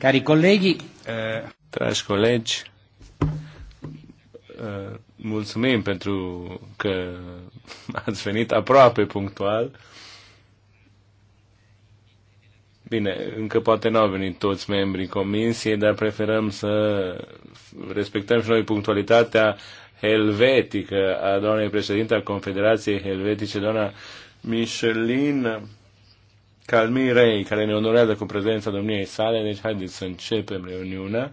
Cari colleghi, eh, dragi colegi, eh, mulțumim pentru că ați venit aproape punctual. Bine, încă poate n-au venit toți membrii comisiei, dar preferăm să respectăm și noi punctualitatea helvetică a doamnei președinte a Confederației Helvetice, doamna Michelin Calmin Rei, care ne onorează cu prezența domniei sale, deci haideți să începem reuniunea.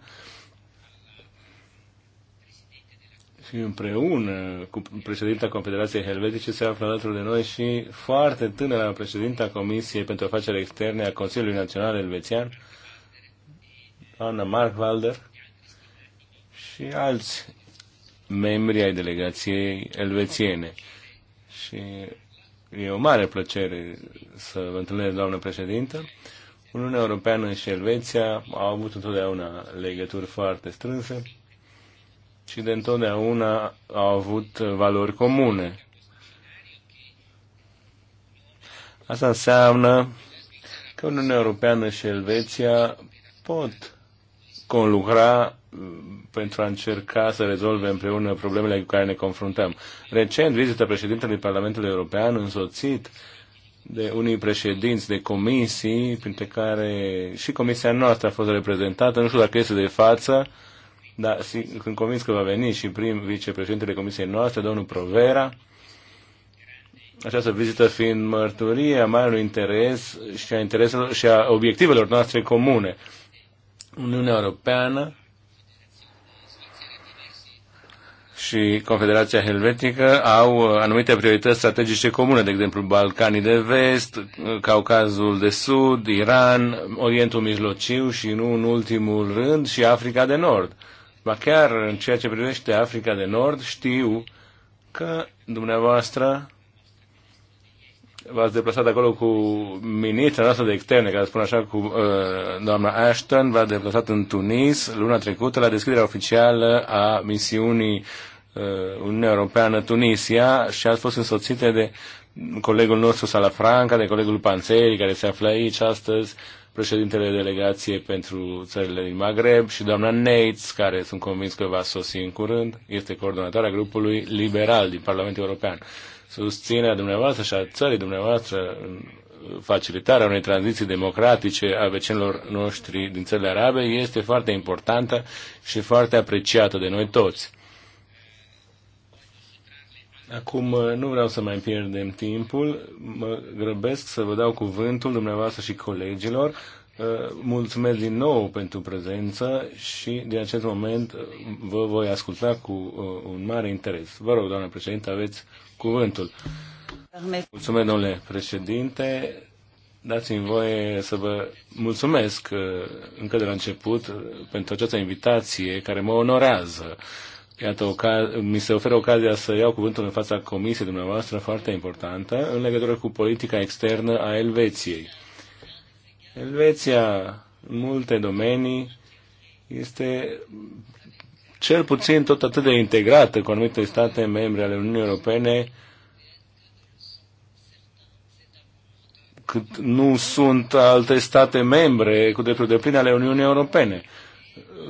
Și împreună cu președinta Confederației Helvetice se află alături de noi și foarte tânăra președinta Comisiei pentru Afaceri Externe a Consiliului Național Elvețian, Anna Markwalder, și alți membri ai delegației elvețiene. Și E o mare plăcere să vă întâlnesc, doamnă președintă. Uniunea Europeană și Elveția au avut întotdeauna legături foarte strânse și de întotdeauna au avut valori comune. Asta înseamnă că Uniunea Europeană și Elveția pot conlucra mm, pentru a încerca să rezolve împreună problemele cu care ne confruntăm. Recent, vizita președintelui Parlamentului European, însoțit de unii președinți de comisii, printre care și comisia noastră a fost reprezentată, nu știu dacă este de față, dar sunt convins că va veni și prim vicepreședintele comisiei noastre, domnul Provera, această vizită fiind mărturie a marelui interes și a, intereselor, și a obiectivelor noastre comune. Uniunea Europeană și Confederația Helvetică au uh, anumite priorități strategice comune, de exemplu Balcanii de Vest, uh, Caucazul de Sud, Iran, Orientul Mijlociu și nu în ultimul rând și Africa de Nord. Ba chiar în ceea ce privește Africa de Nord știu că dumneavoastră v-ați deplasat acolo cu ministra noastră de externe, care spun așa, cu uh, doamna Ashton, v-ați deplasat în Tunis luna trecută la deschiderea oficială a misiunii uh, Uniunea Europeană-Tunisia și ați fost însoțite de colegul nostru Salafranca, de colegul Panțeri, care se află aici astăzi, președintele delegației pentru țările din Maghreb și doamna Neitz, care sunt convins că va sosi în curând, este coordonatoarea grupului liberal din Parlamentul European susținerea dumneavoastră și a țării dumneavoastră în facilitarea unei tranziții democratice a vecinilor noștri din țările arabe este foarte importantă și foarte apreciată de noi toți. Acum uh, nu vreau să mai pierdem timpul, mă grăbesc să vă dau cuvântul dumneavoastră și colegilor. Uh, mulțumesc din nou pentru prezență și din acest moment uh, vă voi asculta cu un mare interes. Vă rog, doamnă președinte, aveți cuvântul. Mulțumesc, domnule președinte. Dați-mi voie să vă mulțumesc uh, încă de la început uh, pentru această invitație care mă onorează. Iată, mi se oferă ocazia să iau cuvântul în fața comisiei dumneavoastră foarte importantă în legătură cu politica externă a Elveției. Elveția, în multe domenii, este cel puțin tot atât de integrată cu anumite state membre ale Uniunii Europene, cât nu sunt alte state membre cu drepturi de plin ale Uniunii Europene.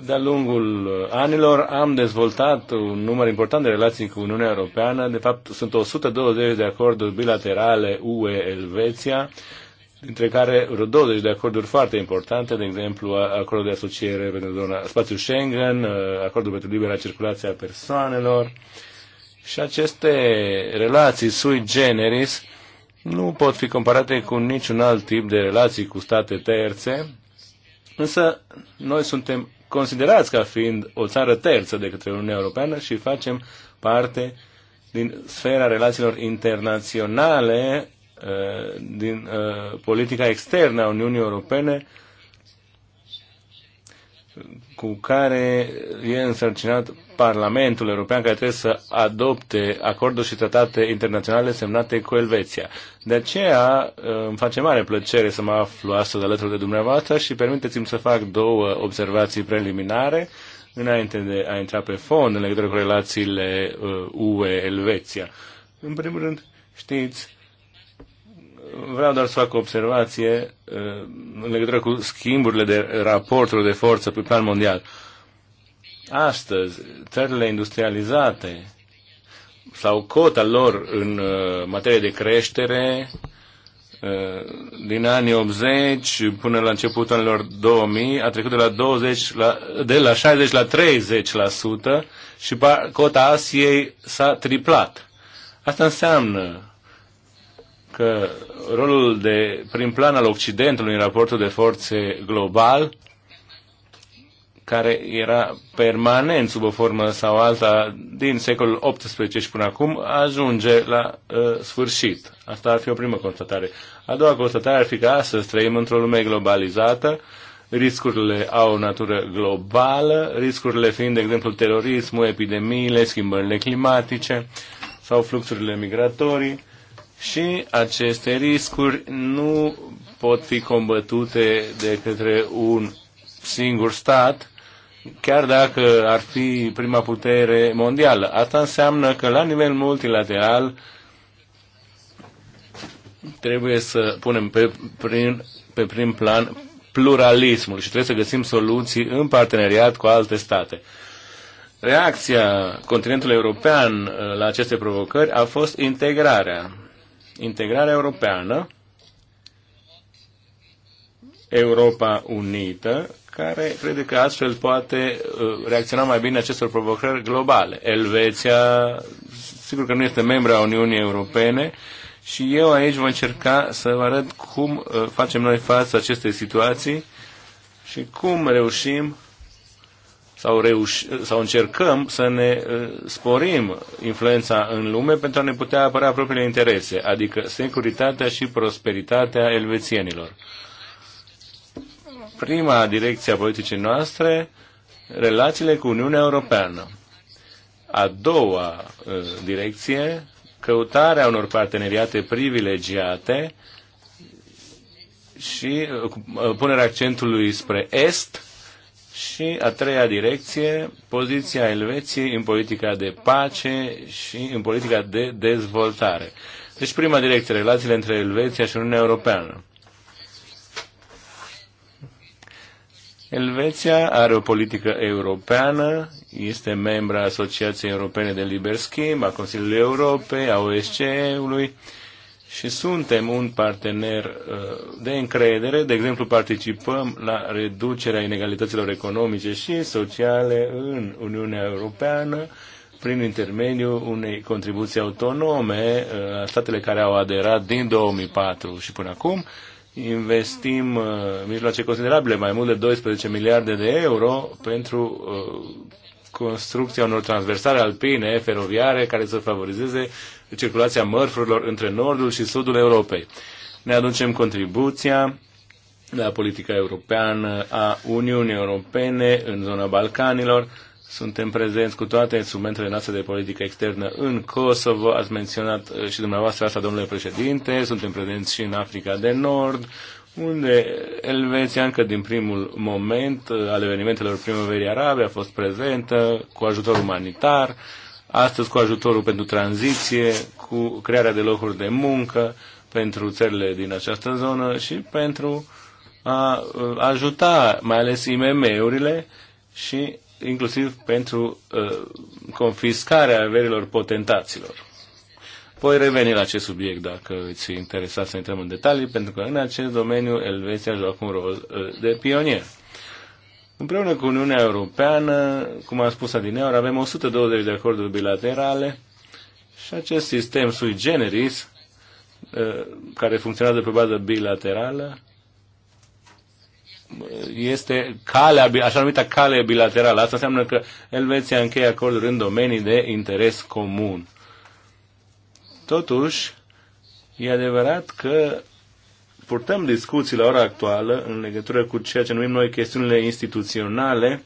De-a lungul anilor am dezvoltat un număr important de relații cu Uniunea Europeană. De fapt, sunt 120 de acorduri bilaterale UE-Elveția dintre care vreo 20 de acorduri foarte importante, de exemplu acordul de asociere pentru zona spațiul Schengen, uh, acordul pentru libera circulație a persoanelor și aceste relații sui generis nu pot fi comparate cu niciun alt tip de relații cu state terțe, însă noi suntem considerați ca fiind o țară terță de către Uniunea Europeană și facem parte din sfera relațiilor internaționale Uh, din uh, politica externă a Uniunii Europene cu care e însărcinat Parlamentul European care trebuie să adopte acorduri și tratate internaționale semnate cu Elveția. De aceea uh, îmi face mare plăcere să mă aflu astăzi alături de dumneavoastră și permiteți-mi să fac două observații preliminare înainte de a intra pe fond în legătură cu relațiile UE-Elveția. În primul rând, știți vreau doar să fac o observație uh, în legătură cu schimburile de raporturi de forță pe plan mondial. Astăzi, țările industrializate sau cota lor în uh, materie de creștere uh, din anii 80 până la începutul anilor 2000 a trecut de la, 20 la, de la 60 la 30% și cota Asiei s-a triplat. Asta înseamnă că rolul de prim plan al Occidentului în raportul de forțe global, care era permanent sub o formă sau alta din secolul XVIII și până acum, ajunge la uh, sfârșit. Asta ar fi o primă constatare. A doua constatare ar fi că astăzi trăim într-o lume globalizată, riscurile au o natură globală, riscurile fiind, de exemplu, terorismul, epidemiile, schimbările climatice sau fluxurile migratorii și aceste riscuri nu pot fi combătute de către un singur stat, chiar dacă ar fi prima putere mondială. Asta înseamnă că la nivel multilateral trebuie să punem pe, prin, pe prim plan pluralismul și trebuie să găsim soluții în parteneriat cu alte state. Reacția continentului european uh, la aceste provocări a fost integrarea integrarea europeană, Europa Unită, care crede că astfel poate uh, reacționa mai bine acestor provocări globale. Elveția, sigur că nu este membra a Uniunii Europene, și eu aici voi încerca să vă arăt cum uh, facem noi față acestei situații și cum reușim sau, reuș- sau încercăm să ne eh, sporim influența în lume pentru a ne putea apăra propriile interese, adică securitatea și prosperitatea elvețienilor. Prima direcție a politicii noastre, relațiile cu Uniunea Europeană. A doua eh, direcție, căutarea unor parteneriate privilegiate și eh, punerea accentului spre Est, și a treia direcție, poziția Elveției în politica de pace și în politica de dezvoltare. Deci prima direcție, relațiile între Elveția și Uniunea Europeană. Elveția are o politică europeană, este membra Asociației Europene de Liber Schimb, a Consiliului Europei, a OSCE-ului, și suntem un partener uh, de încredere, de exemplu participăm la reducerea inegalităților economice și sociale în Uniunea Europeană prin intermediul unei contribuții autonome uh, a statele care au aderat din 2004 și până acum. Investim uh, mijloace considerabile, mai mult de 12 miliarde de euro pentru construcția unor transversare alpine, feroviare, care să favorizeze circulația mărfurilor între nordul și sudul Europei. Ne aducem contribuția la politica europeană a Uniunii Europene în zona Balcanilor. Suntem prezenți cu toate instrumentele noastre de politică externă în Kosovo. Ați menționat uh, și dumneavoastră asta, domnule președinte. Suntem prezenți și în Africa de Nord, unde Elveția încă din primul moment uh, al evenimentelor primăverii arabe a fost prezentă cu ajutor umanitar astăzi cu ajutorul pentru tranziție, cu crearea de locuri de muncă pentru țările din această zonă și pentru a uh, ajuta mai ales IMM-urile și inclusiv pentru uh, confiscarea averilor potentaților. Voi reveni la acest subiect dacă îți interesa să intrăm în detalii, pentru că în acest domeniu Elveția joacă un rol uh, de pionier. Împreună cu Uniunea Europeană, cum am spus adineaur, avem 120 de acorduri bilaterale și acest sistem sui generis, ă, care funcționează pe bază bilaterală, este calea, așa numită cale bilaterală. Asta înseamnă că Elveția încheie acorduri în domenii de interes comun. Totuși, e adevărat că purtăm discuții la ora actuală în legătură cu ceea ce numim noi chestiunile instituționale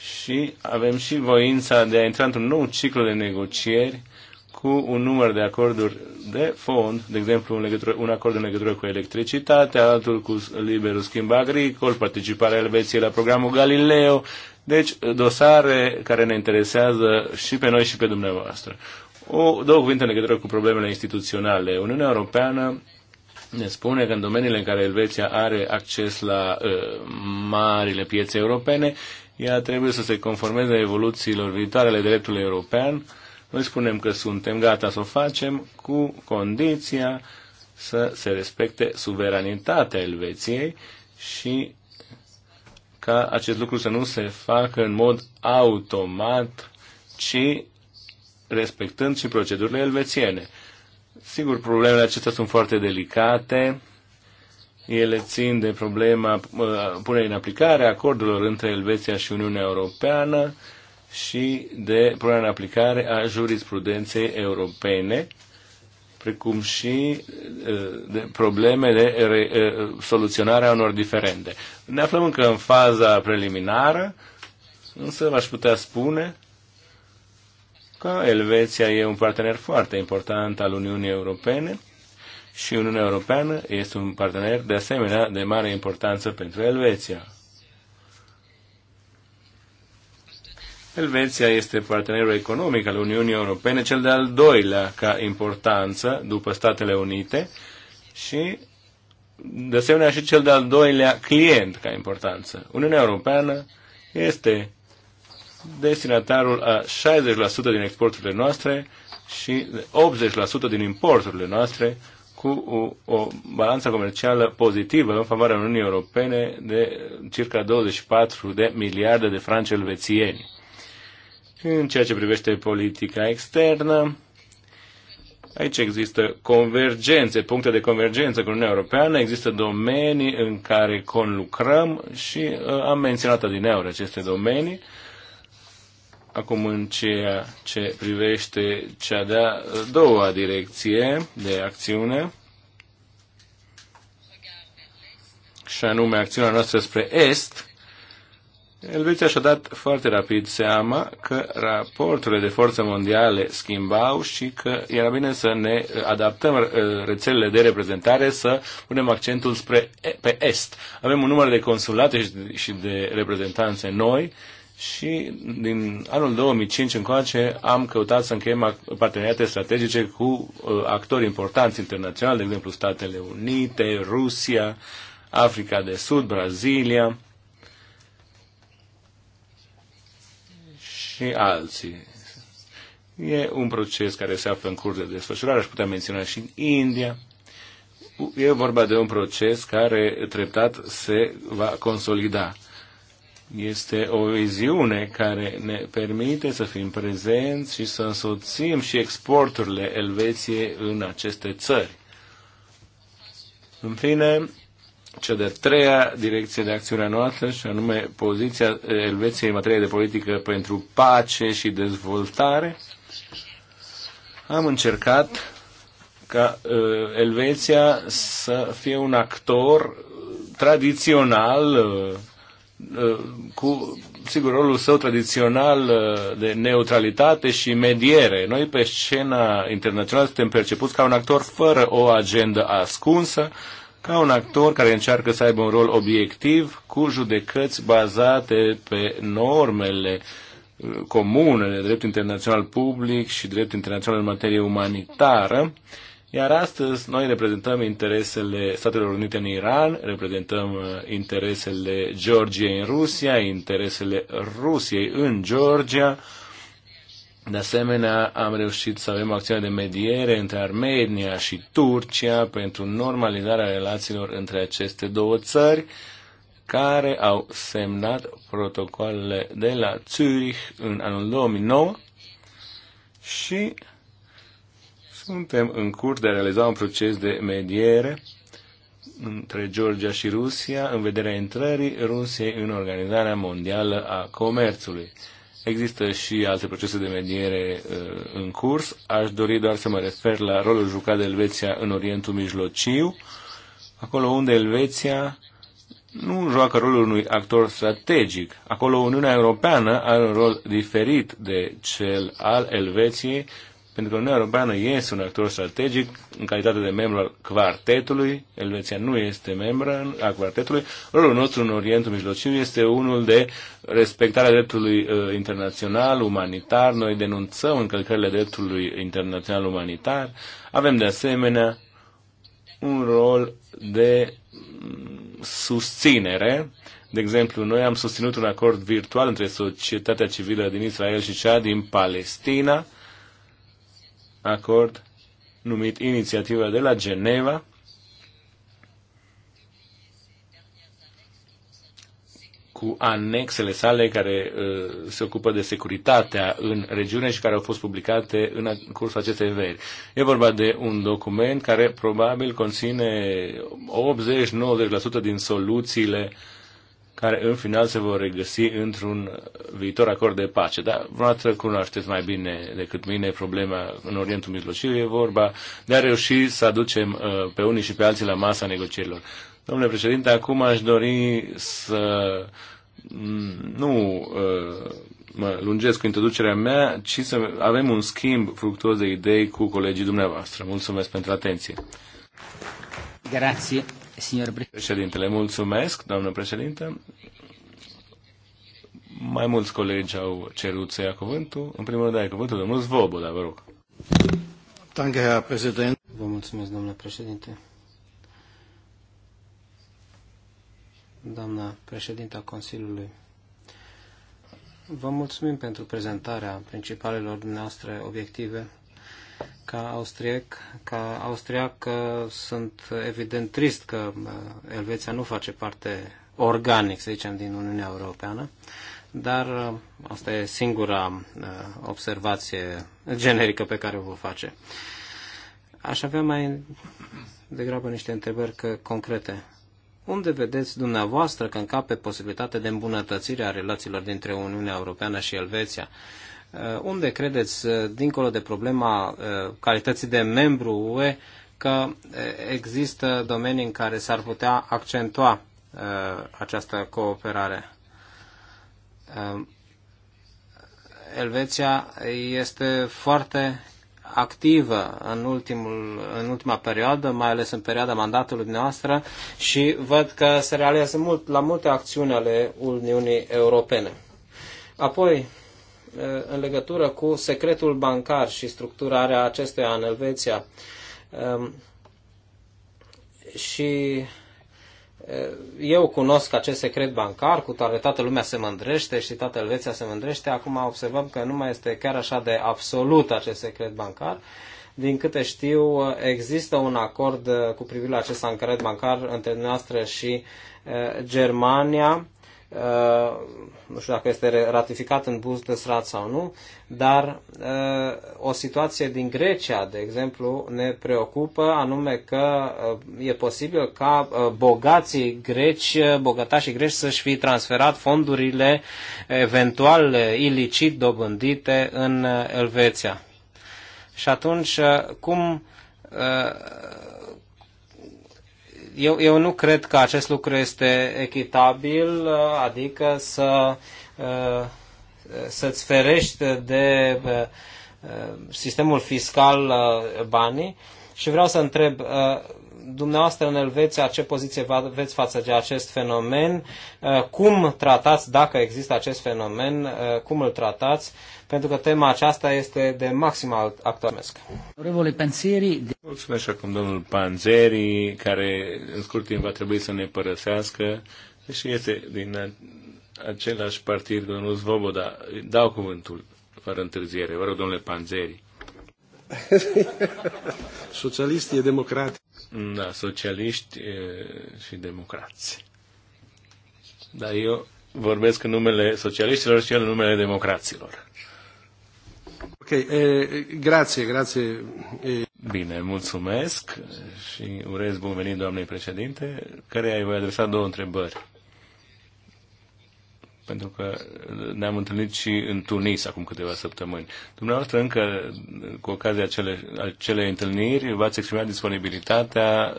și avem și voința de a intra într-un nou ciclu de negocieri cu un număr de acorduri de fond, de exemplu în legătură, un acord în legătură cu electricitate, altul cu liberul schimb agricol, participarea Elveției la programul Galileo, deci dosare care ne interesează și pe noi și pe dumneavoastră. O, două cuvinte în legătură cu problemele instituționale. Uniunea Europeană ne spune că în domeniile în care Elveția are acces la uh, marile piețe europene, ea trebuie să se conformeze evoluțiilor viitoare ale dreptului european. Noi spunem că suntem gata să o facem cu condiția să se respecte suveranitatea Elveției și ca acest lucru să nu se facă în mod automat, ci respectând și procedurile elvețiene. Sigur, problemele acestea sunt foarte delicate. Ele țin de problema uh, punerii în aplicare a acordurilor între Elveția și Uniunea Europeană și de punerea în aplicare a jurisprudenței europene, precum și uh, de probleme de re, uh, soluționare a unor diferende. Ne aflăm încă în faza preliminară, însă v-aș putea spune că Elveția e un partener foarte important al Uniunii Europene și Uniunea Europeană este un partener de asemenea de mare importanță pentru Elveția. Elveția este partenerul economic al Uniunii Europene, cel de-al doilea ca importanță după Statele Unite și de asemenea și cel de-al doilea client ca importanță. Uniunea Europeană este destinatarul a 60% din exporturile noastre și 80% din importurile noastre cu o, o balanță comercială pozitivă în favoarea Uniunii Europene de circa 24 de miliarde de franci elvețieni. În ceea ce privește politica externă, aici există convergențe, puncte de convergență cu Uniunea Europeană, există domenii în care conlucrăm și uh, am menționat adineauri aceste domenii. Acum, în ceea ce privește cea de-a doua direcție de acțiune, și anume acțiunea noastră spre Est, Elveția și-a dat foarte rapid seama că raporturile de forță mondiale schimbau și că era bine să ne adaptăm uh, rețelele de reprezentare, să punem accentul spre, pe Est. Avem un număr de consulate și de reprezentanțe noi și din anul 2005 încoace am căutat să încheiem parteneriate strategice cu uh, actori importanți internaționali, de exemplu Statele Unite, Rusia, Africa de Sud, Brazilia și alții. E un proces care se află în curs de desfășurare, aș putea menționa și în India. E vorba de un proces care treptat se va consolida este o viziune care ne permite să fim prezenți și să însoțim și exporturile Elveției în aceste țări. În fine, cea de-a treia direcție de acțiune a noastră, și anume poziția Elveției în materie de politică pentru pace și dezvoltare, am încercat ca uh, Elveția să fie un actor tradițional uh, Uh, cu, sigur, rolul său tradițional uh, de neutralitate și mediere. Noi pe scena internațională suntem percepuți ca un actor fără o agendă ascunsă, ca un actor care încearcă să aibă un rol obiectiv cu judecăți bazate pe normele uh, comune de drept internațional public și drept internațional în materie umanitară, uh, iar astăzi noi reprezentăm interesele Statelor Unite în Iran, reprezentăm uh, interesele Georgiei în Rusia, interesele Rusiei în Georgia. De asemenea, am reușit să avem o acțiune de mediere între Armenia și Turcia pentru normalizarea relațiilor între aceste două țări care au semnat protocoalele de la Zurich în anul 2009 și suntem în curs de a realiza un proces de mediere între Georgia și Rusia în vederea intrării Rusiei în Organizarea Mondială a Comerțului. Există și alte procese de mediere uh, în curs. Aș dori doar să mă refer la rolul jucat de Elveția în Orientul Mijlociu, acolo unde Elveția nu joacă rolul unui actor strategic. Acolo Uniunea Europeană are un rol diferit de cel al Elveției pentru că Uniunea Europeană este un actor strategic în calitate de membru al quartetului, Elveția nu este membru al quartetului, rolul nostru în Orientul Mijlociu este unul de respectarea dreptului uh, internațional, umanitar, noi denunțăm încălcările dreptului internațional umanitar, avem de asemenea un rol de mm, susținere. De exemplu, noi am susținut un acord virtual între societatea civilă din Israel și cea din Palestina, acord numit Inițiativa de la Geneva, cu anexele sale care uh, se ocupă de securitatea în regiune și care au fost publicate în cursul acestei veri. E vorba de un document care probabil conține 80-90% din soluțiile uh, care în final se vor regăsi într-un viitor acord de pace. Dar vreodată cunoașteți mai bine decât mine problema în Orientul Mijlociu. E vorba de a reuși să aducem uh, pe unii și pe alții la masa negocierilor. Domnule președinte, acum aș dori să mm, nu uh, mă lungesc cu introducerea mea, ci să avem un schimb fructuos de idei cu colegii dumneavoastră. Mulțumesc pentru atenție. Grazie. Președintele, mulțumesc, doamnă președintă. Mai mulți colegi au cerut să ia cuvântul. În primul rând, ai cuvântul domnul Zvoboda, vă rog. Vă mulțumesc, domnule președinte. Doamna președinta Consiliului, vă mulțumim pentru prezentarea principalelor dumneavoastră obiective ca austriac, ca uh, austriac sunt evident trist că uh, Elveția nu face parte organic, să zicem, din Uniunea Europeană, dar uh, asta e singura observație generică pe care o vă face. Aș avea mai degrabă niște întrebări că, concrete. Unde vedeți dumneavoastră că încape posibilitatea de îmbunătățire a relațiilor dintre Uniunea Europeană și Elveția? Uh, Uh, unde credeți, uh, dincolo de problema uh, calității de membru UE, că există domenii în care s-ar putea accentua această cooperare? Elveția este foarte activă în, ultimul, în ultima perioadă, mai ales în perioada mandatului noastră și văd că se realizează mult, la multe acțiuni ale Uniunii Europene. Apoi, Uh, în legătură cu secretul bancar și structurarea acestuia în Elveția. Um, și uh, eu cunosc acest secret bancar, cu toate toată lumea se mândrește și toată Elveția se mândrește. Acum observăm că nu mai este chiar așa de absolut acest secret bancar. Din câte știu, există un acord uh, cu privire la acest secret bancar între noastră și Germania Uh, nu știu dacă este ratificat în Bundesrat sau nu, dar uh, o situație din Grecia, de exemplu, ne preocupă, anume că uh, e posibil ca bogații greci, bogătașii greci să-și fi transferat fondurile eventual ilicit dobândite în Elveția. Și atunci, cum eu, eu nu cred că acest lucru este echitabil, uh, adică să, uh, să-ți ferești de uh, sistemul fiscal banii și vreau să întreb, dumneavoastră în Elveția, ce poziție aveți față de acest fenomen? Cum tratați, dacă există acest fenomen, cum îl tratați? pentru că tema aceasta este de maxim actualesc. Mulțumesc acum domnul Panzeri, care în scurt timp va trebui să ne părăsească, și deci este din același partid, domnul Svoboda. Dau cuvântul fără întârziere. Vă rog, domnule Panzeri. e democrați. Da, socialiști și democrați. Dar eu vorbesc în numele socialiștilor și el în numele democraților. Ok, eh, eh. Bine, mulțumesc și urez bun venit doamnei președinte, care ai voi adresa două întrebări. Pentru că ne-am întâlnit și în Tunis acum câteva săptămâni. Dumneavoastră încă, cu ocazia acele, întâlniri, v-ați exprimat disponibilitatea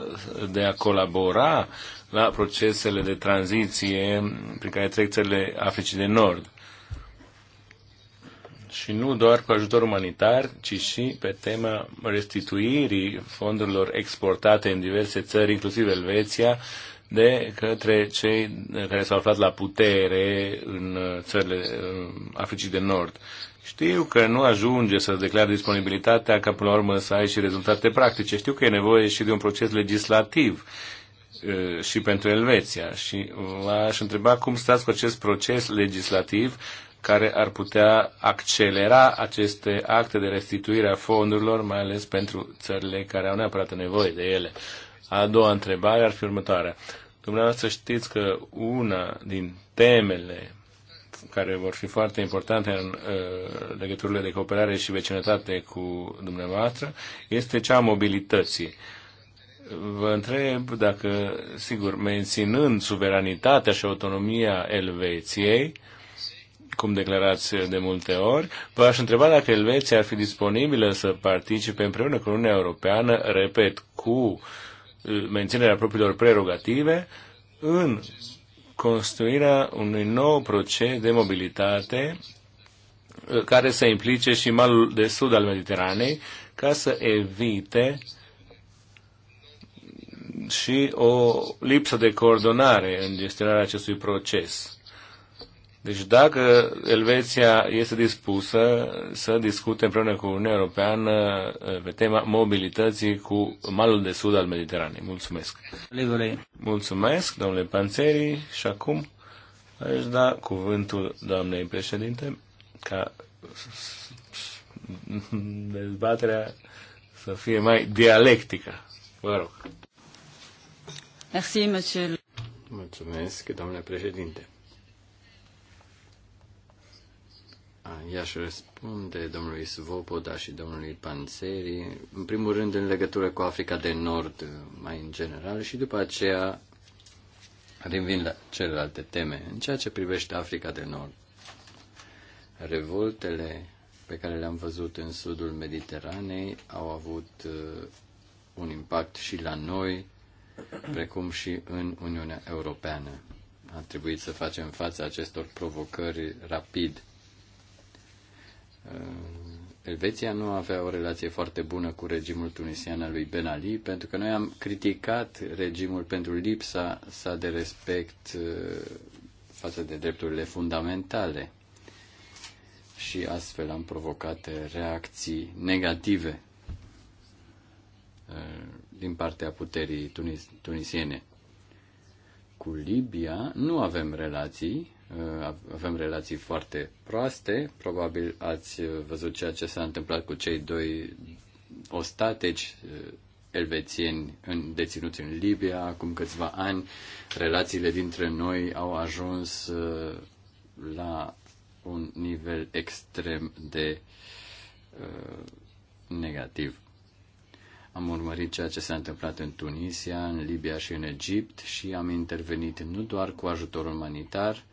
de a colabora la procesele de tranziție prin care trec țările Africii de Nord și nu doar cu ajutor umanitar, ci și pe tema restituirii fondurilor exportate în diverse țări, inclusiv Elveția, de către cei care s-au aflat la putere în țările Africii de Nord. Știu că nu ajunge să declare disponibilitatea ca până la urmă să ai și rezultate practice. Știu că e nevoie și de un proces legislativ și pentru Elveția. Și v-aș întreba cum stați cu acest proces legislativ care ar putea accelera aceste acte de restituire a fondurilor, mai ales pentru țările care au neapărat nevoie de ele. A doua întrebare ar fi următoarea. Dumneavoastră știți că una din temele care vor fi foarte importante în uh, legăturile de cooperare și vecinătate cu dumneavoastră este cea a mobilității. Vă întreb dacă, sigur, menținând suveranitatea și autonomia Elveției, cum declarați de multe ori. Vă aș întreba dacă Elveția ar fi disponibilă să participe împreună cu Uniunea Europeană, repet, cu uh, menținerea propriilor prerogative, în construirea unui nou proces de mobilitate uh, care să implice și malul de sud al Mediteranei ca să evite și o lipsă de coordonare în gestionarea acestui proces. Deci dacă Elveția este dispusă să discute împreună cu Uniunea Europeană eh, pe tema mobilității cu malul de sud al Mediteranei. Mulțumesc! Livului. Mulțumesc, domnule Panțeri, și acum aș da cuvântul doamnei președinte ca dezbaterea să fie mai dialectică. Vă rog. Mulțumesc, domnule președinte. I-aș răspunde domnului Svoboda și domnului Panzeri, în primul rând în legătură cu Africa de Nord uh, mai în general și după aceea revin la celelalte teme. În ceea ce privește Africa de Nord, revoltele pe care le-am văzut în sudul Mediteranei au avut uh, un impact și la noi, precum și în Uniunea Europeană. A trebuit să facem față acestor provocări rapid Ehm, Elveția nu avea o relație foarte bună cu regimul tunisian al lui Ben Ali, pentru că noi am criticat regimul pentru lipsa sa de respect eh, față de drepturile fundamentale și astfel am provocat reacții negative eh, din partea puterii tunis- tunisiene. Cu Libia nu avem relații avem relații foarte proaste. Probabil ați văzut ceea ce s-a întâmplat cu cei doi ostateci eh, elvețieni în, deținuți în Libia acum câțiva ani. Relațiile dintre noi au ajuns eh, la un nivel extrem de eh, negativ. Am urmărit ceea ce s-a întâmplat în Tunisia, în Libia și în Egipt și am intervenit nu doar cu ajutor umanitar,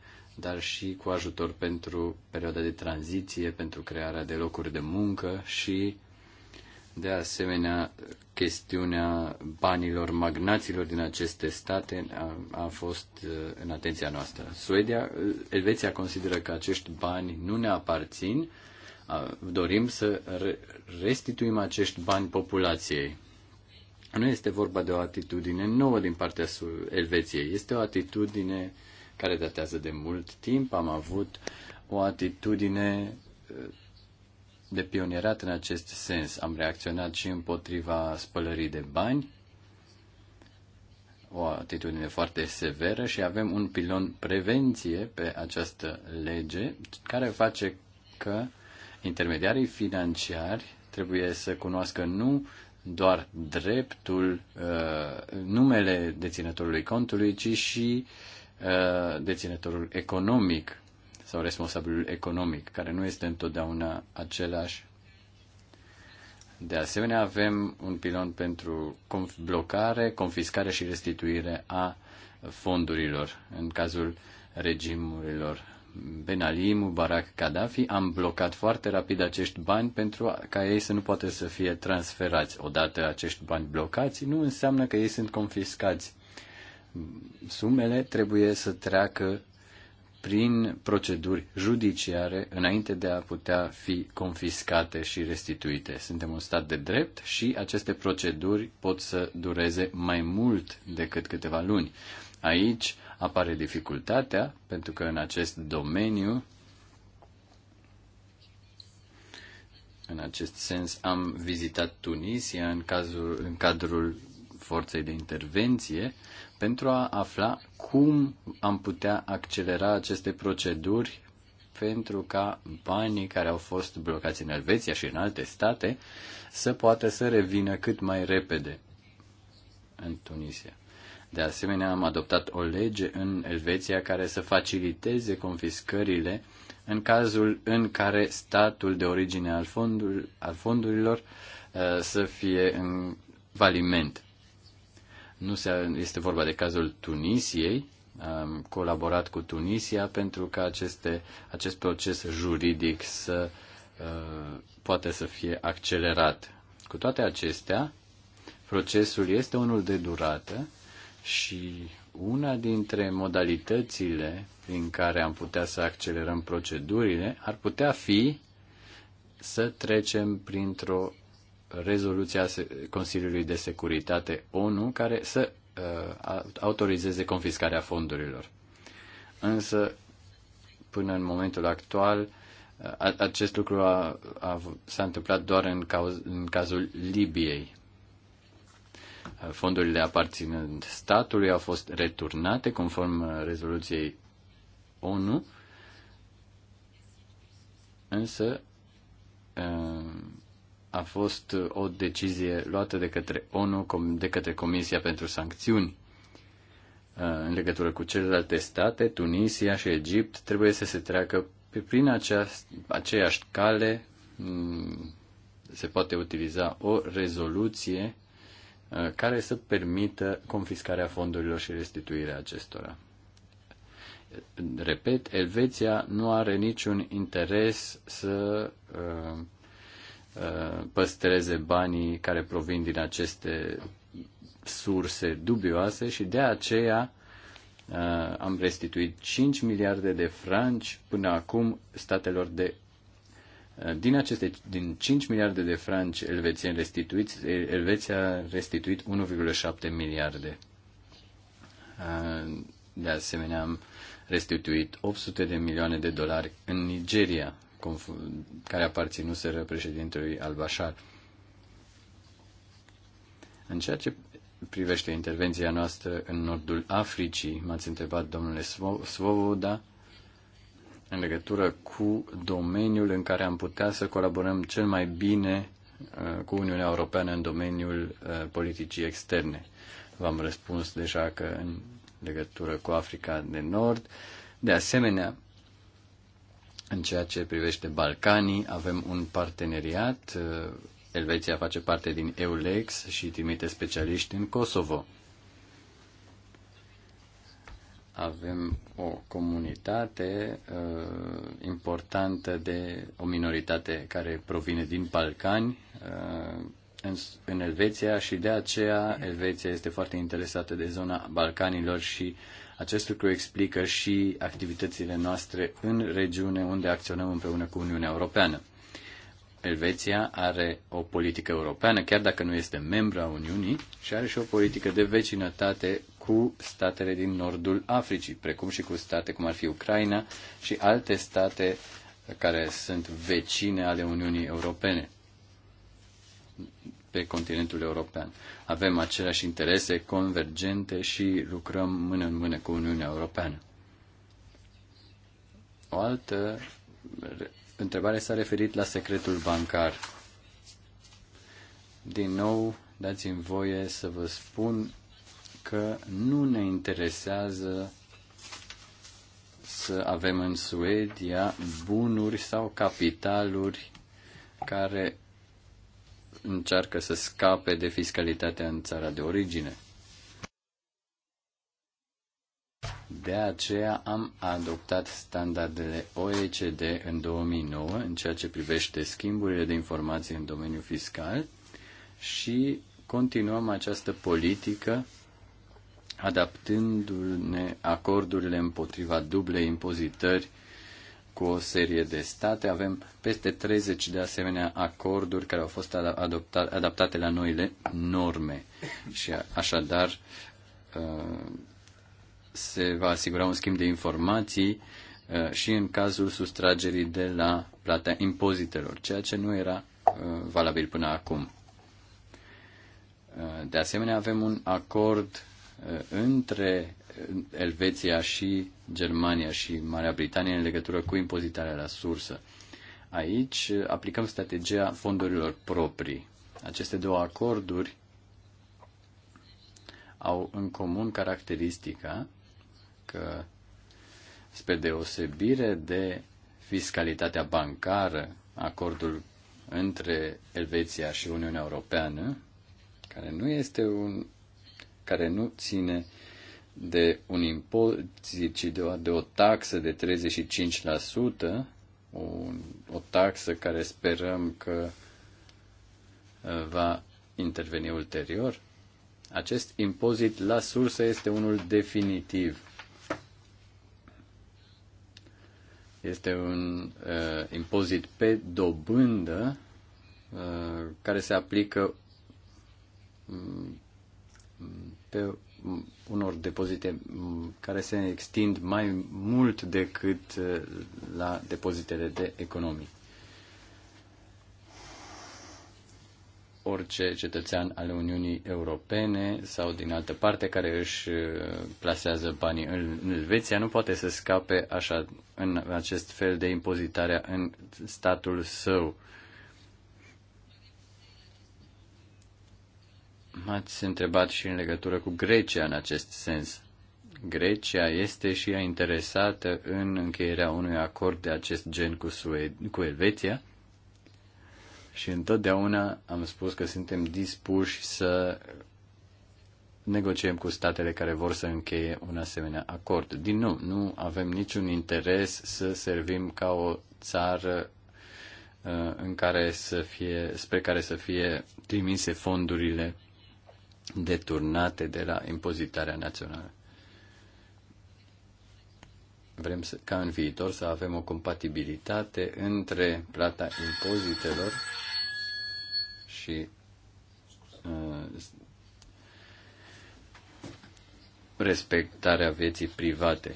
dar și cu ajutor pentru perioada de tranziție, pentru crearea de locuri de muncă și, de asemenea, chestiunea banilor magnaților din aceste state a, a fost uh, în atenția noastră. Suedia, uh, Elveția consideră că acești bani nu ne aparțin, dorim să restituim acești bani populației. Nu este vorba de o atitudine nouă din partea Elveției, este o atitudine care datează de mult timp. Am avut o atitudine uh, de pionierat în acest sens. Am reacționat și împotriva spălării de bani, o atitudine foarte severă și avem un pilon prevenție pe această lege care face că intermediarii financiari trebuie să cunoască nu doar dreptul, uh, numele deținătorului contului, ci și Uh, deținătorul economic sau responsabilul economic, care nu este întotdeauna același. De asemenea, avem un pilon pentru blocare, confiscare și restituire a fondurilor. În cazul regimurilor Ben Ali, Mubarak, Gaddafi, am blocat foarte rapid acești bani pentru ca ei să nu poată să fie transferați. Odată acești bani blocați, nu înseamnă că ei sunt confiscați sumele trebuie să treacă prin proceduri judiciare înainte de a putea fi confiscate și restituite. Suntem un stat de drept și aceste proceduri pot să dureze mai mult decât câteva luni. Aici apare dificultatea, pentru că în acest domeniu, în acest sens, am vizitat Tunisia în, cazul, în cadrul forței de intervenție, pentru a afla cum am putea accelera aceste proceduri pentru ca banii care au fost blocați în Elveția și în alte state să poată să revină cât mai repede în Tunisia. De asemenea, am adoptat o lege în Elveția care să faciliteze confiscările în cazul în care statul de origine al, fondul, al fondurilor uh, să fie în valiment. Nu se, este vorba de cazul Tunisiei. Am colaborat cu Tunisia pentru ca aceste, acest proces juridic să uh, poate să fie accelerat. Cu toate acestea, procesul este unul de durată și una dintre modalitățile prin care am putea să accelerăm procedurile ar putea fi să trecem printr-o rezoluția Consiliului de Securitate ONU care să uh, autorizeze confiscarea fondurilor. Însă, până în momentul actual, uh, acest lucru a, a, s-a întâmplat doar în, cauz, în cazul Libiei. Uh, fondurile aparținând statului au fost returnate conform uh, rezoluției ONU, însă uh, a fost uh, o decizie luată de către ONU, de către Comisia pentru Sancțiuni. Uh, în legătură cu celelalte state, Tunisia și Egipt, trebuie să se treacă prin acea, aceeași cale. Mm, se poate utiliza o rezoluție uh, care să permită confiscarea fondurilor și restituirea acestora. Repet, Elveția nu are niciun interes să uh, Uh, păstreze banii care provin din aceste surse dubioase și de aceea uh, am restituit 5 miliarde de franci până acum statelor de uh, din aceste din 5 miliarde de franci elvețieni restituiți, Elveția a restituit 1,7 miliarde. De asemenea, am restituit 800 de milioane de dolari în Nigeria care aparținuseră președintelui al-Bashar. În ceea ce privește intervenția noastră în nordul Africii, m-ați întrebat, domnule Svoboda, în legătură cu domeniul în care am putea să colaborăm cel mai bine uh, cu Uniunea Europeană în domeniul uh, politicii externe. V-am răspuns deja că în legătură cu Africa de Nord. De asemenea, în ceea ce privește Balcanii, avem un parteneriat. Elveția face parte din EULEX și trimite specialiști în Kosovo. Avem o comunitate uh, importantă de o minoritate care provine din Balcani, uh, în, în Elveția și de aceea Elveția este foarte interesată de zona Balcanilor și uh, acest lucru explică și activitățile noastre în regiune unde acționăm împreună cu Uniunea Europeană. Elveția are o politică europeană, chiar dacă nu este membru a Uniunii, și are și o politică de vecinătate cu statele din nordul Africii, precum și cu state cum ar fi Ucraina și alte state care sunt vecine ale Uniunii Europene pe continentul european. Avem aceleași interese convergente și lucrăm mână în mână cu Uniunea Europeană. O altă întrebare s-a referit la secretul bancar. Din nou, dați-mi voie să vă spun că nu ne interesează să avem în Suedia bunuri sau capitaluri care încearcă să scape de fiscalitatea în țara de origine. De aceea am adoptat standardele OECD în 2009 în ceea ce privește schimburile de informații în domeniul fiscal și continuăm această politică adaptându-ne acordurile împotriva dublei impozitări cu o serie de state. Avem peste 30 de asemenea acorduri care au fost adoptate, adaptate la noile norme și așadar uh, se va asigura un schimb de informații uh, și în cazul sustragerii de la plata impozitelor, ceea ce nu era uh, valabil până acum. De asemenea, avem un acord între Elveția și Germania și Marea Britanie în legătură cu impozitarea la sursă. Aici aplicăm strategia fondurilor proprii. Aceste două acorduri au în comun caracteristica că, spre deosebire de fiscalitatea bancară, acordul între Elveția și Uniunea Europeană, care nu este un care nu ține de un impozit, ci o, de o taxă de 35%, o, o taxă care sperăm că uh, va interveni ulterior. Acest impozit la sursă este unul definitiv. Este un uh, impozit pe dobândă uh, care se aplică um, pe unor depozite care se extind mai mult decât uh, la depozitele de economii. Orice cetățean al Uniunii Europene sau din altă parte care își uh, plasează banii în Elveția nu poate să scape așa în acest fel de impozitarea în statul său M-ați întrebat și în legătură cu Grecia în acest sens. Grecia este și ea interesată în încheierea unui acord de acest gen cu, Sued- cu Elveția și întotdeauna am spus că suntem dispuși să negociem cu statele care vor să încheie un asemenea acord. Din nou, nu avem niciun interes să servim ca o țară uh, în care să fie, spre care să fie trimise fondurile deturnate de la impozitarea națională. Vrem să, ca în viitor să avem o compatibilitate între plata impozitelor și uh, respectarea vieții private.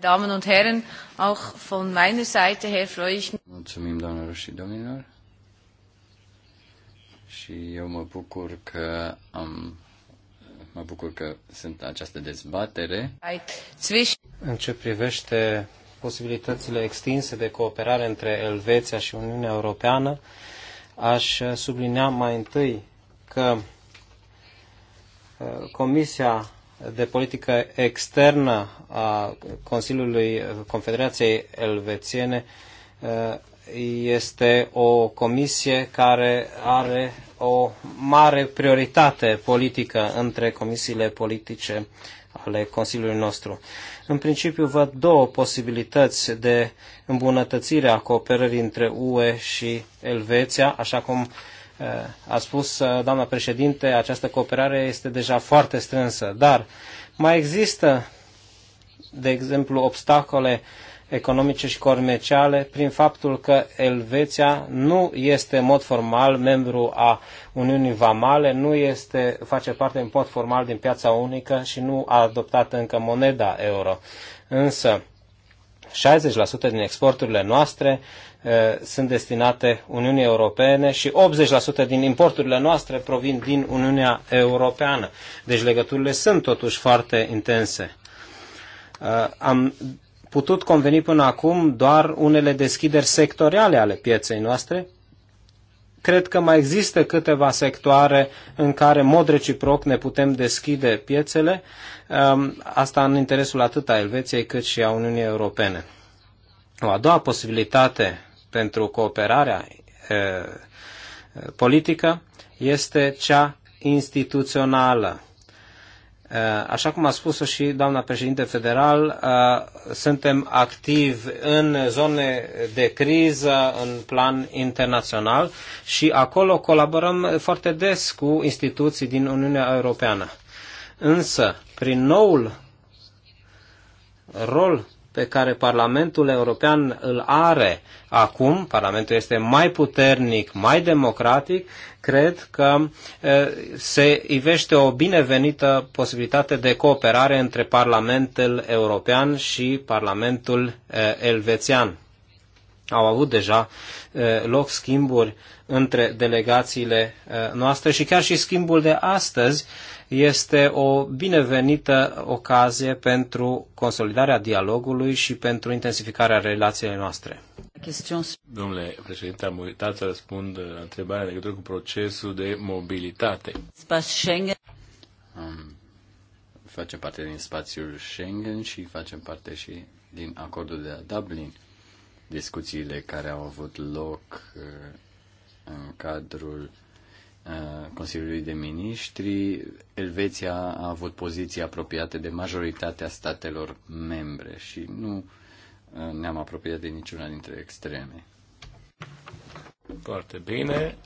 Damen und Herren, auch von meiner Seite her freue ich mich. Mulțumim, doamnelor și domnilor și eu mă bucur că am mă bucur că sunt această dezbatere. În ce privește posibilitățile extinse de cooperare între Elveția și Uniunea Europeană, aș sublinea mai întâi că uh, Comisia de Politică Externă a Consiliului Confederației Elvețiene uh, este o comisie care are o mare prioritate politică între comisiile politice ale Consiliului nostru. În principiu văd două posibilități de îmbunătățire a cooperării între UE și Elveția, așa cum eh, a spus eh, doamna președinte, această cooperare este deja foarte strânsă, dar mai există, de exemplu, obstacole uh, economice și comerciale prin faptul că Elveția nu este în mod formal membru a Uniunii Vamale, nu este, face parte în mod formal din piața unică și nu a adoptat încă moneda euro. Însă, 60% din exporturile noastre uh, sunt destinate Uniunii Europene și 80% din importurile noastre provin din Uniunea Europeană. Deci legăturile sunt totuși foarte intense. Uh, am putut conveni până acum doar unele deschideri sectoriale ale pieței noastre. Cred că mai există câteva sectoare în care, în mod reciproc, ne putem deschide piețele, um, asta în interesul atât a Elveției cât și a Uniunii Europene. O a doua posibilitate pentru cooperarea uh, politică este cea instituțională Eh, așa cum a spus și doamna președinte federal, eh, suntem activi în zone de criză, în plan internațional și acolo colaborăm foarte des cu instituții din Uniunea Europeană. Însă, prin noul rol pe care Parlamentul European îl are acum, Parlamentul este mai puternic, mai democratic, cred că se ivește o binevenită posibilitate de cooperare între Parlamentul European și Parlamentul Elvețian. Au avut deja loc schimburi între delegațiile noastre și chiar și schimbul de astăzi este o binevenită ocazie pentru consolidarea dialogului și pentru intensificarea relației noastre. Domnule președinte, am uitat să răspund la întrebarea legătură cu procesul de mobilitate. Facem Schengen. face parte din spațiul Schengen și face parte și din acordul de la Dublin. Discuțiile care au avut loc eh, în cadrul Consiliului de Miniștri, Elveția a avut poziții apropiate de majoritatea statelor membre și nu ne-am apropiat de niciuna dintre extreme. Foarte bine.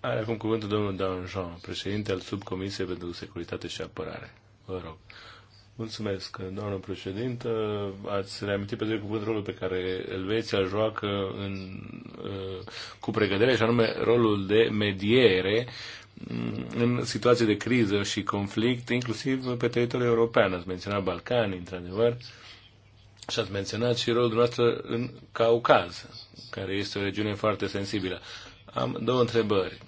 Are acum cuvântul domnul Danjean, președinte al Subcomisiei pentru Securitate și Apărare. Vă rog. Mulțumesc, doamnă președintă. Ați reamintit pe drept cuvânt rolul pe care Elveția joacă în, uh, cu pregădere și anume rolul de mediere mm, în situații de criză și conflict, inclusiv pe teritoriul european. Ați menționat Balcani într-adevăr, și ați menționat și rolul noastră în Caucaz, care este o regiune foarte sensibilă. Am două întrebări.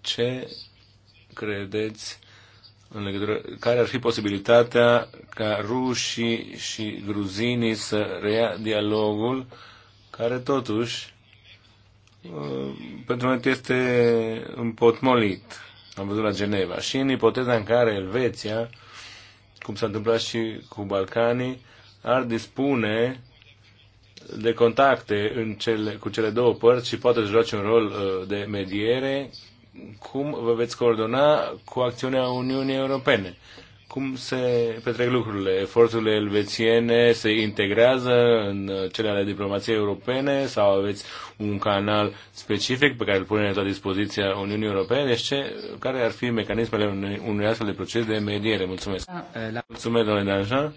Ce credeți în legătură, care ar fi posibilitatea ca rușii și gruzinii să reia dialogul care totuși uh, pentru noi este împotmolit. Am văzut la Geneva. Și în ipoteza în care Elveția, cum s-a întâmplat și cu Balcanii, ar dispune de contacte în cele, cu cele două părți și poate să joace un rol uh, de mediere cum vă veți coordona cu acțiunea Uniunii Europene? Cum se petrec lucrurile? Eforturile elvețiene se integrează în uh, cele ale diplomației europene sau aveți un canal specific pe care îl puneți la dispoziția Uniunii Europene? Deci ce, care ar fi mecanismele unui, unui astfel de proces de mediere? Mulțumesc! Da, eh, Mulțumesc, domnule Danjan.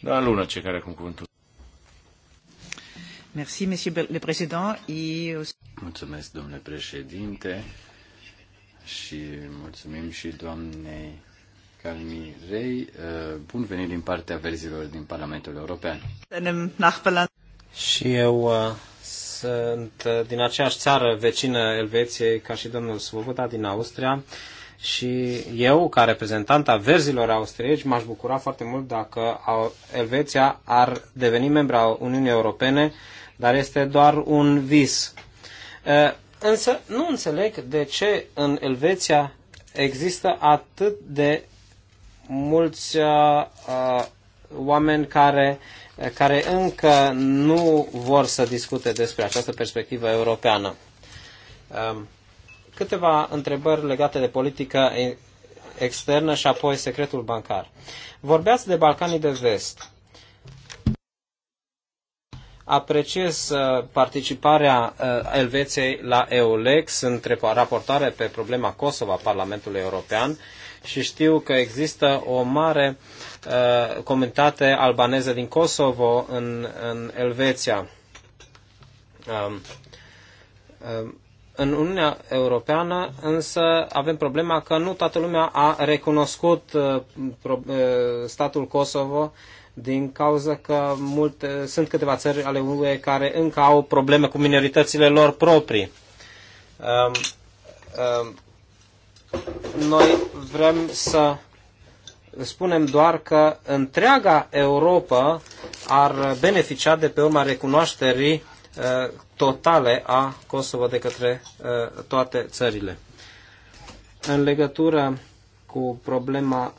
Da, Luna, ce care acum cuvântul. Mulțumesc, domnule președinte și mulțumim și doamnei Calmi Rei. Uh, bun venit din partea verzilor din Parlamentul European. Și eu uh, sunt uh, din aceeași țară vecină Elveției ca și domnul Svoboda din Austria și eu, ca reprezentant a verzilor austrieci, m-aș bucura foarte mult dacă Elveția ar deveni membra Uniunii Europene, dar este doar un vis. Însă nu înțeleg de ce în Elveția există atât de mulți uh, uh, oameni care, care încă nu vor să discute despre această perspectivă europeană. Uh, câteva întrebări legate de politică externă și apoi secretul bancar. Vorbeați de Balcanii de Vest. Apreciez uh, participarea uh, Elveției la EULEX în raportare pe problema Kosovo a Parlamentului European și știu că există o mare uh, comunitate albaneză din Kosovo în, în Elveția. Um, um, în Uniunea Europeană, însă avem problema că nu toată lumea a recunoscut statul Kosovo din cauza că multe, sunt câteva țări ale UE care încă au probleme cu minoritățile lor proprii. Um, um, noi vrem să spunem doar că întreaga Europa ar beneficia de pe urma recunoașterii uh, totale a Kosovo de către uh, toate țările. În legătură cu problema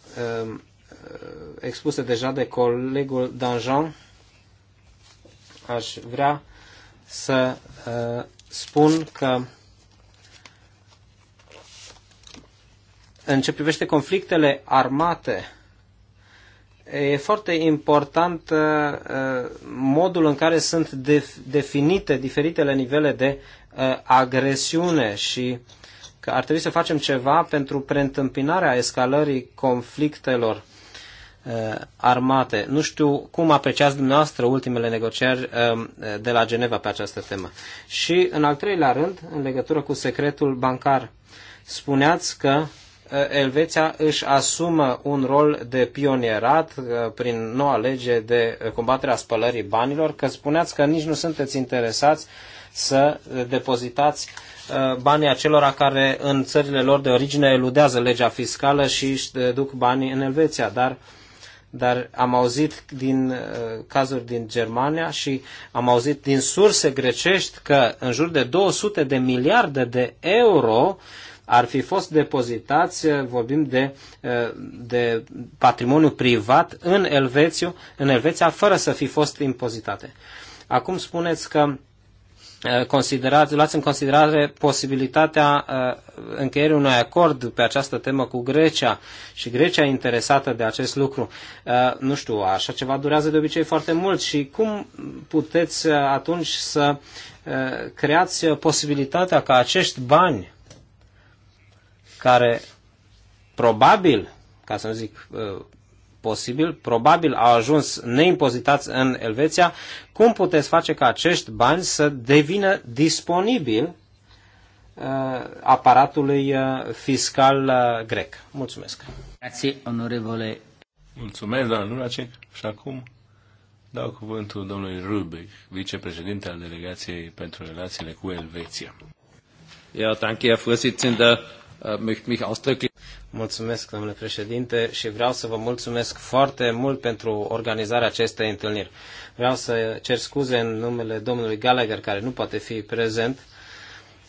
uh, Uh, expuse deja de colegul Danjean, aș vrea să uh, spun că în ce privește conflictele armate, e foarte important uh, uh, modul în care sunt def- definite diferitele nivele de uh, agresiune și că ar trebui să facem ceva pentru preîntâmpinarea escalării conflictelor Uh, armate. Nu știu cum apreciați dumneavoastră ultimele negocieri um, de la Geneva pe această temă. Și în al treilea rând, în legătură cu secretul bancar, spuneați că uh, Elveția își asumă un rol de pionierat uh, prin noua lege de combatere a spălării banilor, că spuneați că nici nu sunteți interesați să depozitați banii acelora care în țările lor de origine eludează legea fiscală și își duc banii în Elveția, dar uh, dar am auzit din uh, cazuri din Germania și am auzit din surse grecești că în jur de 200 de miliarde de euro ar fi fost depozitați, uh, vorbim de, uh, de patrimoniu privat în, Elvețiu, în Elveția, fără să fi fost impozitate. Acum spuneți că Eh, considerați, luați în considerare posibilitatea eh, încheierii unui acord pe această temă cu Grecia și Grecia interesată de acest lucru. Eh, nu știu, așa ceva durează de obicei foarte mult și cum puteți atunci să creați posibilitatea ca acești bani care probabil, ca să nu zic posibil, probabil au ajuns neimpozitați în Elveția, cum puteți face ca acești bani să devină disponibil uh, aparatului uh, fiscal uh, grec? Mulțumesc! Grazie, onorevole! Mulțumesc, doamne Lunacek, și acum Dau cuvântul domnului Rubic, vicepreședinte al Delegației pentru Relațiile cu Elveția. Ja, danke, Herr Vorsitzender. Äh, möchte mich ausdrücklich... Mulțumesc, domnule președinte, și vreau să vă mulțumesc foarte mult pentru organizarea acestei întâlniri. Vreau să cer scuze în numele domnului Gallagher, care nu poate fi prezent,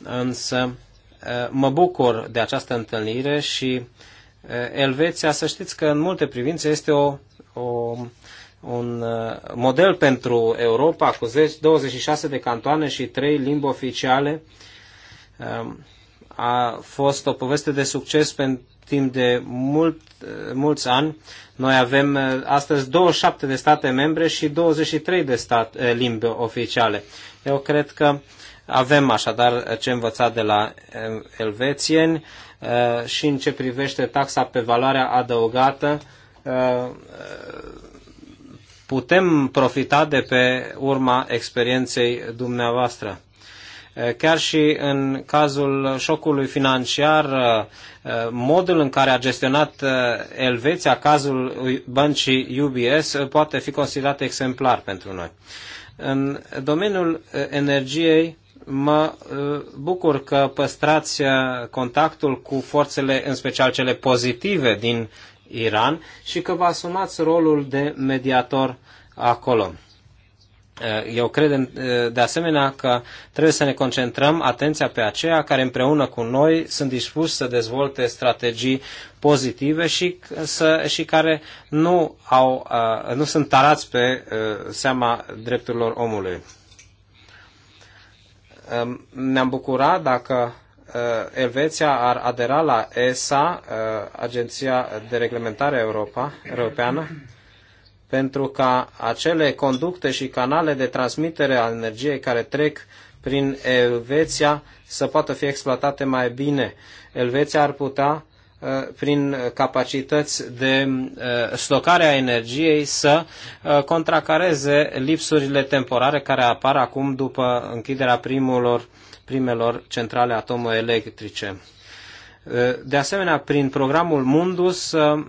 însă uh, mă bucur de această întâlnire și uh, Elveția, să știți că în multe privințe este o, o, un uh, model pentru Europa, cu 10, 26 de cantoane și 3 limbi oficiale. Um, a fost o poveste de succes pentru timp de mult, mulți ani. Noi avem uh, astăzi 27 de state membre și 23 de stat, uh, limbi oficiale. Eu cred că avem așadar ce învăța de la uh, elvețieni și în ce privește taxa pe valoarea adăugată putem profita de pe urma experienței dumneavoastră. Eh, chiar și în cazul șocului financiar, eh, eh, modul în care a gestionat Elveția cazul băncii UBS poate fi considerat exemplar pentru noi. În domeniul energiei, mă bucur că păstrați contactul cu forțele, în special cele pozitive din Iran și că vă asumați rolul de mediator acolo. Eh, eu cred eh, de asemenea că trebuie să ne concentrăm atenția pe aceia care împreună cu noi sunt dispuși să dezvolte strategii pozitive și, să, și care nu, au, eh, nu sunt tarați pe seama drepturilor omului. Ne-am bucurat dacă Elveția ar adera la ESA, Agenția de Reglementare Europa, Europeană, pentru ca acele conducte și canale de transmitere a energiei care trec prin Elveția să poată fi exploatate mai bine. Elveția ar putea, uh, prin capacități de uh, stocare a energiei, să uh, contracareze lipsurile temporare care apar acum după închiderea primulor, primelor centrale atomoelectrice. De asemenea, prin programul Mundus uh,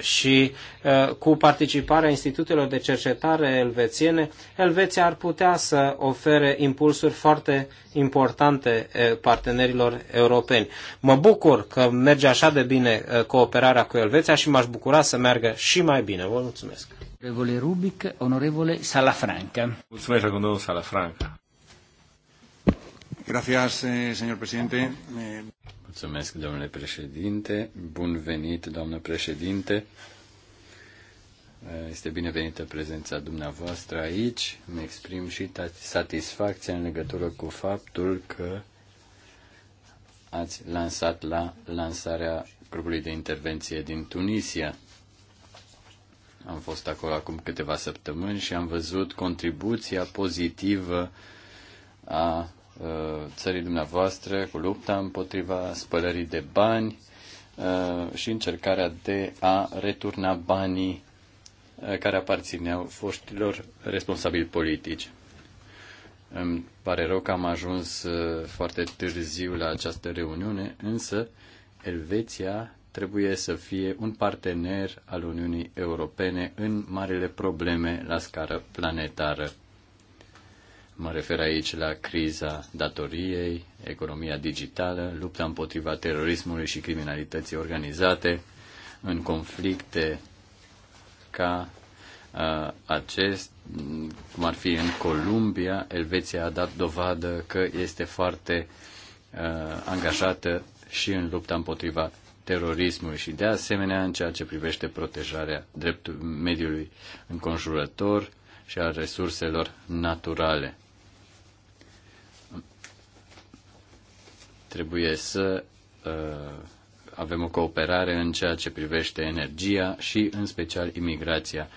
și uh, cu participarea institutelor de cercetare elvețiene, Elveția ar putea să ofere impulsuri foarte importante uh, partenerilor europeni. Mă bucur că merge așa de bine cooperarea cu Elveția și m-aș bucura să meargă și mai bine. Vă mulțumesc! Onorevole Rubic, onorevole Salafranca. Mulțumesc, domnul Salafranca. Gracias, eh, señor presidente. Eh, Mulțumesc, domnule președinte. Bun venit, doamnă președinte. Este binevenită prezența dumneavoastră aici. Îmi exprim și satisfacția în legătură cu faptul că ați lansat la lansarea grupului de intervenție din Tunisia. Am fost acolo acum câteva săptămâni și am văzut contribuția pozitivă a Uh, țării dumneavoastră cu lupta împotriva spălării de bani uh, și încercarea de a returna banii uh, care aparțineau foștilor responsabili politici. Îmi pare rău că am ajuns foarte târziu la această reuniune, însă Elveția trebuie să fie un partener al Uniunii Europene în marile probleme la scară planetară. Mă refer aici la criza datoriei, economia digitală, lupta împotriva terorismului și criminalității organizate în conflicte ca uh, acest, cum ar fi în Columbia, Elveția a dat dovadă că este foarte uh, angajată și în lupta împotriva terorismului și de asemenea în ceea ce privește protejarea dreptului mediului înconjurător și a resurselor naturale. Trebuie să uh, avem o cooperare în ceea ce privește energia și, în special, imigrația,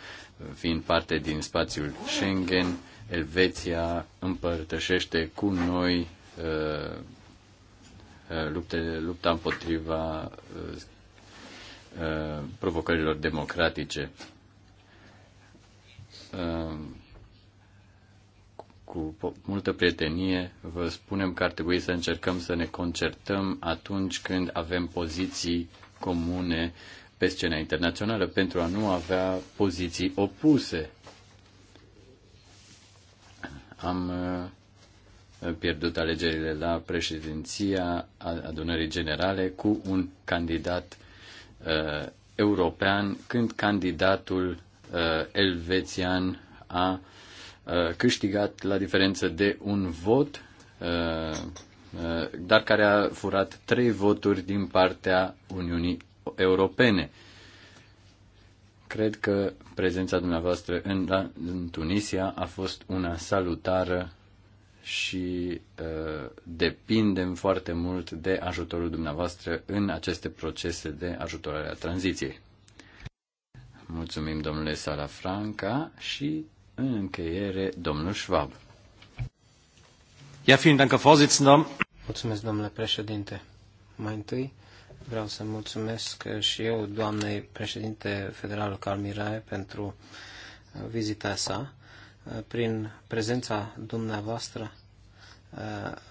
fiind parte din spațiul Schengen. Elveția împărtășește cu noi uh, uh lupte, lupta împotriva uh, uh provocărilor democratice. Uh, cu multă prietenie vă spunem că ar trebui să încercăm să ne concertăm atunci când avem poziții comune pe scena internațională pentru a nu avea poziții opuse. Am uh, pierdut alegerile la președinția adunării generale cu un candidat uh, european, când candidatul uh, elvețian a uh, Uh, câștigat la diferență de un vot, uh, uh, dar care a furat trei voturi din partea Uniunii Europene. Cred că prezența dumneavoastră în, în Tunisia a fost una salutară și uh, depindem foarte mult de ajutorul dumneavoastră în aceste procese de ajutorare a tranziției. Mulțumim, domnule Sara Franca, și în încheiere, domnul Schwab. Ja, vielen Dank, Herr Vorsitzender. Mulțumesc, domnule președinte. Mai întâi, Vreau să mulțumesc și eu doamnei președinte federal Calmirae pentru vizita sa. Prin prezența dumneavoastră,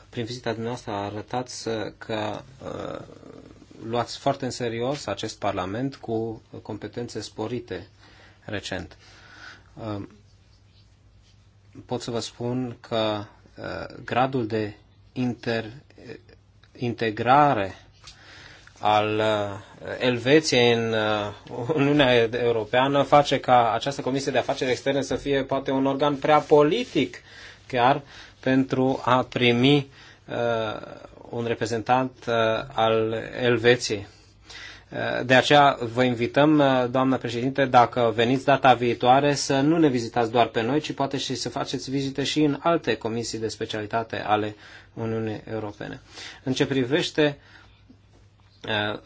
prin vizita dumneavoastră arătați că uh, luați foarte în serios acest parlament cu competențe sporite recent. Uh, pot să vă spun că uh, gradul de inter, integrare al uh, Elveției în uh, Uniunea Europeană face ca această Comisie de Afaceri Externe să fie poate un organ prea politic chiar pentru a primi un reprezentant al Elveției. De aceea vă invităm, doamnă președinte, dacă veniți data viitoare, să nu ne vizitați doar pe noi, ci poate și să faceți vizite și în alte comisii de specialitate ale Uniunii Europene. În ce privește uh, Eh, eh,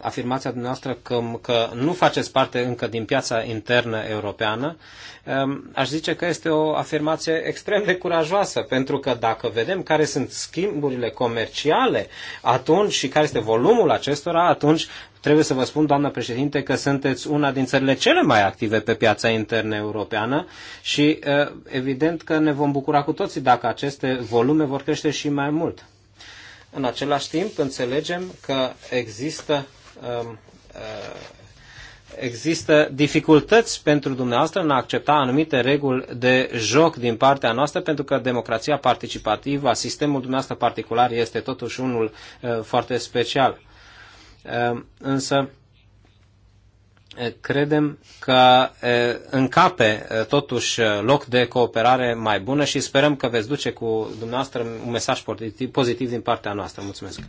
afirmația dumneavoastră că, că nu faceți parte încă din piața internă europeană, eh, aș zice că este o afirmație extrem de curajoasă, pentru că dacă vedem care sunt schimburile comerciale atunci și care este volumul acestora, atunci trebuie să vă spun, doamnă președinte, că sunteți una din țările cele mai active pe piața internă europeană și evident că ne vom bucura cu toții dacă aceste volume vor crește și mai mult. În același timp, înțelegem că există, um, uh, există dificultăți pentru dumneavoastră în a accepta anumite reguli de joc din partea noastră, pentru că democrația participativă, a sistemul dumneavoastră particular, este totuși unul uh, foarte special. Um, însă, credem că încape totuși loc de cooperare mai bună și sperăm că veți duce cu dumneavoastră un mesaj pozitiv din partea noastră. Mulțumesc!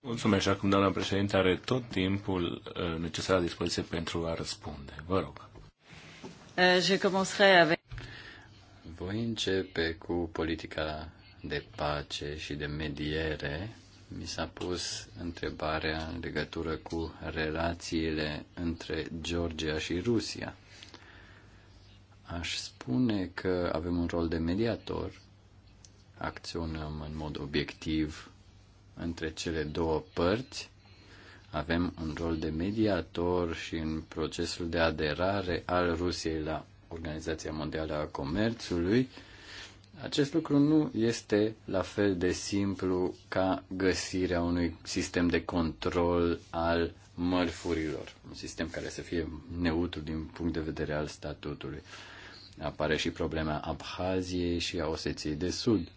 Mulțumesc acum doamna președinte are tot timpul necesar la dispoziție pentru a răspunde. Vă rog! Voi începe cu politica de pace și de mediere mi s-a pus întrebarea în legătură cu relațiile între Georgia și Rusia. Aș spune că avem un rol de mediator, acționăm în mod obiectiv între cele două părți, avem un rol de mediator și în procesul de aderare al Rusiei la Organizația Mondială a Comerțului, acest lucru nu este la fel de simplu ca găsirea unui sistem de control al mărfurilor, un sistem care să fie neutru din punct de vedere al statutului. Apare și problema Abhaziei și a Oseției de Sud.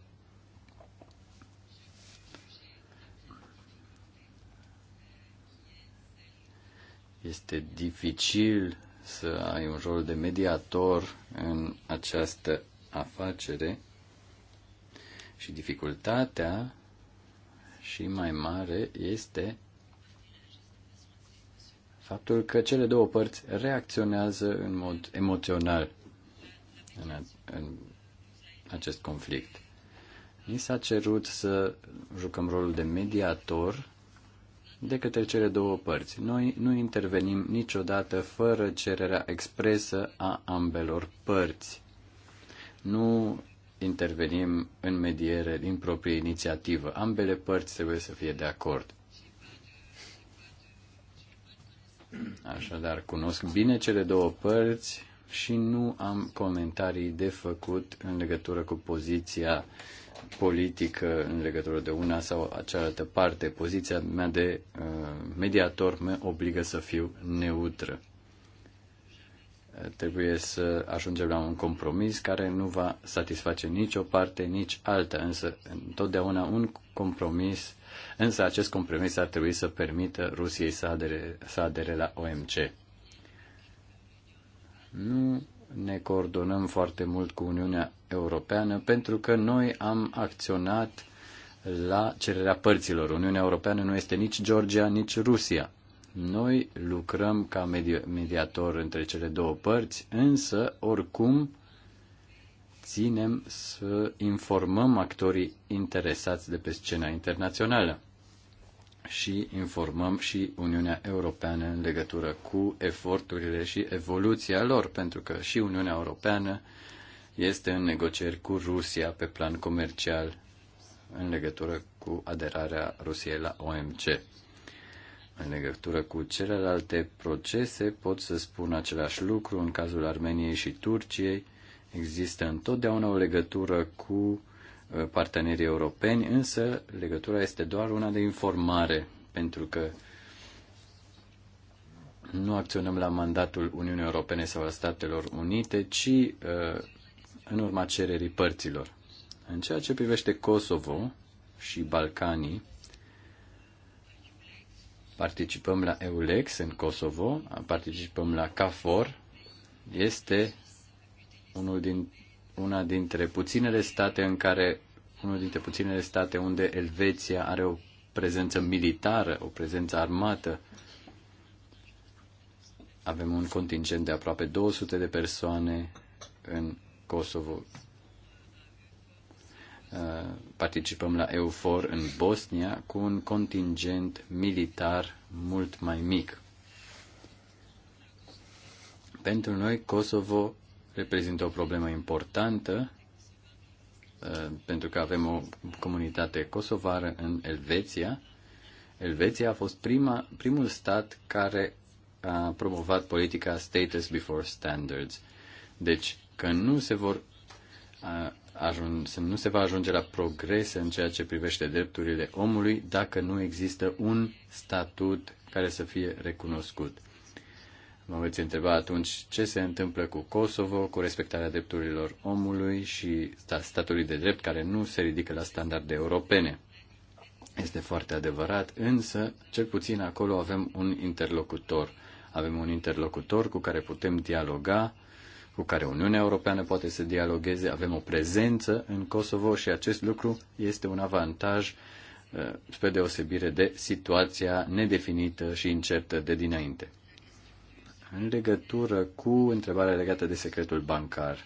Este dificil să ai un rol de mediator în această afacere și dificultatea și mai mare este faptul că cele două părți reacționează în mod emoțional în, a, în acest conflict. Ni s-a cerut să jucăm rolul de mediator de către cele două părți. Noi nu intervenim niciodată fără cererea expresă a ambelor părți nu intervenim în mediere din proprie inițiativă. Ambele părți trebuie să fie de acord. Așadar, cunosc bine cele două părți și nu am comentarii de făcut în legătură cu poziția politică în legătură de una sau cealaltă parte. Poziția mea de uh, mediator mă obligă să fiu neutră. Trebuie să ajungem la un compromis care nu va satisface nici o parte, nici alta, însă întotdeauna un compromis, însă acest compromis ar trebui să permită Rusiei să adere, să adere la OMC. Nu ne coordonăm foarte mult cu Uniunea Europeană pentru că noi am acționat la cererea părților. Uniunea Europeană nu este nici Georgia, nici Rusia. Noi lucrăm ca mediator între cele două părți, însă, oricum, ținem să informăm actorii interesați de pe scena internațională și informăm și Uniunea Europeană în legătură cu eforturile și evoluția lor, pentru că și Uniunea Europeană este în negocieri cu Rusia pe plan comercial în legătură cu aderarea Rusiei la OMC. În legătură cu celelalte procese pot să spun același lucru în cazul Armeniei și Turciei. Există întotdeauna o legătură cu uh, partenerii europeni, însă legătura este doar una de informare, pentru că nu acționăm la mandatul Uniunii Europene sau a Statelor Unite, ci uh, în urma cererii părților. În ceea ce privește Kosovo și Balcanii, Participăm la EULEX în Kosovo, participăm la CAFOR. Este unul din, una dintre puținele state în care unul dintre puținele state unde Elveția are o prezență militară, o prezență armată. Avem un contingent de aproape 200 de persoane în Kosovo Uh, participăm la EUFOR în Bosnia cu un contingent militar mult mai mic. Pentru noi, Kosovo reprezintă o problemă importantă uh, pentru că avem o comunitate kosovară în Elveția. Elveția a fost prima, primul stat care a promovat politica status before standards. Deci că nu se vor uh, să nu se va ajunge la progrese în ceea ce privește drepturile omului dacă nu există un statut care să fie recunoscut. Mă veți întreba atunci ce se întâmplă cu Kosovo, cu respectarea drepturilor omului și statului de drept care nu se ridică la standarde europene. Este foarte adevărat, însă, cel puțin acolo avem un interlocutor. Avem un interlocutor cu care putem dialoga cu care Uniunea Europeană poate să dialogueze, avem o prezență în Kosovo și acest lucru este un avantaj uh, spre deosebire de situația nedefinită și incertă de dinainte. În legătură cu întrebarea legată de secretul bancar,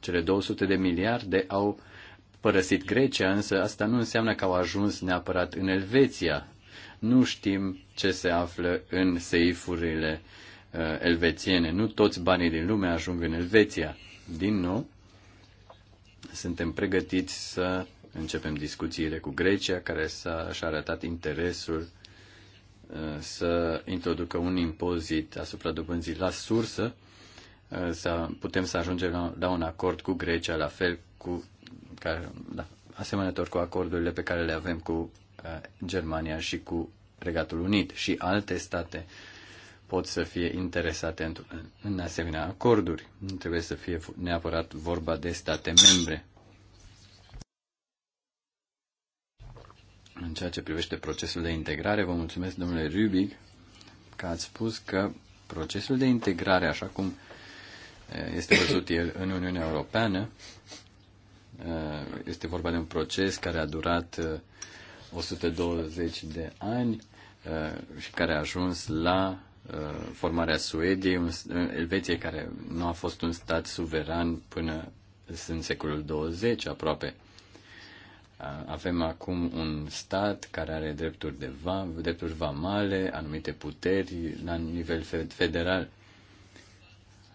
cele 200 de miliarde au părăsit Grecia, însă asta nu înseamnă că au ajuns neapărat în Elveția. Nu știm ce se află în seifurile uh, Uh, elvețiene. Nu toți banii din lume ajung în Elveția. Din nou, suntem pregătiți să începem discuțiile cu Grecia, care s-a, și-a arătat interesul uh, să introducă un impozit asupra dobânzii la sursă, uh, să putem să ajungem la, la un acord cu Grecia, la fel cu, ca, da, asemănător cu acordurile pe care le avem cu Germania și cu Regatul Unit și alte state uh, pot să fie interesate în asemenea acorduri. Nu trebuie să fie neapărat vorba de state membre. În ceea ce privește procesul de integrare, vă mulțumesc, domnule Rubic, că ați spus că procesul de integrare, așa cum este văzut el în Uniunea Europeană, este vorba de un proces care a durat 120 de ani și care a ajuns la Uh, formarea Suediei, uh, Elveției care nu a fost un stat suveran până în secolul 20 aproape. Uh, avem acum un stat care are drepturi, de va, drepturi vamale, anumite puteri la nivel federal.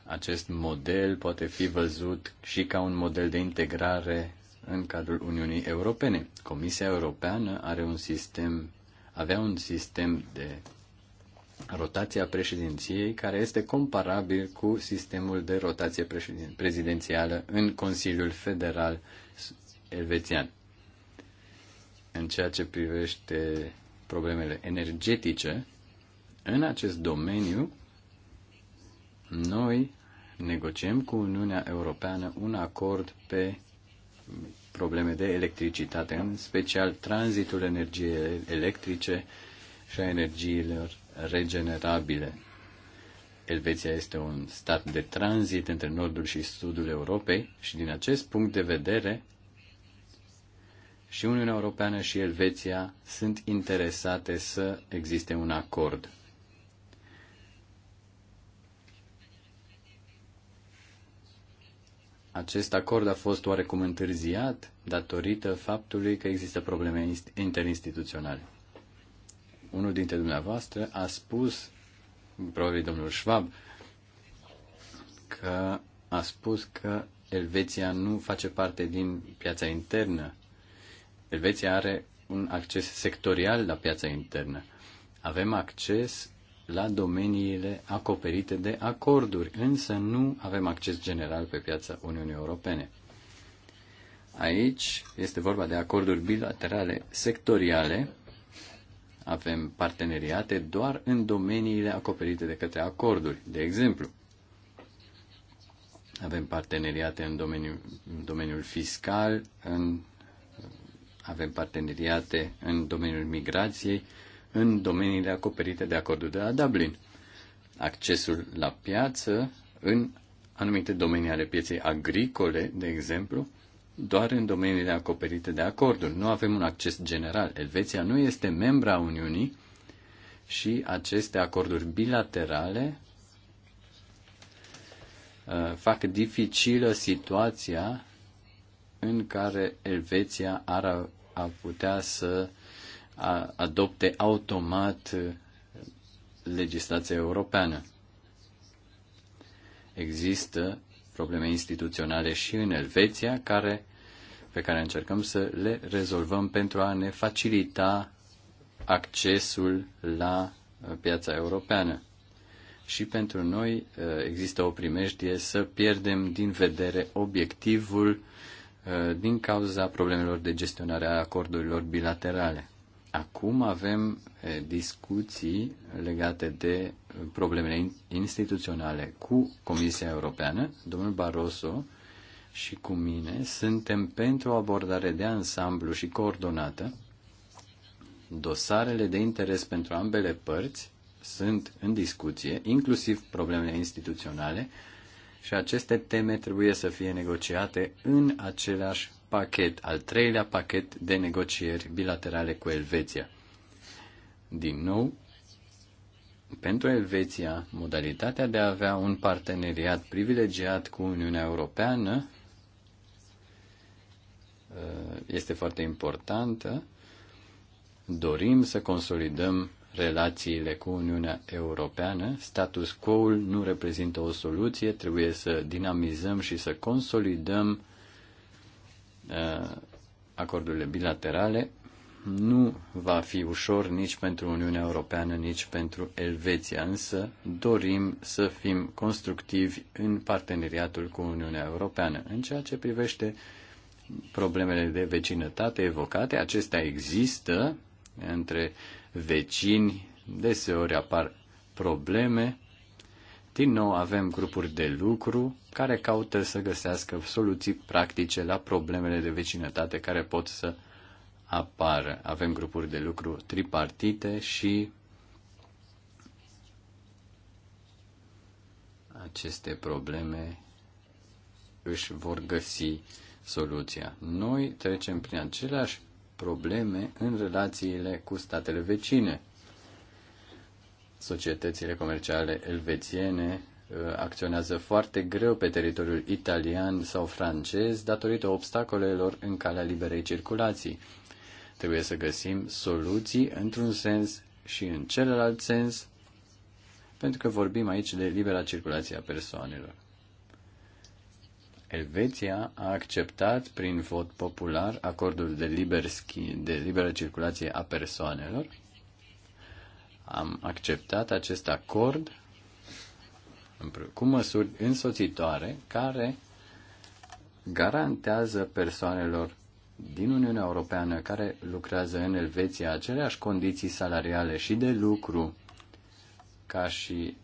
Acest model poate fi văzut și ca un model de integrare în cadrul Uniunii Europene. Comisia Europeană are un sistem, avea un sistem de rotația președinției, care este comparabil cu sistemul de rotație prezidențială în Consiliul Federal Elvețian. În ceea ce privește problemele energetice, în acest domeniu, noi negociem cu Uniunea Europeană un acord pe probleme de electricitate, în special tranzitul energiei electrice și a energiilor regenerabile. Elveția este un stat de tranzit între nordul și sudul Europei și din acest punct de vedere și Uniunea Europeană și Elveția sunt interesate să existe un acord. Acest acord a fost oarecum întârziat datorită faptului că există probleme interinstituționale unul dintre dumneavoastră a spus, probabil domnul Schwab, că a spus că Elveția nu face parte din piața internă. Elveția are un acces sectorial la piața internă. Avem acces la domeniile acoperite de acorduri, însă nu avem acces general pe piața Uniunii Europene. Aici este vorba de acorduri bilaterale sectoriale avem parteneriate doar în domeniile acoperite de către acorduri. De exemplu, avem parteneriate în domeniul, în domeniul fiscal, în, avem parteneriate în domeniul migrației, în domeniile acoperite de acordul de la Dublin. Accesul la piață în anumite domenii ale pieței agricole, de exemplu, doar în domeniile acoperite de acorduri. Nu avem un acces general. Elveția nu este membra Uniunii și aceste acorduri bilaterale uh, fac dificilă situația în care Elveția ar a putea să adopte automat uh, legislația europeană. Există probleme instituționale și în Elveția, care, pe care încercăm să le rezolvăm pentru a ne facilita accesul la uh, piața europeană. Și pentru noi uh, există o primejdie să pierdem din vedere obiectivul uh, din cauza problemelor de gestionare a acordurilor bilaterale. Acum avem discuții legate de problemele instituționale cu Comisia Europeană, domnul Barroso și cu mine. Suntem pentru o abordare de ansamblu și coordonată. Dosarele de interes pentru ambele părți sunt în discuție, inclusiv problemele instituționale, și aceste teme trebuie să fie negociate în același pachet, al treilea pachet de negocieri bilaterale cu Elveția. Din nou, pentru Elveția, modalitatea de a avea un parteneriat privilegiat cu Uniunea Europeană uh, este foarte importantă. Dorim să consolidăm relațiile cu Uniunea Europeană. Status quo-ul nu reprezintă o soluție, trebuie să dinamizăm și să consolidăm Uh, acordurile bilaterale, nu va fi ușor nici pentru Uniunea Europeană, nici pentru Elveția, însă dorim să fim constructivi în parteneriatul cu Uniunea Europeană. În ceea ce privește problemele de vecinătate evocate, acestea există între vecini, deseori apar probleme din nou avem grupuri de lucru care caută să găsească soluții practice la problemele de vecinătate care pot să apară. Avem grupuri de lucru tripartite și aceste probleme își vor găsi soluția. Noi trecem prin aceleași probleme în relațiile cu statele vecine. Societățile comerciale elvețiene uh, acționează foarte greu pe teritoriul italian sau francez datorită obstacolelor în calea liberei circulații. Trebuie să găsim soluții într-un sens și în celălalt sens, pentru că vorbim aici de libera circulație a persoanelor. Elveția a acceptat prin vot popular acordul de, liber schi- de liberă circulație a persoanelor am acceptat acest acord cu măsuri însoțitoare care garantează persoanelor din Uniunea Europeană care lucrează în Elveția aceleași condiții salariale și de lucru ca și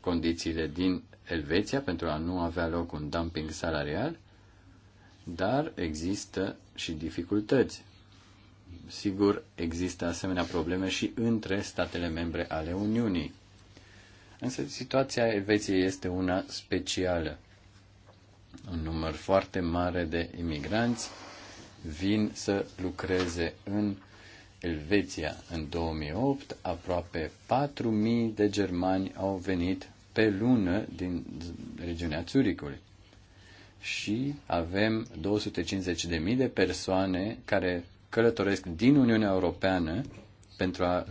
condițiile din Elveția pentru a nu avea loc un dumping salarial, dar există și dificultăți. Sigur, există asemenea probleme și între statele membre ale Uniunii. Însă situația Elveției este una specială. Un număr foarte mare de imigranți vin să lucreze în Elveția. În 2008, aproape 4.000 de germani au venit pe lună din regiunea Zurichului. Și avem 250.000 de persoane care călătoresc din Uniunea Europeană pentru a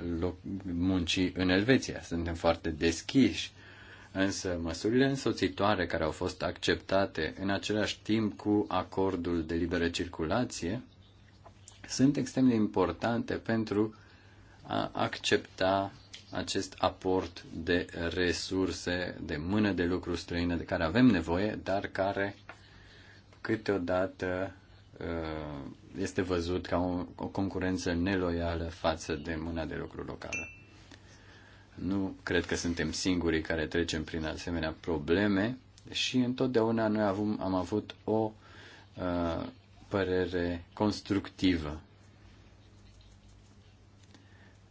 munci în Elveția. Suntem foarte deschiși, însă măsurile însoțitoare care au fost acceptate în același timp cu acordul de liberă circulație sunt extrem de importante pentru a accepta acest aport de resurse, de mână de lucru străină de care avem nevoie, dar care câteodată Uh, este văzut ca o, o concurență neloială față de mâna de lucru locală. Nu cred că suntem singurii care trecem prin asemenea probleme și întotdeauna noi avum, am avut o uh, părere constructivă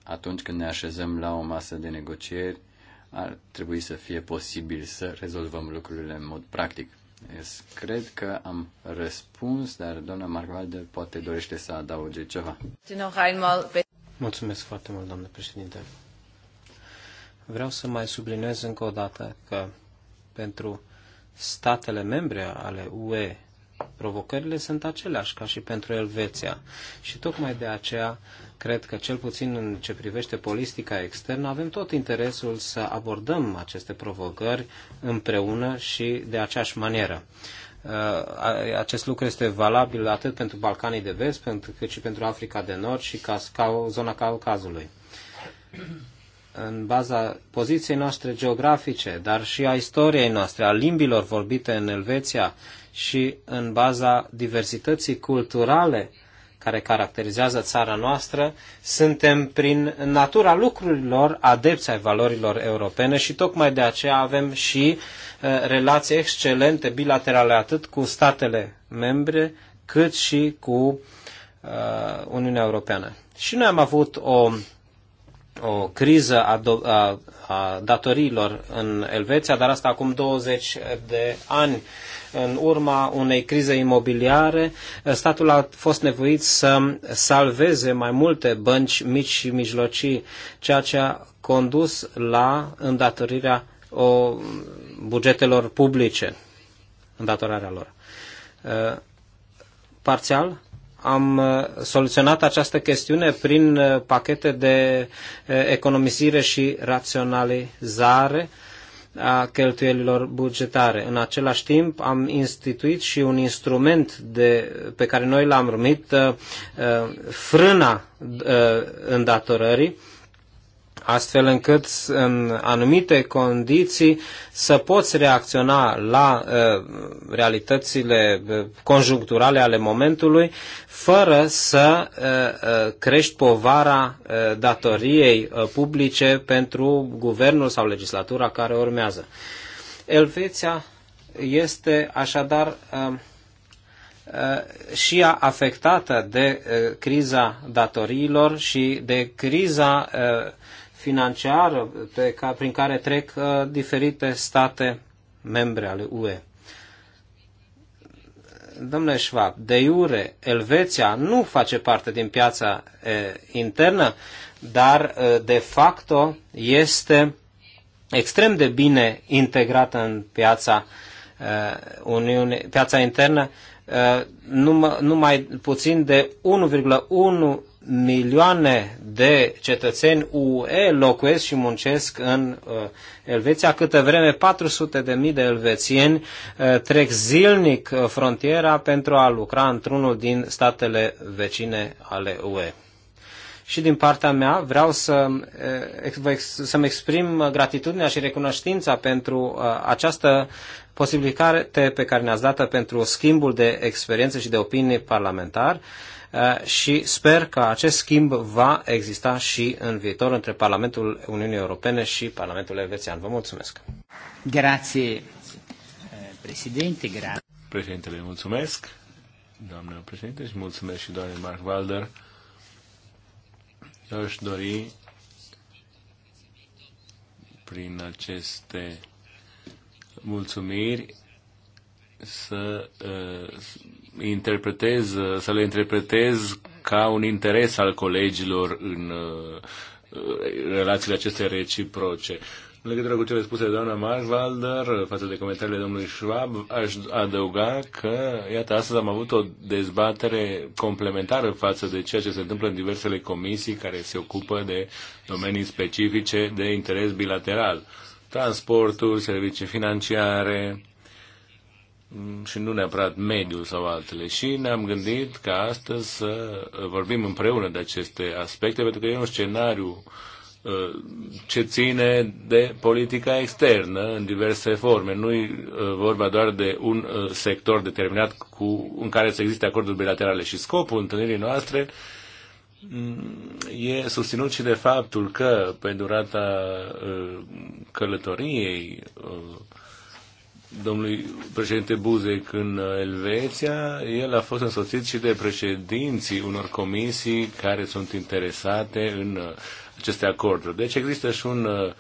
atunci când ne așezăm la o masă de negocieri, ar trebui să fie posibil să rezolvăm lucrurile în mod practic. Yes, cred că am răspuns, dar doamna Margvalde poate dorește să adauge ceva. Mulțumesc foarte mult, doamnă președinte. Vreau să mai subliniez încă o dată că pentru statele membre ale UE Provocările sunt aceleași ca și pentru Elveția și tocmai de aceea cred că cel puțin în ce privește politica externă avem tot interesul să abordăm aceste provocări împreună și de aceeași manieră. Uh, acest lucru este valabil atât pentru Balcanii de Vest, cât și pentru Africa de Nord și ca, ca zona Caucazului în baza poziției noastre geografice, dar și a istoriei noastre, a limbilor vorbite în Elveția și în baza diversității culturale care caracterizează țara noastră, suntem prin natura lucrurilor adepți ai valorilor europene și tocmai de aceea avem și uh, relații excelente bilaterale atât cu statele membre cât și cu uh, Uniunea Europeană. Și noi am avut o o criză a, do- a, a datoriilor în Elveția, dar asta acum 20 de ani. În urma unei crize imobiliare, statul a fost nevoit să salveze mai multe bănci mici și mijlocii, ceea ce a condus la îndatorirea o, bugetelor publice, îndatorarea lor. Ă, parțial, am uh, soluționat această chestiune prin uh, pachete de uh, economisire și raționalizare a cheltuielilor bugetare. În același timp am instituit și un instrument de, pe care noi l-am numit frâna îndatorării, astfel încât în anumite condiții să poți reacționa la uh, realitățile uh, conjuncturale ale momentului fără să uh, crești povara datoriei publice pentru guvernul sau legislatura care urmează. Elveția este așadar um, și ea afectată de criza datoriilor și de criza financiară pe ca, prin care trec uh, diferite state membre ale UE. Domnule Schwab, de iure, Elveția nu face parte din piața uh, internă, dar uh, de facto este extrem de bine integrată în piața, uh, Uniune, piața internă, uh, numai, numai puțin de 1,1 milioane de cetățeni UE locuiesc și muncesc în uh, Elveția, câte vreme 400 de mii de elvețieni uh, trec zilnic uh, frontiera pentru a lucra într-unul din statele vecine ale UE. Și din partea mea vreau să, uh, să-mi exprim uh, gratitudinea și recunoștința pentru uh, această posibilitate pe care ne-ați dată pentru schimbul de experiențe și de opinii parlamentar. Uh, Eh, și sper că acest schimb va exista și în viitor între Parlamentul Uniunii Europene și Parlamentul Elvețian. Vă mulțumesc! Grazie, președinte, grazie. Președintele, mulțumesc, doamne președinte, și mulțumesc și doamne Mark Walder. Eu aș dori prin aceste mulțumiri să uh, interpretez, să le interpretez ca un interes al colegilor în uh, relațiile aceste reciproce. În legătură cu cele spuse de doamna Marvalder uh, față de comentariile domnului Schwab, aș adăuga că, iată, astăzi am avut o dezbatere complementară față de ceea ce se întâmplă în diversele comisii care se ocupă de domenii specifice de interes bilateral. Transporturi, servicii financiare, Mm, și nu neapărat mediul sau altele. Și ne-am gândit ca astăzi să vorbim împreună de aceste aspecte, pentru că e un scenariu uh, ce ține de politica externă în diverse forme. Nu e uh, vorba doar de un uh, sector determinat cu, în care să existe acorduri bilaterale și scopul întâlnirii noastre mm, e susținut și de faptul că pe durata călătoriei domnului președinte Buzek în uh, Elveția, el a fost însoțit și de președinții unor comisii care sunt interesate în uh, aceste acorduri. Deci există și un uh,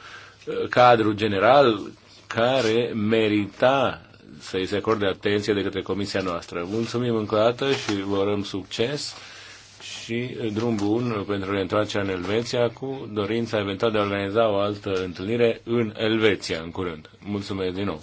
cadru general care merita să-i se acorde atenție de către comisia noastră. Mulțumim încă o dată și vă urăm succes și drum bun pentru reîntoarcerea în Elveția cu dorința eventual de a organiza o altă întâlnire în Elveția în curând. Mulțumesc din nou!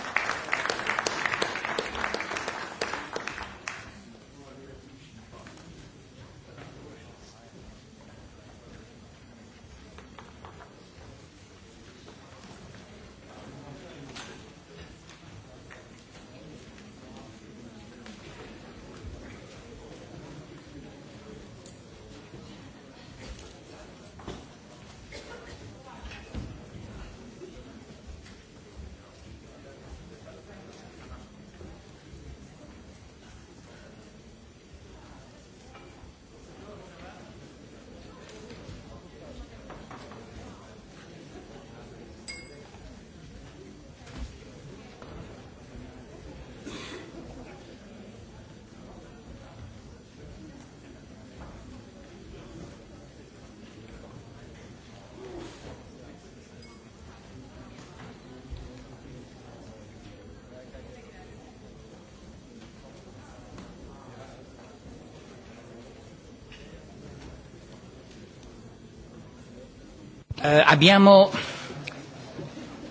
Uh, abbiamo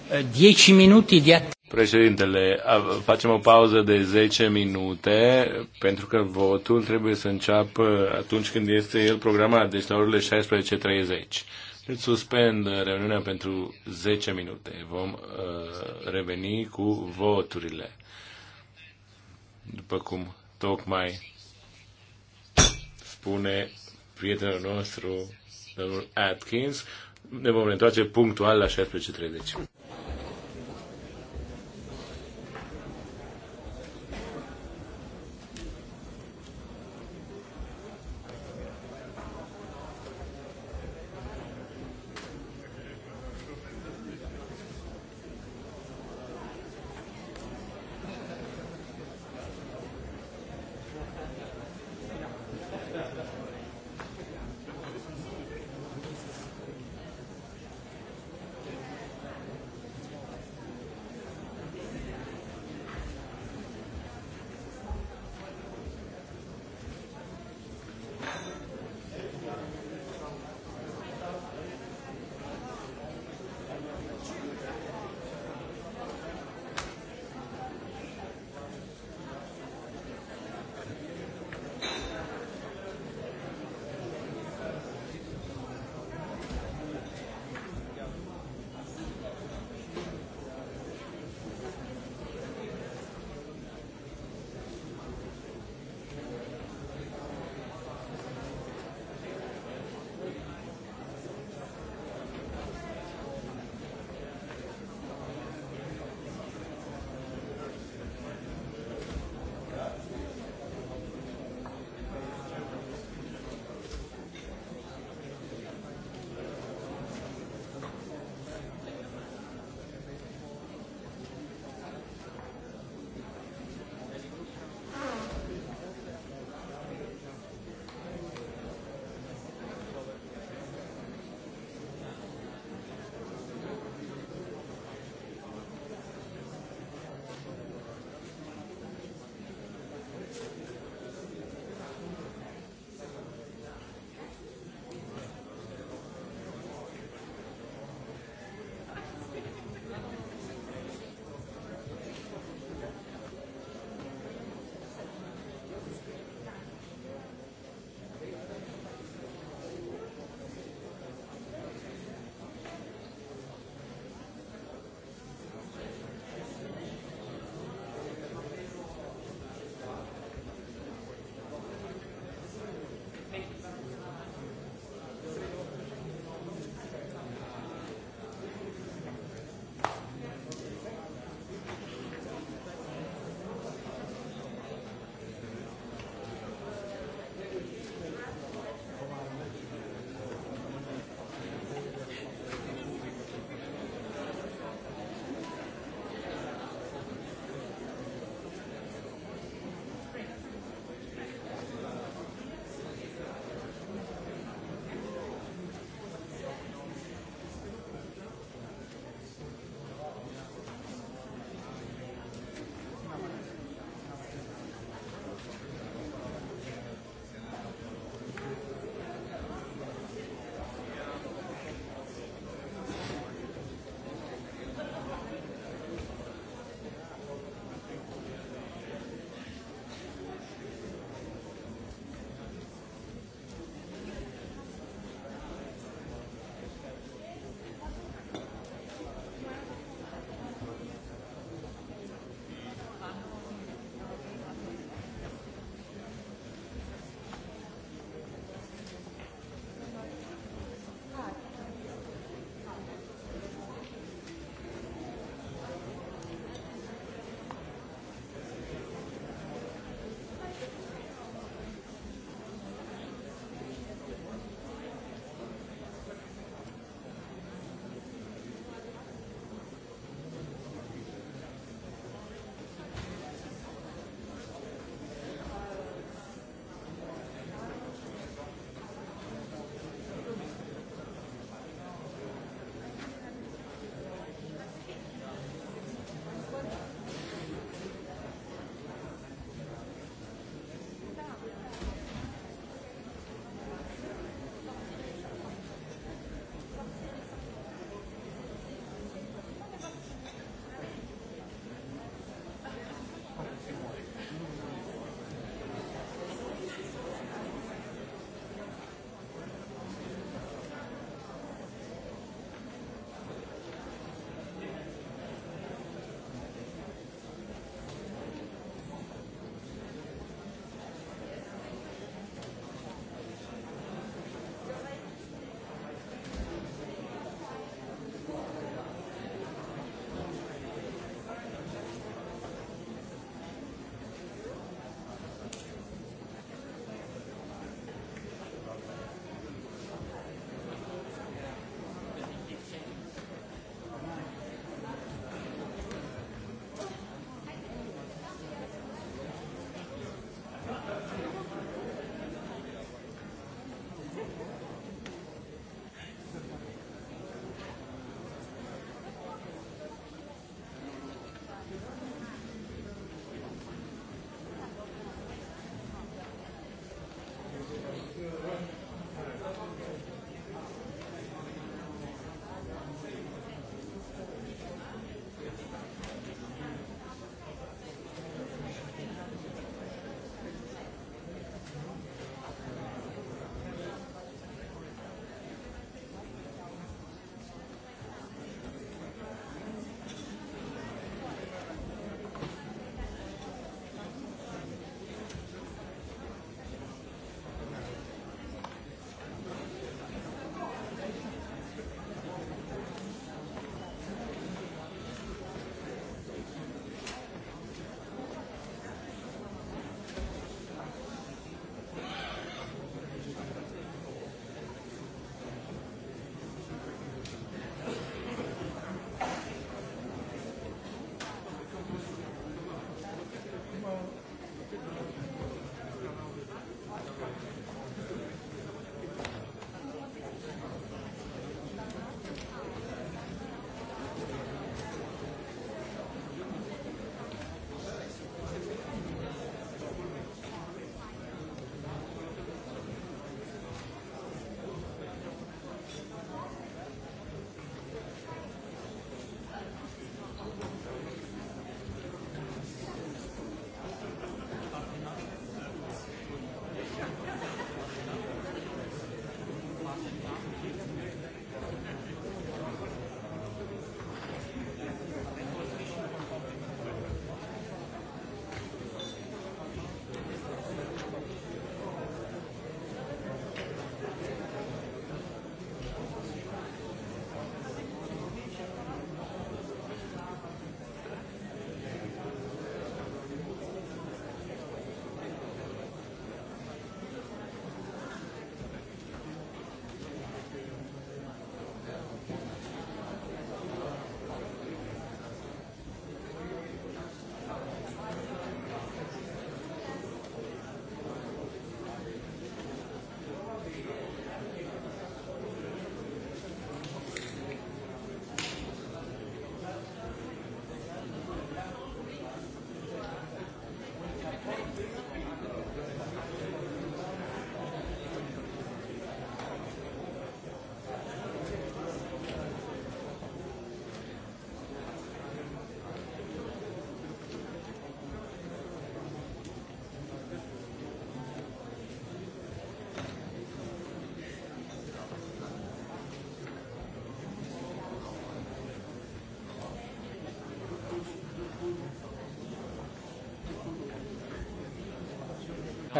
10 eh, minuti di Președintele, facem o pauză de 10 minute pentru că votul trebuie să înceapă atunci când este el programat, deci la orele 16.30. Deci suspend reuniunea pentru 10 minute. Vom uh, reveni cu voturile. După cum tocmai spune prietenul nostru, domnul Atkins, ne vom întoarce punctual la 16.30.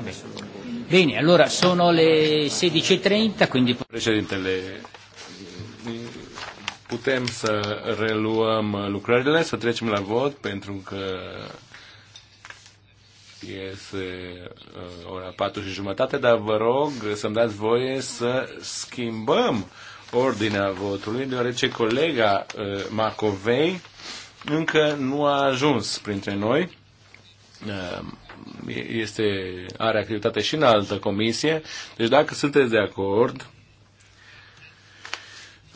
Va bene. bene, allora sono le 16.30, quindi... le... putem să reluăm lucrările, să trecem la vot, pentru că este uh, ora 4 și jumătate, dar vă rog să-mi dați voie să schimbăm ordinea votului, deoarece colega uh, Macovei încă nu a ajuns printre noi. Uh, este, are activitate și în altă comisie. Deci dacă sunteți de acord,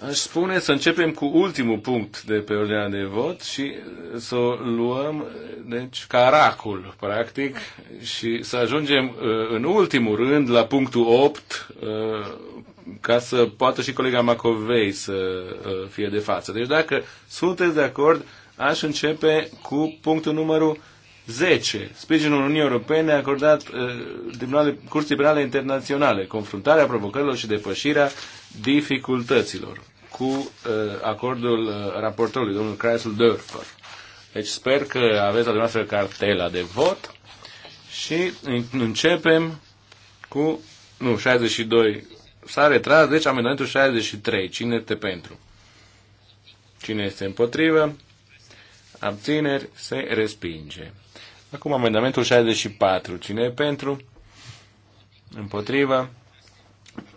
aș spune să începem cu ultimul punct de pe ordinea de vot și să o luăm, deci, caracul, practic, și să ajungem uh, în ultimul rând la punctul 8, uh, ca să poată și colega Macovei să uh, fie de față. Deci dacă sunteți de acord, aș începe cu punctul numărul 10. Sprijinul Uniunii Europene acordat uh, Curții Penale Internaționale, confruntarea provocărilor și depășirea dificultăților cu uh, acordul uh, raportorului, domnul Chrysler Dörfer. Deci sper că aveți la dumneavoastră cartela de vot și începem cu, nu, 62 s-a retras, deci amendamentul 63. Cine este pentru? Cine este împotrivă? Abțineri se respinge. Acum amendamentul 64. Cine e pentru? Împotriva?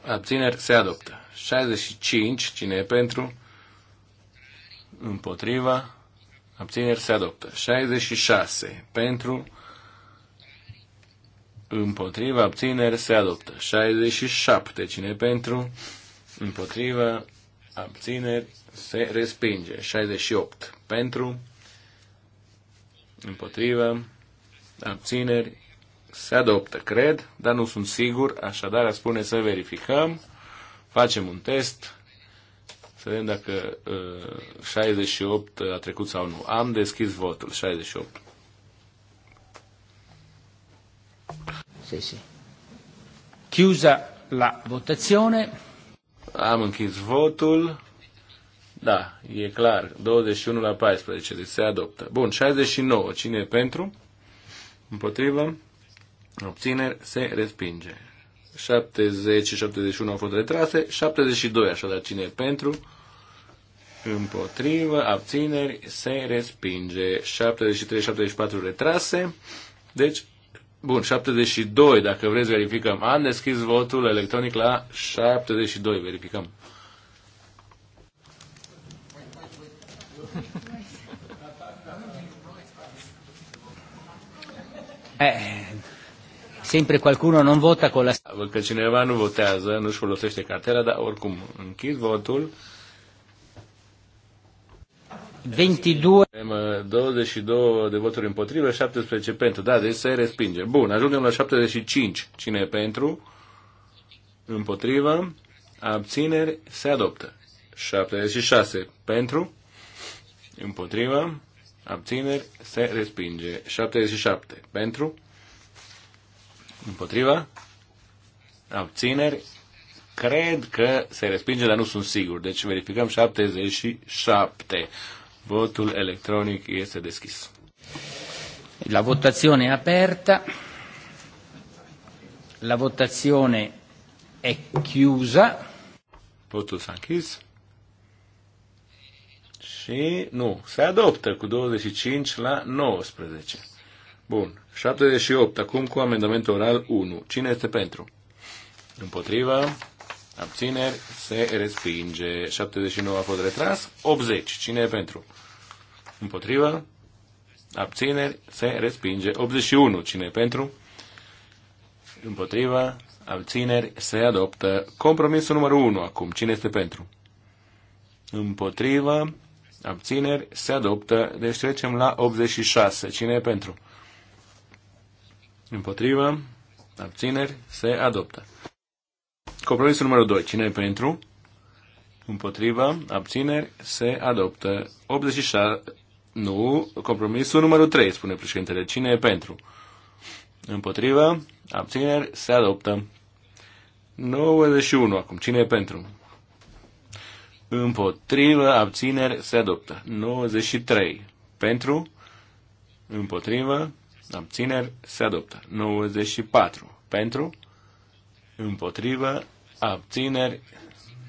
Abțineri? Se adoptă. 65. Cine e pentru? Împotriva? Abțineri? Se adoptă. 66. Pentru? Împotriva? Abțineri? Se adoptă. 67. Cine e pentru? Împotriva? Abțineri? Se respinge. 68. Pentru? Împotriva? abțineri, se adoptă, cred, dar nu sunt sigur, așadar a spune să verificăm, facem un test, să vedem dacă uh, 68 a trecut sau nu. Am deschis votul, 68. Sì, sì. Chiusa la votazione. Am închis votul. Da, e clar. 21 la 14, deci se adoptă. Bun, 69. Cine e pentru? Împotrivă. Obțineri. Se respinge. 70 și 71 au fost retrase. 72 așadar cine e pentru? Împotrivă. Abțineri. Se respinge. 73 74 retrase. Deci Bun, 72, dacă vreți verificăm. Am deschis votul electronic la 72, verificăm. Eh, sempre qualcuno non vota con la... Văd că cineva nu votează, nu-și folosește cartela, dar oricum închid votul. 22... 22 eh, de voturi împotrivă, 17 pentru. Da, deci se respinge. Bun, ajungem la 75. Cine e pentru? Împotrivă. Abțineri. Se adoptă. 76 pentru. Împotrivă abțineri, se respinge. 77 pentru, împotriva, abțineri, cred că se respinge, dar nu sunt sigur. Deci verificăm 77. Votul electronic este deschis. La votazione è aperta. La votazione è chiusa. Voto Sanchis. Și nu, se adoptă cu 25 la 19. Bun. 78. Acum cu amendamentul oral 1. Cine este pentru? Împotriva. Abțineri. Se respinge. 79 a fost retras. 80. Cine e pentru? Împotriva. Abțineri. Se respinge. 81. Cine e pentru? Împotriva. Abțineri. Se adoptă. Compromisul numărul 1 acum. Cine este pentru? Împotriva abțineri, se adoptă. Deci trecem la 86. Cine e pentru? Împotrivă, abțineri, se adoptă. Compromisul numărul 2. Cine e pentru? Împotrivă, abțineri, se adoptă. 86. Nu, compromisul numărul 3, spune președintele. Cine e pentru? Împotrivă, abțineri, se adoptă. 91 acum. Cine e pentru? Împotrivă, abțineri, se adoptă. 93. Pentru, împotrivă, abțineri, se adoptă. 94. Pentru, împotrivă, abțineri.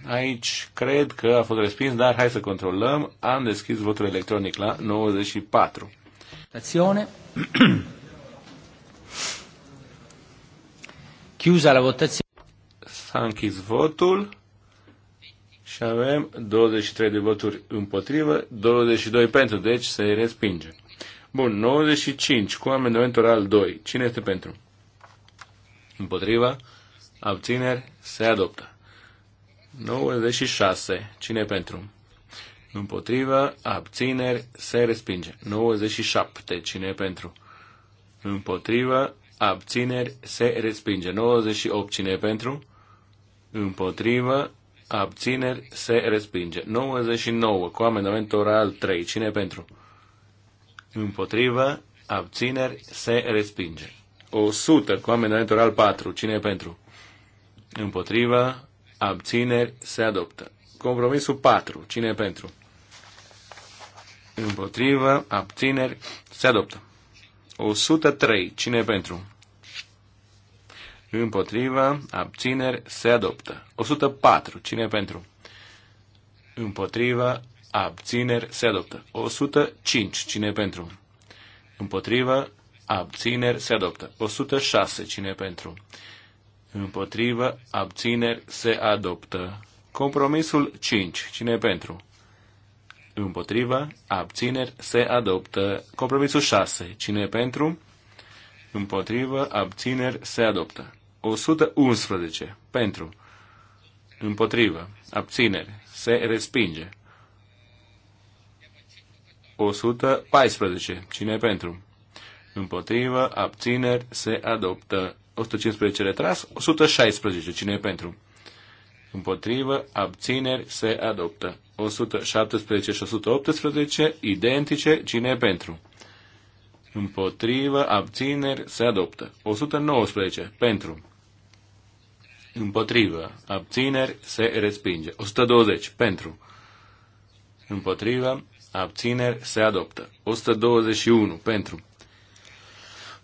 Aici cred că a fost respins, dar hai să controlăm. Am deschis votul electronic la 94. Votazione. Chiusa la votazione. S-a închis votul și avem 23 de voturi împotrivă, 22 pentru, deci se respinge. Bun, 95 cu amendamentul al 2. Cine este pentru? Împotriva, abțineri, se adoptă. 96. Cine pentru? Împotriva, abțineri, se respinge. 97. Cine pentru? Împotriva, abțineri, se respinge. 98. Cine pentru? Împotriva, abțineri, se respinge. 99 cu amendament oral 3. Cine pentru? Împotrivă, abțineri, se respinge. 100 cu amendament oral 4. Cine pentru? Împotrivă, abțineri, se adoptă. Compromisul 4. Cine pentru? Împotrivă, abțineri, se adoptă. 103. Cine pentru? Împotriva, abțineri, se adoptă. 104. Cine pentru? Împotriva, abțineri, se adoptă. 105. Cine pentru? Împotriva, abțineri, se adoptă. 106. Cine pentru? Împotriva, abțineri, se adoptă. Compromisul 5. Cine pentru? Împotriva, abțineri, se adoptă. Compromisul 6. Cine pentru? Împotrivă, abțineri, se adoptă. 111. Pentru. Împotrivă. Abținere. Se respinge. 114. Cine e pentru? Împotrivă. Abțineri. Se adoptă. 115 retras. 116. Cine e pentru? Împotrivă. Abțineri. Se adoptă. 117 și 118. Identice. Cine e pentru? Împotrivă. Abțineri. Se adoptă. 119. Pentru împotrivă, abțineri, se respinge. 120 pentru, împotrivă, abțineri, se adoptă. 121 pentru,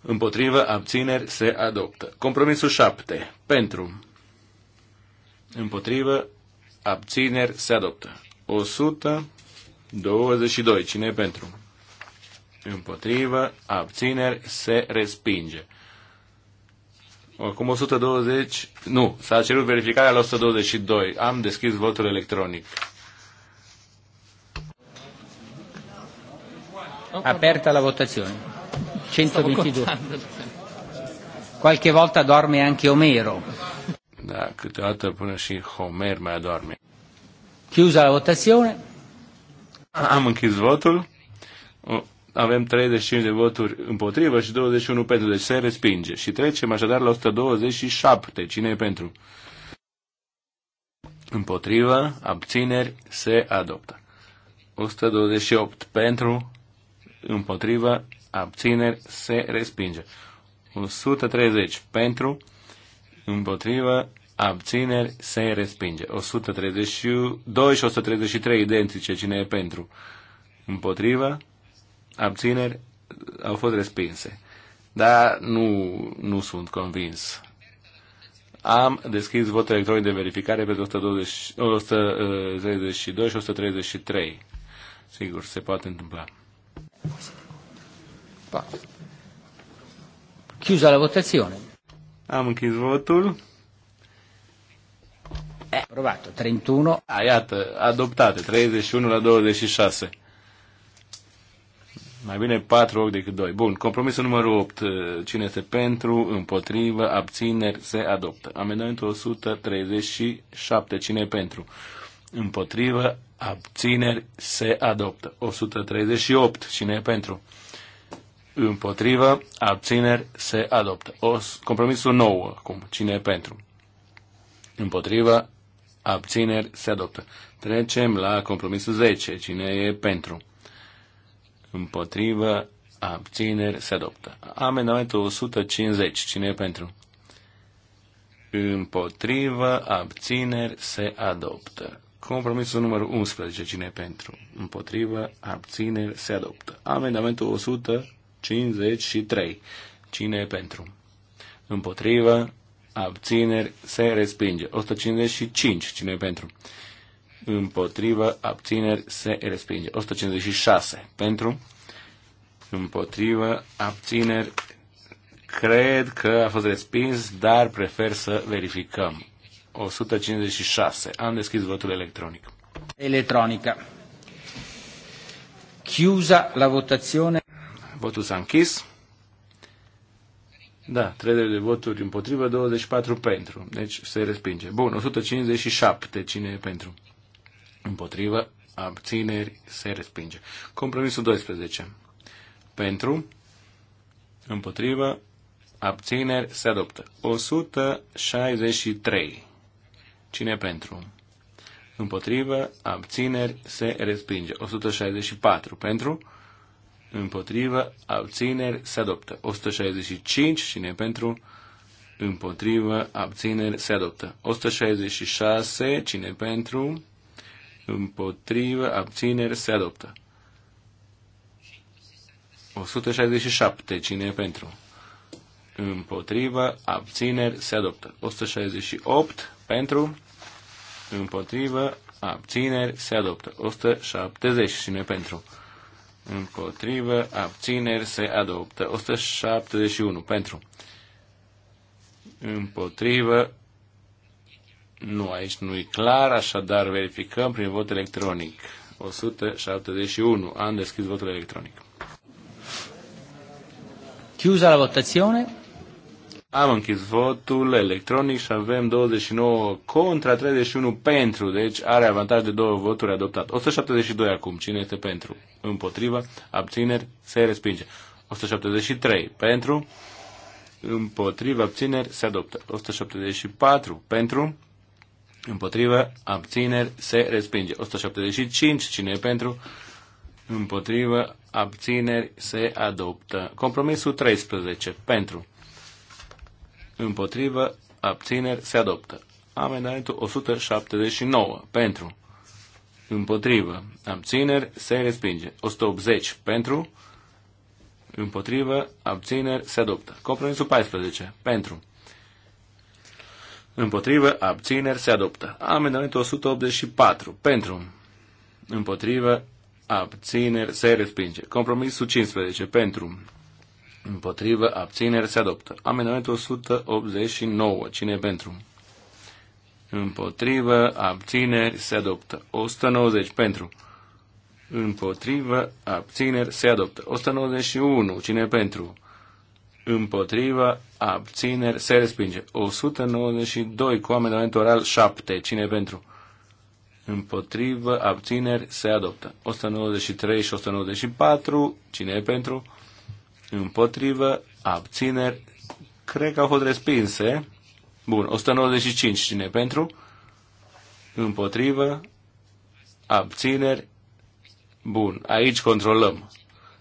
împotrivă, abțineri, se adoptă. Compromisul 7 pentru, împotrivă, abțineri, se adoptă. 122, cine pentru? Împotrivă, abțineri, se respinge. Acum 120, nu, s-a cerut verificarea la 122. Am deschis votul electronic. Aperta la votazione. 122. Qualche volta dorme anche Omero. Da, câteodată până și Homer mai adorme. Chiusa la votazione. Am închis votul avem 35 de voturi împotrivă și 21 pentru, deci se respinge. Și trecem așadar la 127. Cine e pentru? Împotrivă, abțineri, se adoptă. 128 pentru, împotrivă, abțineri, se respinge. 130 pentru, împotrivă, abțineri, se respinge. 132 și 133 identice, cine e pentru? Împotrivă, abțineri, au fost respinse. Dar nu, nu sunt convins. Am deschis votul electronic de verificare pentru 120, 132 și 133. Sigur, se poate întâmpla. Pa. Chiusa la votazione. Am închis votul. Aprovato, 31. A, iată, adoptate, 31 la 26. Mai bine 4 ochi decât 2. Bun. Compromisul numărul 8. Cine este pentru, împotrivă, abțineri, se adoptă. Amendamentul 137. Cine e pentru? Împotrivă, abțineri, se adoptă. 138. Cine e pentru? Împotrivă, abțineri, se adoptă. O, compromisul 9. Acum. Cine e pentru? Împotrivă, abțineri, se adoptă. Trecem la compromisul 10. Cine e pentru? împotrivă, abțineri, se adoptă. Amendamentul 150, cine e pentru? Împotrivă, abțineri, se adoptă. Compromisul numărul 11, cine e pentru? Împotrivă, abțineri, se adoptă. Amendamentul 153, cine e pentru? Împotrivă, abțineri, se respinge. 155, cine e pentru? împotrivă, abțineri, se respinge. 156 pentru, împotrivă, abțineri, cred că a fost respins, dar prefer să verificăm. 156. Am deschis votul electronic. Electronică. Chiusa la votazione. Votul s-a închis. Da, 30 de voturi împotrivă, 24 pentru. Deci se respinge. Bun, 157. Cine e pentru? Împotrivă. Abțineri. Se respinge. Compromisul 12. Pentru. Împotrivă. Abțineri. Se adoptă. 163. Cine pentru? Împotrivă. Abțineri. Se respinge. 164. Pentru. Împotrivă. Abțineri. Se adoptă. 165. Cine pentru? Împotrivă, abțineri, se adoptă. 166, cine pentru? împotrivă, abțineri, se adoptă. 167. Cine e pentru? Împotrivă, abțineri, se adoptă. 168. Pentru, împotrivă, abțineri, se adoptă. 170. Cine e pentru? Împotrivă, abțineri, se adoptă. 171. Pentru, împotrivă, nu, aici nu e clar, așadar verificăm prin vot electronic. 171. Am deschis votul electronic. Chiusa la votazione. Am închis votul electronic și avem 29 contra 31 pentru, deci are avantaj de două voturi adoptat. 172 acum, cine este pentru? Împotriva, abțineri, se respinge. 173 pentru, împotriva, abțineri, se adoptă. 174 pentru, Împotrivă, abțineri, se respinge. 175, cine e pentru? Împotrivă, abțineri, se adoptă. Compromisul 13, pentru. Împotrivă, abțineri, se adoptă. Amendamentul 179, pentru. Împotrivă, abțineri, se respinge. 180, pentru. Împotrivă, abțineri, se adoptă. Compromisul 14, pentru. Împotrivă, abțineri, se adoptă. Amendamentul 184. Pentru. Împotrivă, abțineri, se respinge. Compromisul 15. Pentru. Împotrivă, abțineri, se adoptă. Amendamentul 189. Cine pentru? Împotrivă, abțineri, se adoptă. 190. Pentru. Împotrivă, abțineri, se adoptă. 191. Cine pentru? împotriva, abțineri, se respinge. 192 cu amendament oral 7. Cine pentru? Împotrivă, abțineri, se adoptă. 193 și 194. Cine e pentru? Împotrivă, abțineri, cred că au fost respinse. Bun, 195 cine pentru? Împotrivă, abțineri, bun, aici controlăm.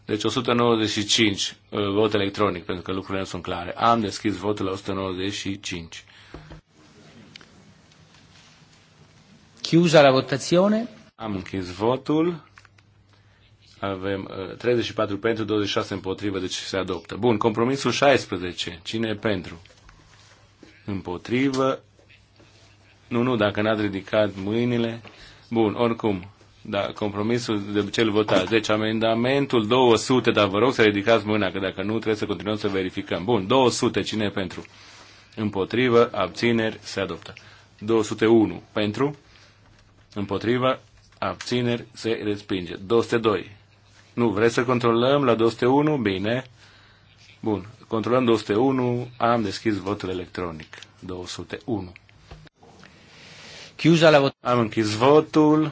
Deci 195 uh, vot electronic, pentru că lucrurile nu sunt clare. Am deschis votul la 195. Chiusa la votazione. Am închis votul. Avem 34 uh, pentru, 26 împotrivă, deci se adoptă. Bun, compromisul 16. Cine e pentru? Împotrivă. Nu, nu, dacă n-ați ridicat mâinile. Bun, oricum, da, compromisul de cel votat Deci amendamentul 200, dar vă rog să ridicați mâna, că dacă nu trebuie să continuăm să verificăm. Bun, 200, cine e pentru? Împotrivă, abțineri, se adoptă. 201, pentru? Împotrivă, abțineri, se respinge. 202. Nu, vreți să controlăm la 201? Bine. Bun, controlăm 201, am deschis votul electronic. 201. Chiusa la vot. Am închis votul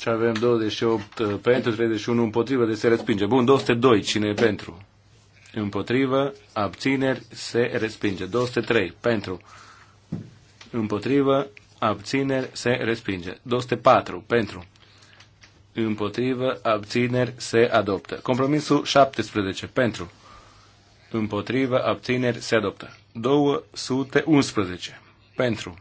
și avem 28 uh, pentru, 31 împotrivă, de deci se respinge. Bun, 202, cine e pentru? Împotrivă, abțineri, se respinge. 203, pentru. Împotrivă, abțineri, se respinge. 204, pentru. Împotrivă, abțineri, se adoptă. Compromisul 17, pentru. Împotrivă, abțineri, se adoptă. 211, pentru.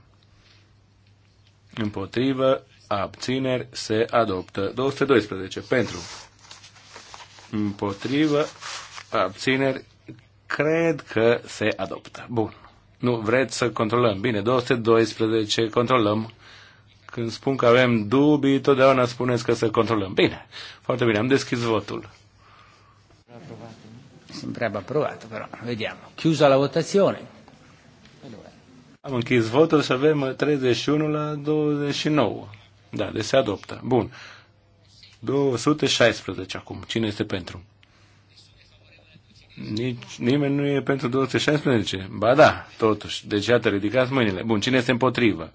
Împotrivă, abțineri, se adoptă. 212 pentru, împotrivă, abțineri, cred că se adoptă. Bun. Nu, vreți să controlăm. Bine, 212, controlăm. Când spun că avem dubii, totdeauna spuneți că să controlăm. Bine, foarte bine, am deschis votul. Sembrava approvato, però vediamo. Chiusa la votazione. Am închis votul și avem 31 la 29. Da, de deci se adoptă. Bun. 216 acum. Cine este pentru? Nici, nimeni nu e pentru 216? Ba da, totuși. Deci iată, ridicați mâinile. Bun, cine este împotrivă?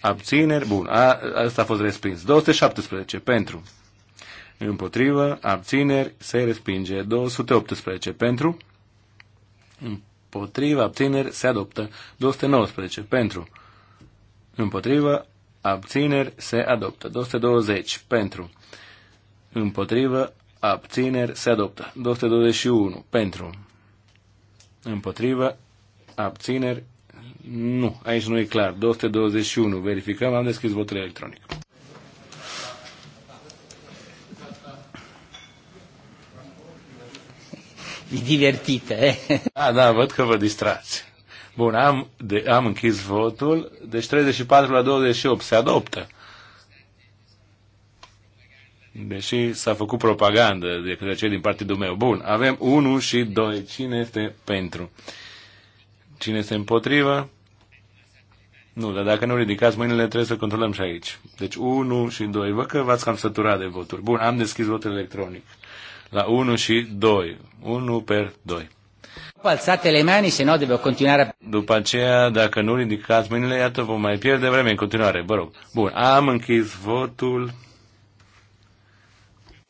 Abțineri? Bun, a, asta a fost respins. 217 pentru. Împotrivă, abțineri, se respinge. 218 pentru. Împotrivă, abțineri, se adoptă. 219 pentru. Împotrivă, abțineri, se adoptă. 220 pentru, împotrivă, abțineri, se adoptă. 221 pentru, împotrivă, abțineri, nu, aici nu e clar. 221, verificăm, am deschis votul electronic. E divertită, eh? Da, da, văd că vă distrați. Bun, am, de, am închis votul, deci 34 la 28 se adoptă. Deși s-a făcut propagandă de către cei din partidul meu. Bun, avem 1 și 2. Cine este pentru? Cine este împotrivă? Nu, dar dacă nu ridicați mâinile, trebuie să controlăm și aici. Deci 1 și 2. Vă că v-ați cam săturat de voturi. Bun, am deschis votul electronic. La 1 și 2. 1 per 2. Alțate le mani, se no, devo continuare. După aceea, dacă nu ridicați mâinile, iată, vom mai pierde vreme în continuare, vă rog. Bun, am închis votul.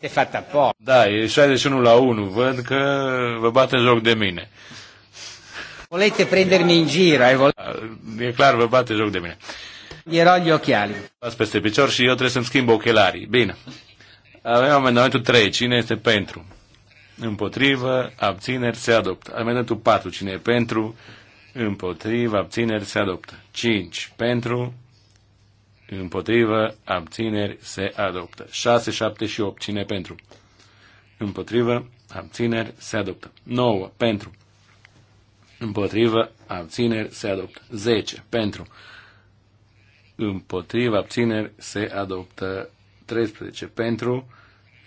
Te fatta po. Da, e 61 la 1, văd că vă bate joc de mine. Volete prendermi in giro, ai vol- E clar, vă bate joc de mine. Ierò gli occhiali. Ați peste picior și eu trebuie să-mi schimb ochelarii. Bine. Avem amendamentul 3. Cine este pentru? împotrivă, abțineri, se adoptă. Amendamentul 4, cine e pentru, împotrivă, abțineri, se adoptă. 5, pentru, împotrivă, abțineri, se adoptă. 6, 7 și 8, cine e pentru, împotrivă, abțineri, se adoptă. 9, pentru, împotrivă, abțineri, se adoptă. 10, pentru, împotrivă, abțineri, se adoptă. 13, pentru,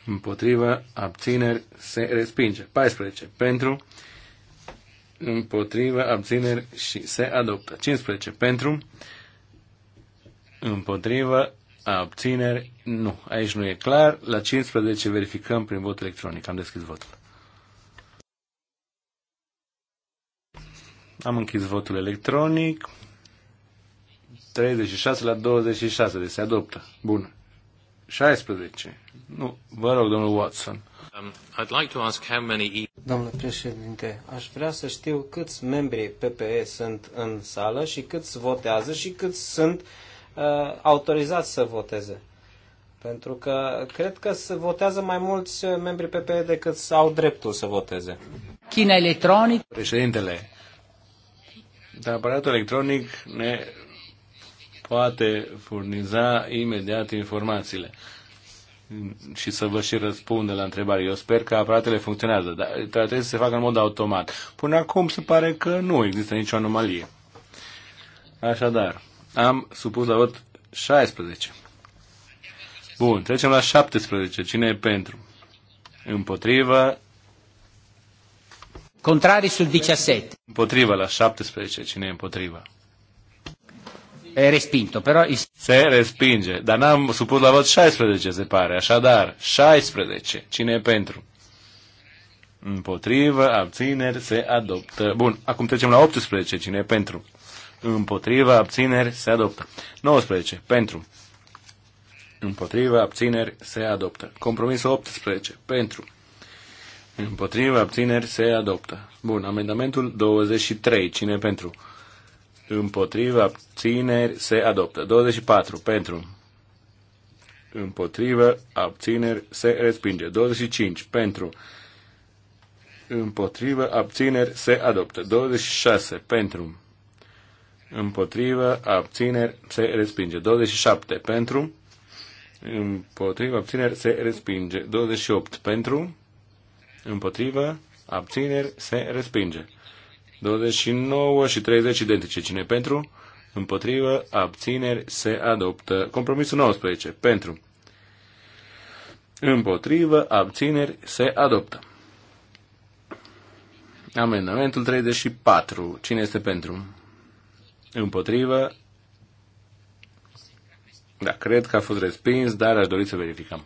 împotriva, abțineri, se respinge. 14. Pentru, împotriva, abțineri și se adoptă. 15. Pentru, împotriva, abțineri, nu. Aici nu e clar. La 15 verificăm prin vot electronic. Am deschis votul. Am închis votul electronic. 36 la 26, deci se adoptă. Bun. 16. Nu, vă rog, domnul Watson. Um, I'd like to ask how many... Domnule președinte, aș vrea să știu câți membri PPE sunt în sală și câți votează și câți sunt uh, autorizați să voteze. Pentru că cred că se votează mai mulți uh, membri PPE decât au dreptul să voteze. China electronic. Președintele, de aparatul electronic ne poate furniza imediat informațiile și să vă și răspundă la întrebare. Eu sper că aparatele funcționează, dar trebuie să se facă în mod automat. Până acum se pare că nu există nicio anomalie. Așadar, am supus la vot 16. Bun, trecem la 17. Cine e pentru? Împotrivă. Contrari sul 17. Împotrivă la 17. Cine e împotrivă? E respinto, però... Se respinge, dar n-am supus la vot 16, se pare, așadar, 16. Cine e pentru? Împotrivă, abțineri, se adoptă. Bun, acum trecem la 18. Cine e pentru? Împotrivă, abțineri, se adoptă. 19. Pentru. Împotrivă, abțineri, se adoptă. Compromisul 18. Pentru. Împotrivă, abțineri, se adoptă. Bun, amendamentul 23. Cine e pentru? împotriva, abțineri, se adoptă. 24 pentru, împotriva, abțineri, se respinge. 25 pentru, împotriva, abțineri, se adoptă. 26 pentru, împotriva, abțineri, se respinge. 27 pentru, împotriva, abțineri, se respinge. 28 pentru, împotriva, abțineri, se respinge. 29 și 30 identice. Cine pentru? Împotrivă, abțineri, se adoptă. Compromisul 19. Pentru. Împotrivă, abțineri, se adoptă. Amendamentul 34. Cine este pentru? Împotrivă. Da, cred că a fost respins, dar aș dori să verificăm.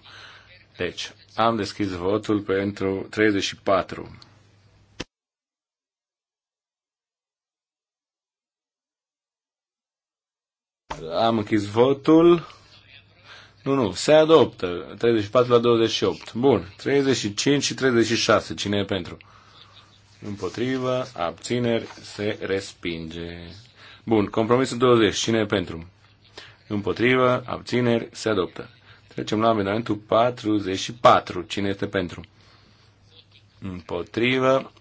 Deci, am deschis votul pentru 34. Am închis votul. Nu, nu, se adoptă. 34 la 28. Bun. 35 și 36. Cine e pentru? Împotrivă, abțineri, se respinge. Bun, compromisul 20. Cine e pentru? Împotrivă, abțineri, se adoptă. Trecem la amendamentul 44. Cine este pentru? Împotrivă,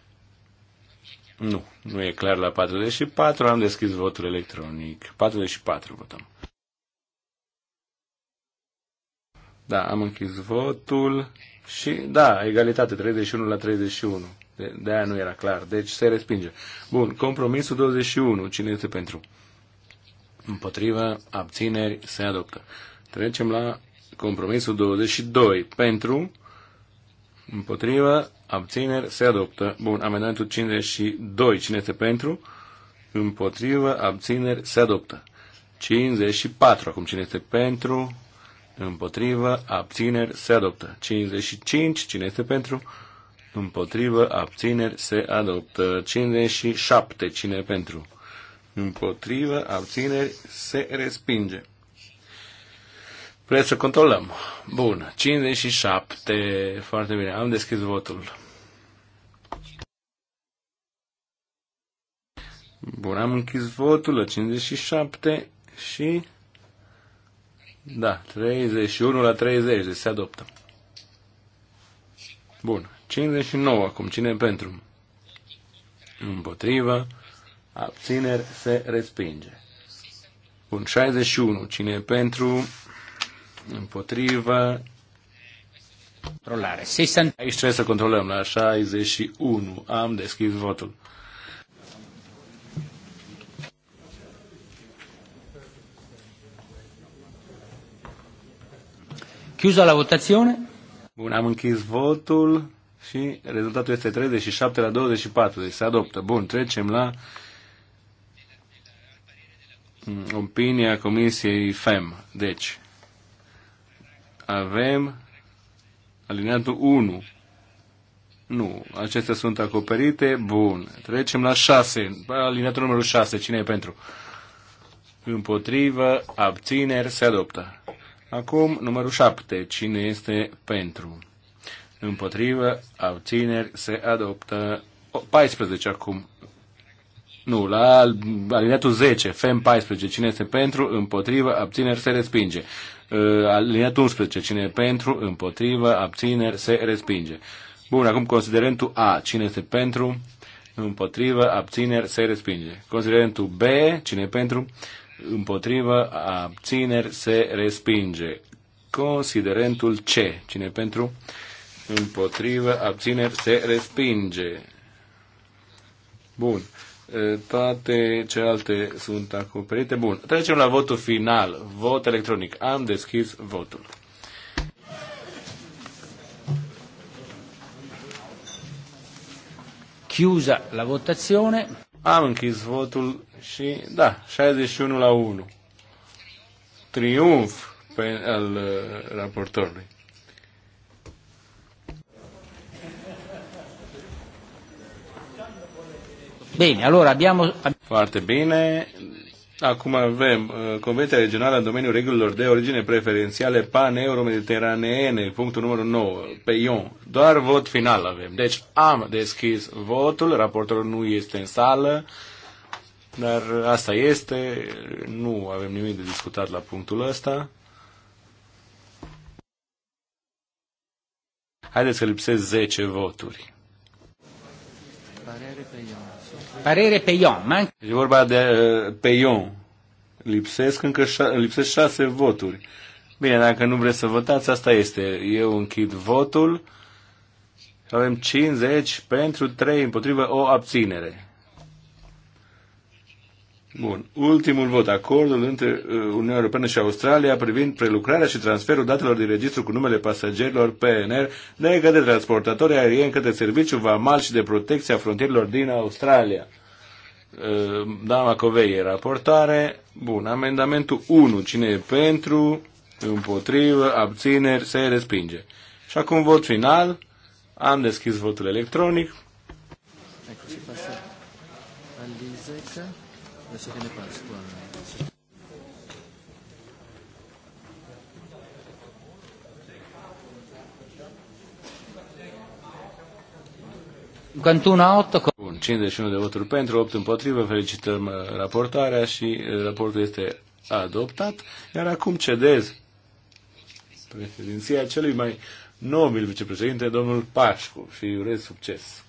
nu, nu e clar la 44. Am deschis votul electronic. 44 votăm. Da, am închis votul și, da, egalitate, 31 la 31. De, de aia nu era clar, deci se respinge. Bun, compromisul 21, cine este pentru? Împotriva, abțineri, se adoptă. Trecem la compromisul 22, pentru, împotriva, abțineri, se adoptă. Bun, amendamentul 52, cine este pentru? Împotrivă, abțineri, se adoptă. 54, acum cine este pentru? Împotrivă, abțineri, se adoptă. 55, cine este pentru? Împotrivă, abțineri, se adoptă. 57, cine pentru? Împotrivă, abțineri, se respinge. Vreți să controlăm? Bun. 57. Foarte bine. Am deschis votul. Bun, am închis votul la 57 și... Da, 31 la 30, deci se adoptă. Bun, 59 acum, cine pentru? Împotriva, abțineri, se respinge. Bun, 61, cine pentru? Împotrivă. Controlare. Aici trebuie să controlăm la 61. Am deschis votul. Chiusa la votazione. Bun, am închis votul și rezultatul este 37 la 24, deci se adoptă. Bun, trecem la mm, opinia Comisiei FEM. Deci, avem alineatul 1. Nu, acestea sunt acoperite. Bun. Trecem la 6. Alineatul numărul 6. Cine e pentru? Împotrivă, abțineri, se adoptă. Acum, numărul 7. Cine este pentru? Împotrivă, abțineri, se adoptă. 14 acum. Nu, la alineatul 10, FEM 14. Cine este pentru? Împotrivă, abțineri, se respinge. Ă, Aliniatul 11. Cine e pentru, împotrivă, abțineri, se respinge. Bun, acum considerentul A. Cine este pentru, împotrivă, abțineri, se respinge. Considerentul B. Cine e pentru, împotrivă, abțineri, se respinge. Considerentul C. Cine e pentru, împotrivă, abțineri, se respinge. Bun toate celelalte sunt acoperite. Bun, trecem la votul final, vot electronic. Am deschis votul. Chiusa la votazione. Am închis votul și, da, 61 la 1. Triumf pe, al raportorului. Bine, allora abbiamo... Foarte bine. Acum avem uh, Convenția Regională în domeniul regulilor de origine preferențiale pan-euro-mediteraneene, punctul numărul 9, pe Ion. Doar vot final avem. Deci am deschis votul, raportorul nu este în sală, dar asta este, nu avem nimic de discutat la punctul ăsta. Haideți să lipsesc 10 voturi. Parere pe Ion. Parere Ion. Man... E vorba de uh, Ion. Lipsesc încă șa- lipsesc șase voturi. Bine, dacă nu vreți să votați, asta este. Eu închid votul. Avem 50 pentru 3 împotrivă o abținere. Bun. Ultimul vot. Acordul între uh, Uniunea Europeană și Australia privind prelucrarea și transferul datelor din registru cu numele pasagerilor PNR de către transportatori aerieni către serviciul vamal și de protecție a frontierilor din Australia. Uh, Dama Macovei e raportare. Bun. Amendamentul 1. Cine e pentru? Împotrivă? Abțineri? Se respinge. Și acum vot final. Am deschis votul electronic. Ecco, the second Pasqua. Bun, 51 de voturi pentru, 8 împotrivă, felicităm uh, raportarea și uh, raportul este adoptat. Iar acum cedez președinția celui mai nobil vicepreședinte, domnul Pașcu, și urez succes.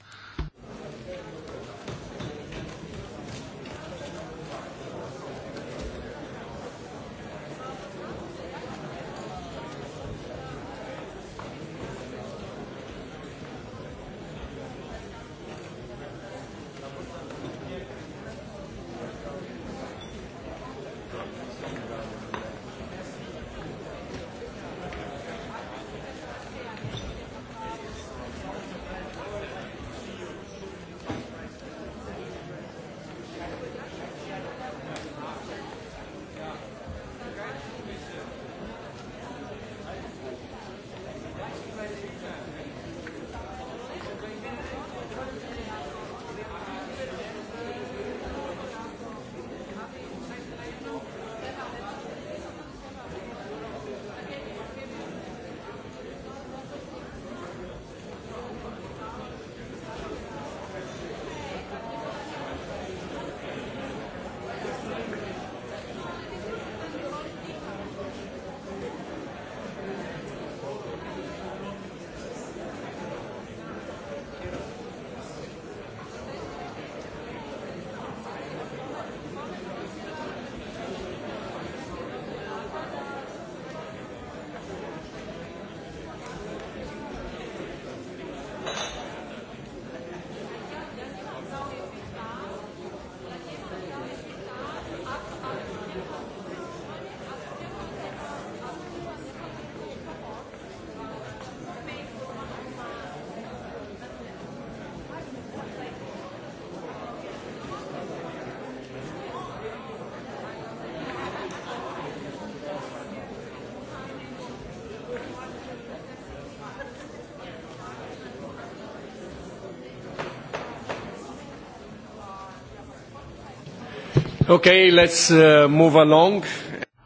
Ok, let's uh, move along.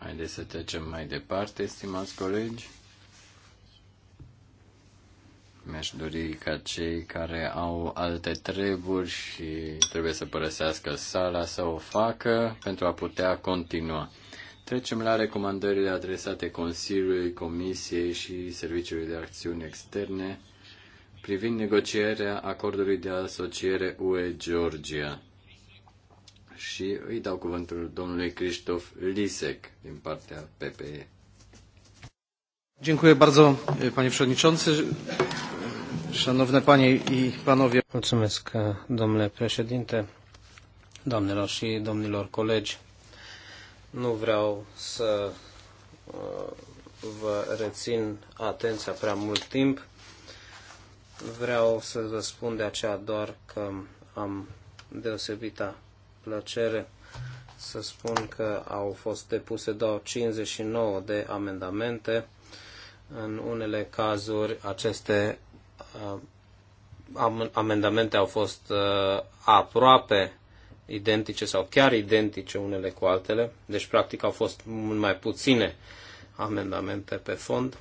Haideți să trecem mai departe, stimați colegi. Mi-aș dori ca cei care au alte treburi și trebuie să părăsească sala să o facă pentru a putea continua. Trecem la recomandările adresate Consiliului, Comisiei și Serviciului de Acțiuni Externe privind negocierea acordului de asociere UE-Georgia și îi dau cuvântul domnului Cristof Lisek din partea PPE. Dziękuję bardzo, panie przewodniczący. Szanowne panie i panowie. Mulțumesc, domnule președinte, doamnelor și domnilor colegi. Nu vreau să uh, vă rețin atenția prea mult timp. Vreau să vă spun de aceea doar că am deosebita plăcere să spun că au fost depuse doar 59 de amendamente. În unele cazuri aceste uh, amendamente au fost uh, aproape identice sau chiar identice unele cu altele, deci practic au fost mult mai puține amendamente pe fond.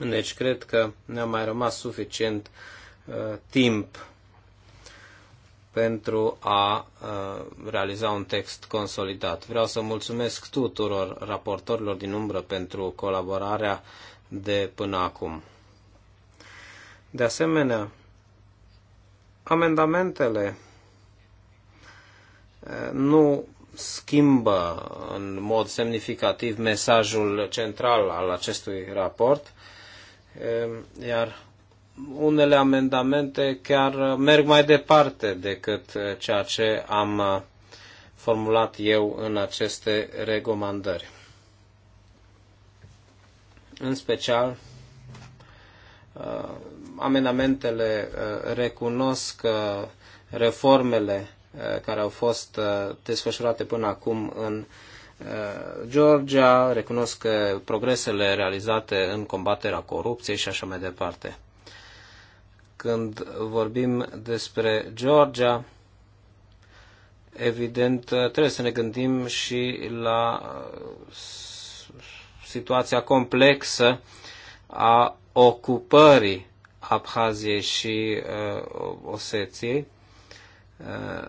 Deci cred că ne-a mai rămas suficient uh, timp pentru a realiza un text consolidat. Vreau să mulțumesc tuturor raportorilor din umbră pentru colaborarea de până acum. De asemenea, amendamentele nu schimbă în mod semnificativ mesajul central al acestui raport, iar unele amendamente chiar uh, merg mai departe decât uh, ceea ce am uh, formulat eu în aceste recomandări. În special, amendamentele recunosc reformele care au fost desfășurate până acum în Georgia, recunosc progresele realizate în combaterea corupției și așa mai departe. Când vorbim despre Georgia, evident trebuie să ne gândim și la uh, situația complexă a ocupării Abhaziei și uh, Oseției. Uh,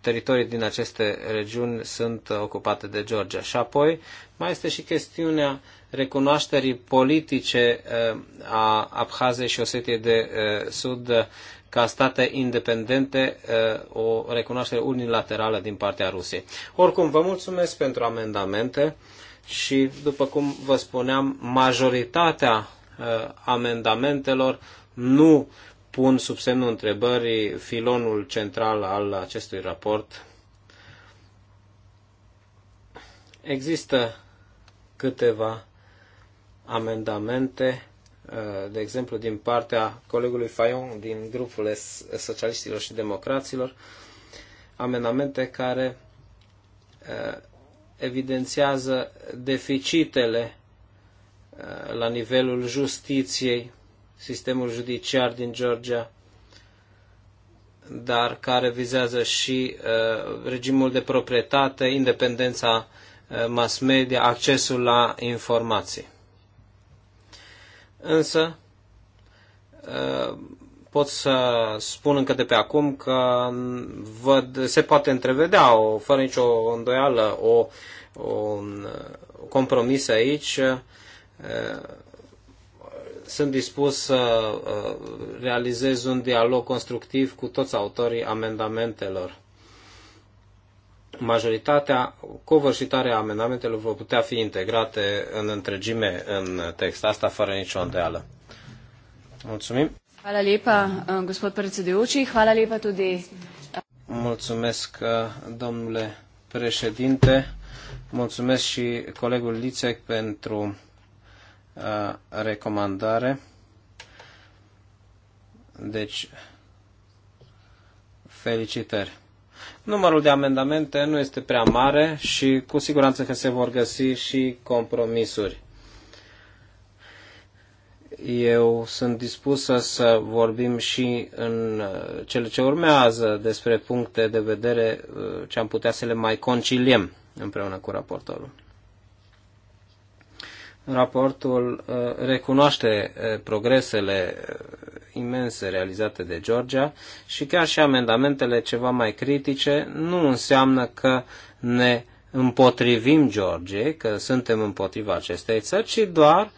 teritorii din aceste regiuni sunt ocupate de Georgia. Și apoi mai este și chestiunea recunoașterii politice eh, a Abhazei și Osetiei de eh, Sud eh, ca state independente o recunoaștere unilaterală din partea Rusiei. Oricum, vă mulțumesc pentru amendamente și, după cum vă spuneam, majoritatea amendamentelor nu pun sub semnul întrebării filonul central al acestui raport. Există câteva amendamente, uh, de exemplu, din partea colegului Fayon din grupul socialiștilor și democraților, amendamente care uh, evidențiază deficitele uh, la nivelul justiției, sistemul judiciar din Georgia, dar care vizează și uh, regimul de proprietate, independența uh, mass media, accesul la informații însă uh, pot să spun încă de pe acum că um, văd, se poate întrevedea, o, fără nicio îndoială, o, o, um, compromis aici. Uh, sunt dispus să uh, realizez un dialog constructiv cu toți autorii amendamentelor majoritatea covârșitare a amendamentelor vor putea fi integrate în întregime în text. Asta fără nicio îndeală. Mulțumim. Hvala lepa, eh, gospod predsedujoči. Hvala lepa tudi. Eh, Mulțumesc, eh, domnule președinte. Mulțumesc și colegul Licek pentru recomandare. Deci, felicitări. Numărul de amendamente nu este prea mare și cu siguranță că se vor găsi și compromisuri. Eu sunt dispusă să vorbim și în uh, cele ce urmează despre puncte de vedere uh, ce am putea să le mai conciliem împreună cu raportorul. Raportul uh, recunoaște uh, progresele uh, imense realizate de Georgia și chiar și amendamentele ceva mai critice nu înseamnă că ne împotrivim Georgiei, că suntem împotriva acestei țări, ci doar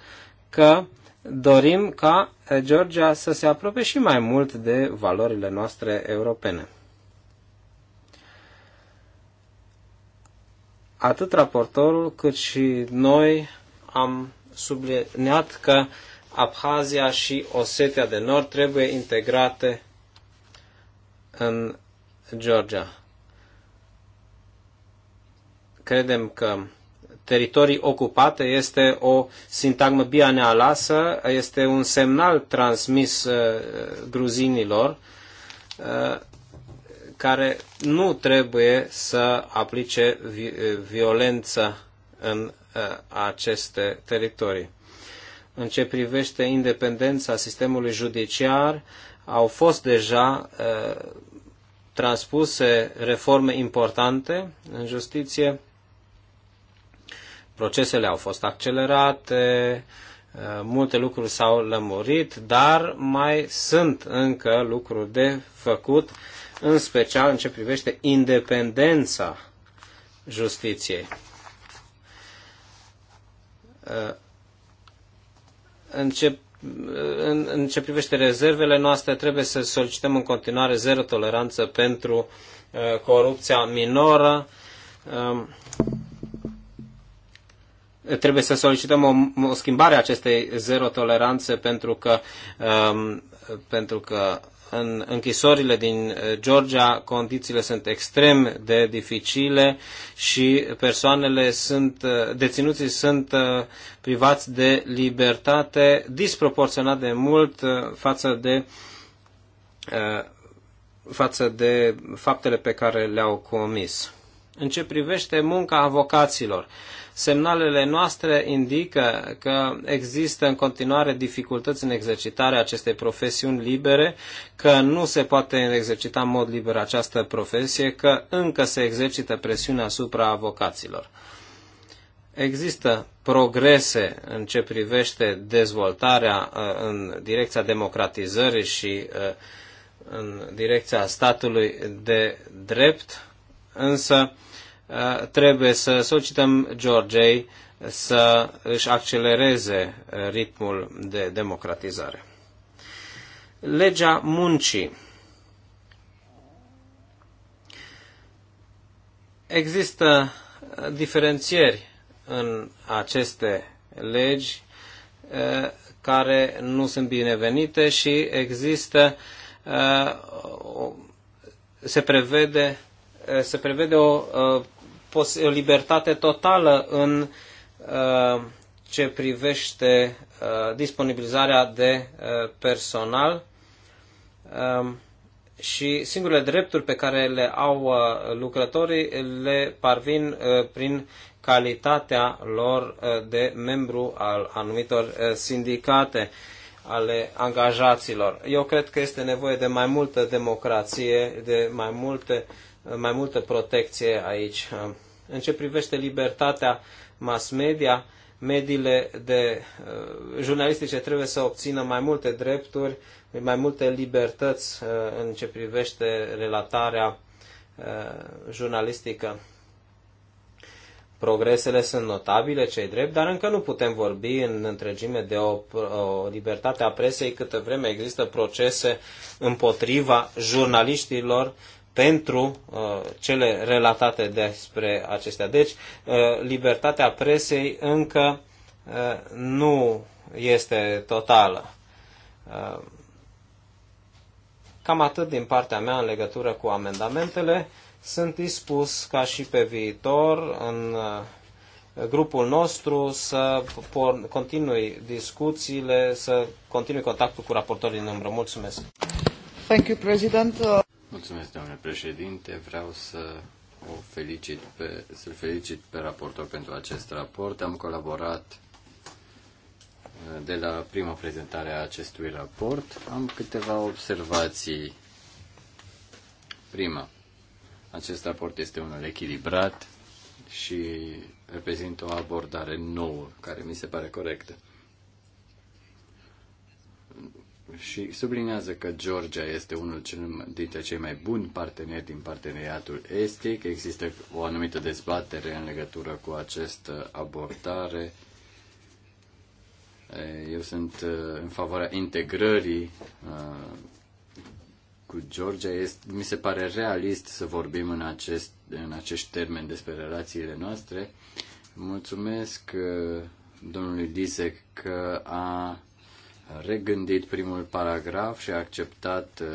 că dorim ca Georgia să se apropie și mai mult de valorile noastre europene. Atât raportorul cât și noi am subliniat că Abhazia și Osetia de Nord trebuie integrate în Georgia. Credem că teritorii ocupate este o sintagmă bianealasă, este un semnal transmis uh, gruzinilor uh, care nu trebuie să aplice uh, violență în aceste teritorii. În ce privește independența sistemului judiciar, au fost deja transpuse reforme importante în justiție, procesele au fost accelerate, multe lucruri s-au lămurit, dar mai sunt încă lucruri de făcut, în special în ce privește independența justiției. Uh, în ce, uh, în, în ce privește rezervele noastre, trebuie să solicităm în continuare zero toleranță pentru uh, corupția minoră um, trebuie să solicităm o, o schimbare a acestei zero toleranțe pentru că, um, pentru că în închisorile din eh, Georgia condițiile sunt extrem de dificile și persoanele sunt, eh, deținuții sunt eh, privați de libertate disproporționat de mult față de față de faptele pe care le-au comis. În ce privește munca avocaților, semnalele noastre indică că există în continuare dificultăți în exercitarea acestei profesiuni libere, că nu se poate exercita în mod liber această profesie, că încă se exercită presiunea asupra avocaților. Există progrese în ce privește dezvoltarea uh, în direcția democratizării și uh, în direcția statului de drept, însă Eh, trebuie să solicităm Georgei să își accelereze eh, ritmul de democratizare. Legea muncii. Există eh, diferențieri în aceste legi care nu sunt binevenite și există se prevede se prevede o o libertate totală în uh, ce privește uh, disponibilizarea de uh, personal um, și singurele drepturi pe care le au lucrătorii le parvin prin calitatea lor de membru al anumitor sindicate ale angajaților. Eu cred că este nevoie de mai multă democrație, de mai multe mai multă protecție aici. În ce privește libertatea mass media, mediile de uh, jurnalistice trebuie să obțină mai multe drepturi, mai multe libertăți uh, în ce privește relatarea uh, jurnalistică. Progresele sunt notabile, cei drept, dar încă nu putem vorbi în întregime de o, o libertate a presei câtă vreme există procese împotriva jurnaliștilor pentru uh, cele relatate despre acestea. Deci, uh, libertatea presei încă uh, nu este totală. Uh, cam atât din partea mea în legătură cu amendamentele. Sunt dispus ca și pe viitor în uh, grupul nostru să continui discuțiile, să continui contactul cu raportorii în umbră. Mulțumesc! Thank you, President. Mulțumesc, doamne președinte. Vreau să o felicit pe, să-l felicit pe raportor pentru acest raport. Am colaborat uh, de la prima prezentare a acestui raport. Am câteva observații. Prima, acest raport este unul echilibrat și reprezintă o abordare nouă, care mi se pare corectă și sublinează că Georgia este unul dintre cei mai buni parteneri din parteneriatul estic. Există o anumită dezbatere în legătură cu această abordare. Eu sunt în favoarea integrării cu Georgia. mi se pare realist să vorbim în, acest, în acești termeni despre relațiile noastre. Mulțumesc domnului Lisek că a regândit primul paragraf și a acceptat uh,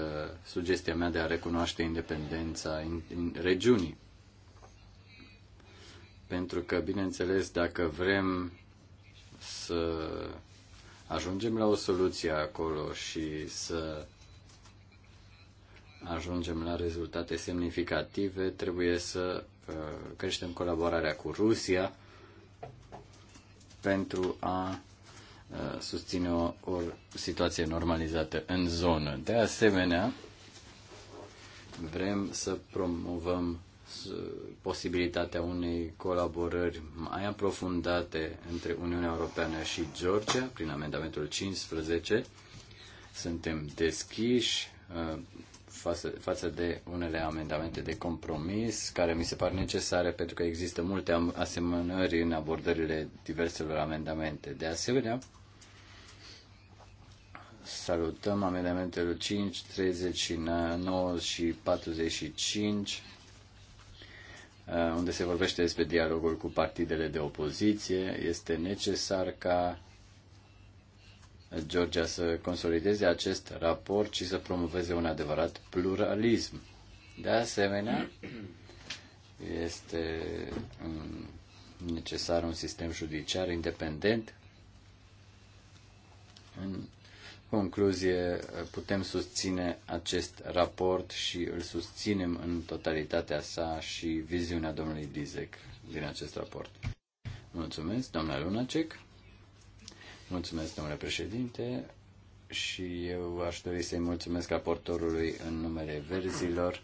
sugestia mea de a recunoaște independența în regiunii. Pentru că, bineînțeles, dacă vrem să ajungem la o soluție acolo și să ajungem la rezultate semnificative, trebuie să uh, creștem colaborarea cu Rusia pentru a susține o, o situație normalizată în zonă. De asemenea, vrem să promovăm posibilitatea unei colaborări mai aprofundate între Uniunea Europeană și Georgia prin amendamentul 15. Suntem deschiși față, față de unele amendamente de compromis care mi se par necesare pentru că există multe asemănări în abordările diverselor amendamente. De asemenea, Salutăm amendamentele 5, 39 și 45, uh, unde se vorbește despre dialogul cu partidele de opoziție. Este necesar ca Georgia să consolideze acest raport și să promoveze un adevărat pluralism. De asemenea, este um, necesar un sistem judiciar independent în concluzie, putem susține acest raport și îl susținem în totalitatea sa și viziunea domnului Dizek din acest raport. Mulțumesc, doamna Lunacek. Mulțumesc, domnule președinte. Și eu aș dori să-i mulțumesc raportorului în numele verzilor.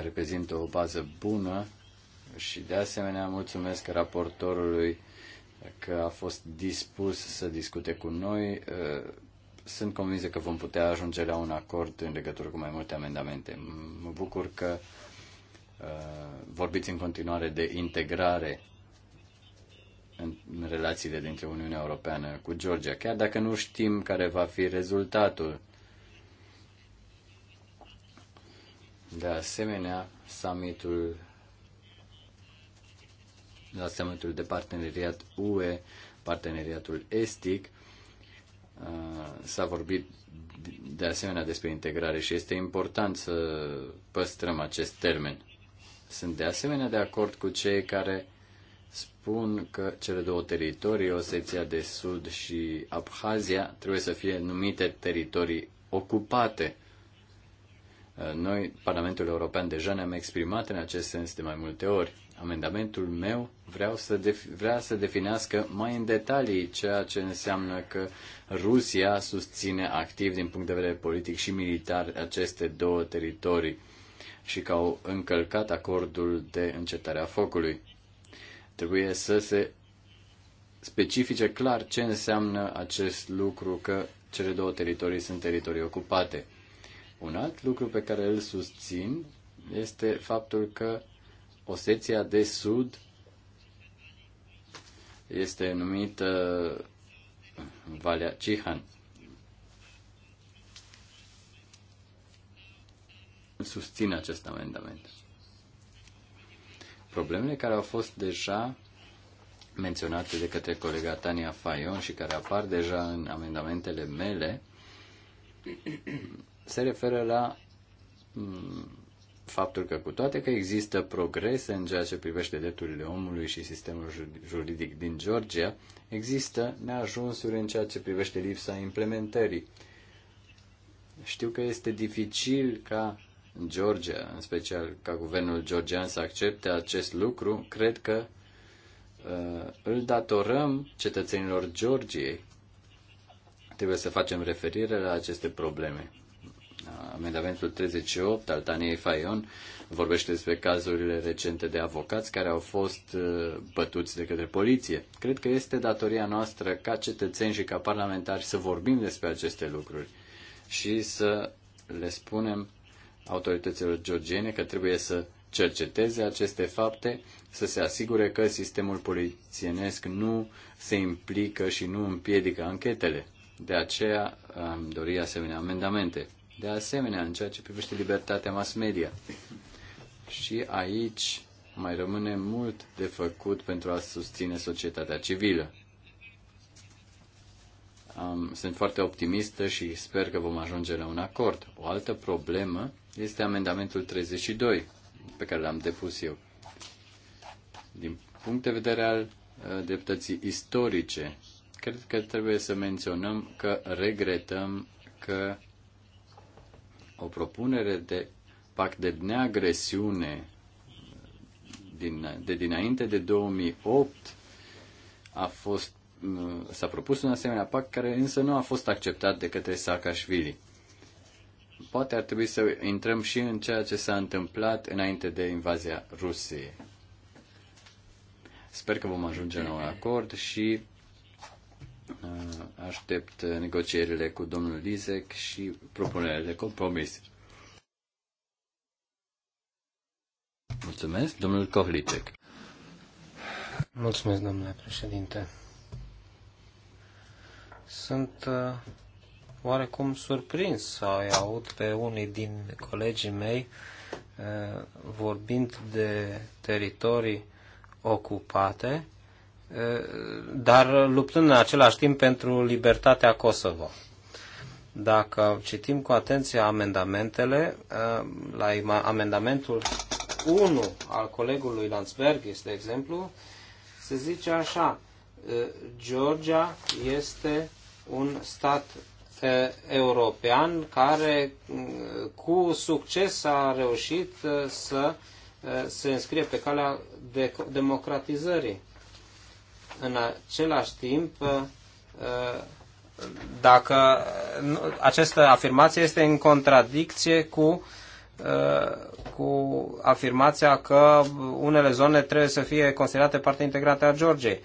Reprezintă o bază bună și de asemenea mulțumesc raportorului că a fost dispus să discute cu noi. Uh, sunt convins că vom putea ajunge la un acord în legătură cu mai multe amendamente. Mă bucur că uh, vorbiți în continuare de integrare în relațiile dintre Uniunea Europeană cu Georgia, chiar dacă nu știm care va fi rezultatul. De asemenea, summitul la semnătul de parteneriat UE, parteneriatul estic, s-a vorbit de asemenea despre integrare și este important să păstrăm acest termen. Sunt de asemenea de acord cu cei care spun că cele două teritorii, Oseția de Sud și Abhazia, trebuie să fie numite teritorii ocupate. Noi, Parlamentul European, deja ne-am exprimat în acest sens de mai multe ori amendamentul meu vreau să def- vrea să definească mai în detalii ceea ce înseamnă că Rusia susține activ din punct de vedere politic și militar aceste două teritorii și că au încălcat acordul de încetare a focului. Trebuie să se specifice clar ce înseamnă acest lucru că cele două teritorii sunt teritorii ocupate. Un alt lucru pe care îl susțin este faptul că Oseția de Sud este numită uh, Valea Cihan. Susțin acest amendament. Problemele care au fost deja menționate de către colega Tania Fayon și care apar deja în amendamentele mele se referă la mm, faptul că, cu toate că există progrese în ceea ce privește drepturile omului și sistemul juridic din Georgia, există neajunsuri în ceea ce privește lipsa implementării. Știu că este dificil ca Georgia, în special ca guvernul georgian, să accepte acest lucru. Cred că uh, îl datorăm cetățenilor Georgiei. Trebuie să facem referire la aceste probleme amendamentul 38 al Taniei Faion vorbește despre cazurile recente de avocați care au fost uh, bătuți de către poliție. Cred că este datoria noastră ca cetățeni și ca parlamentari să vorbim despre aceste lucruri și să le spunem autorităților georgiene că trebuie să cerceteze aceste fapte, să se asigure că sistemul polițienesc nu se implică și nu împiedică anchetele. De aceea am dori asemenea amendamente de asemenea în ceea ce privește libertatea mass media. Și aici mai rămâne mult de făcut pentru a susține societatea civilă. Um, sunt foarte optimistă și sper că vom ajunge la un acord. O altă problemă este amendamentul 32 pe care l-am depus eu. Din punct de vedere al uh, dreptății istorice, cred că trebuie să menționăm că regretăm că o propunere de pact de neagresiune din, de dinainte de 2008 a fost, mm, s-a propus un asemenea pact care însă nu a fost acceptat de către Saakashvili. Poate ar trebui să intrăm și în ceea ce s-a întâmplat înainte de invazia Rusiei. Sper că vom ajunge la un acord și Uh, aștept uh, negocierile cu domnul Lizec și propunerile de compromis. Mulțumesc, domnul Kohlicek. Mulțumesc, domnule președinte. Sunt uh, oarecum surprins să aud pe unii din colegii mei uh, vorbind de teritorii ocupate dar luptând în același timp pentru libertatea Kosovo. Dacă citim cu atenție amendamentele, eh, la amendamentul 1 al colegului Landsberg este exemplu, se zice așa, eh, Georgia este un stat eh, european care mm, cu succes a reușit să se înscrie pe calea democratizării. În același timp, uh, dacă uh, această afirmație este în contradicție cu, uh, cu afirmația că unele zone trebuie să fie considerate parte integrată a Georgiei.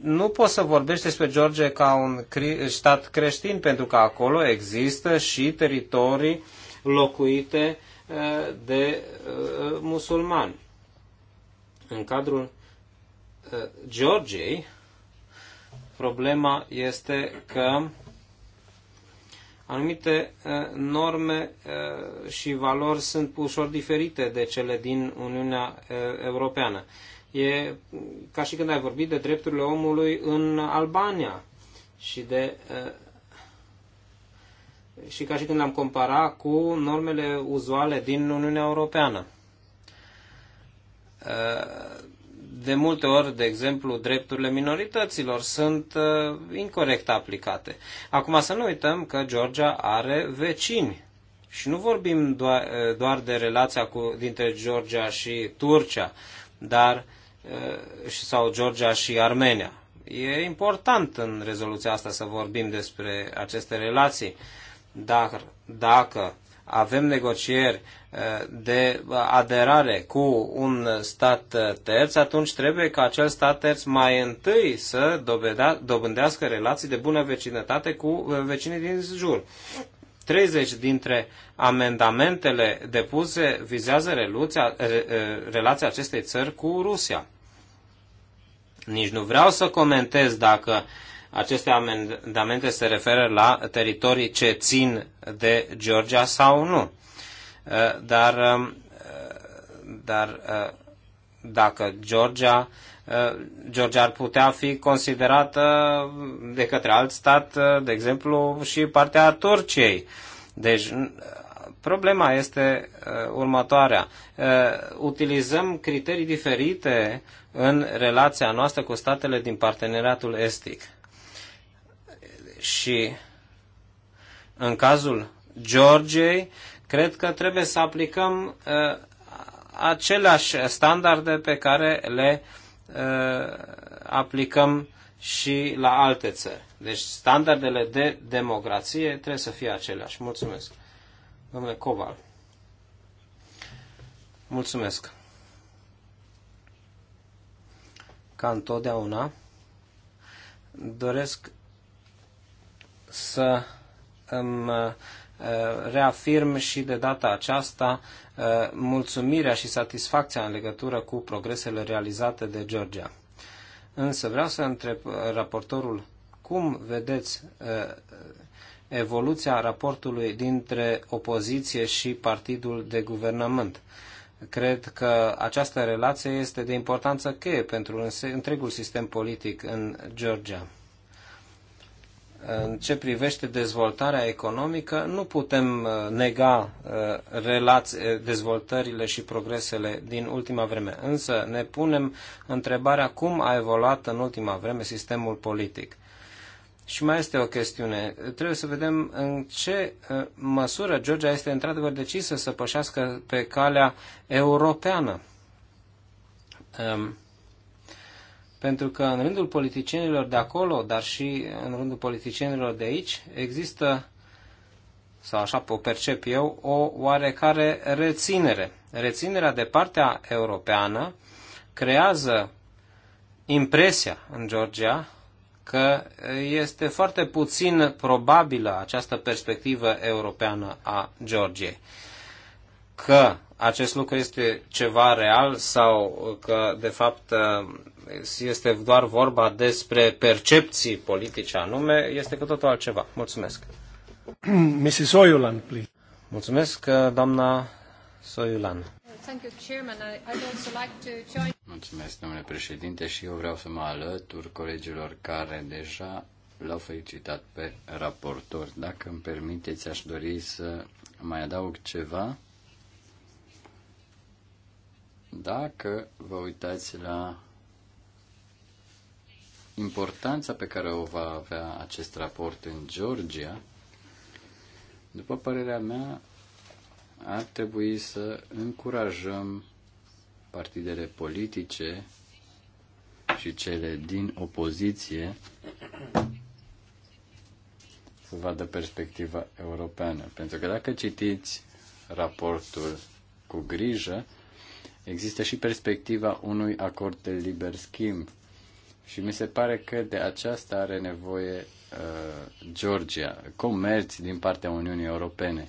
Nu poți să vorbești despre George ca un stat creștin, pentru că acolo există și teritorii locuite de musulmani. În cadrul Georgiei, problema este că anumite uh, norme uh, și valori sunt ușor diferite de cele din Uniunea uh, Europeană. E ca și când ai vorbit de drepturile omului în Albania și de și ca și când am compara cu normele uzuale din Uniunea Europeană de multe ori, de exemplu, drepturile minorităților sunt uh, incorrect aplicate. Acum să nu uităm că Georgia are vecini și nu vorbim doar, uh, doar de relația cu, dintre Georgia și Turcia, dar uh, sau Georgia și Armenia. E important în rezoluția asta să vorbim despre aceste relații, dar dacă avem negocieri de aderare cu un stat terț, atunci trebuie ca acel stat terț mai întâi să dobândească relații de bună vecinătate cu uh, vecinii din jur. 30 dintre amendamentele depuse vizează reluția, uh, relația acestei țări cu Rusia. Nici nu vreau să comentez dacă aceste amendamente se referă la teritorii ce țin de Georgia sau nu Eh, dar, eh, dar eh, dacă Georgia, Georgia ar putea fi considerată de către alt stat, de exemplu, și partea Turciei. Deci, problema este următoarea. Utilizăm criterii diferite în relația noastră cu statele din parteneriatul estic. Și în cazul Georgiei, Cred că trebuie să aplicăm uh, aceleași standarde pe care le uh, aplicăm și la alte țări. Deci standardele de democrație trebuie să fie aceleași. Mulțumesc. Domnule Coval. Mulțumesc. Ca întotdeauna, doresc să îmi uh, Eh, reafirm și de data aceasta eh, mulțumirea și satisfacția în legătură cu progresele realizate de Georgia. Însă vreau să întreb eh, raportorul cum vedeți evoluția raportului dintre opoziție și partidul de guvernământ. Cred că această relație este de importanță cheie pentru întregul sistem politic în Georgia în ce privește dezvoltarea economică, nu putem uh, nega uh, relați, uh, dezvoltările și progresele din ultima vreme. Însă ne punem întrebarea cum a evoluat în ultima vreme sistemul politic. Și mai este o chestiune. Trebuie să vedem în ce măsură Georgia este într-adevăr decisă să pășească pe calea europeană. Um, pentru că în rândul politicienilor de acolo, dar și în rândul politicienilor de aici, există, sau așa o percep eu, o oarecare reținere. Reținerea de partea europeană creează impresia în Georgia că este foarte puțin probabilă această perspectivă europeană a Georgiei. Că acest lucru este ceva real sau că, de fapt, uh, este doar vorba despre percepții politice anume, este că totul altceva. Mulțumesc. Mrs. Soyulan, please. Mulțumesc, uh, doamna Soyulan. Mulțumesc, domnule președinte, și eu vreau să mă alătur colegilor care deja l-au felicitat pe raportor. Dacă îmi permiteți, aș dori să mai adaug ceva dacă vă uitați la importanța pe care o va avea acest raport în Georgia, după părerea mea, ar trebui să încurajăm partidele politice și cele din opoziție să vadă perspectiva europeană. Pentru că dacă citiți raportul cu grijă, Există și perspectiva unui acord de liber schimb. Și mi se pare că de aceasta are nevoie uh, Georgia, comerț din partea Uniunii Europene.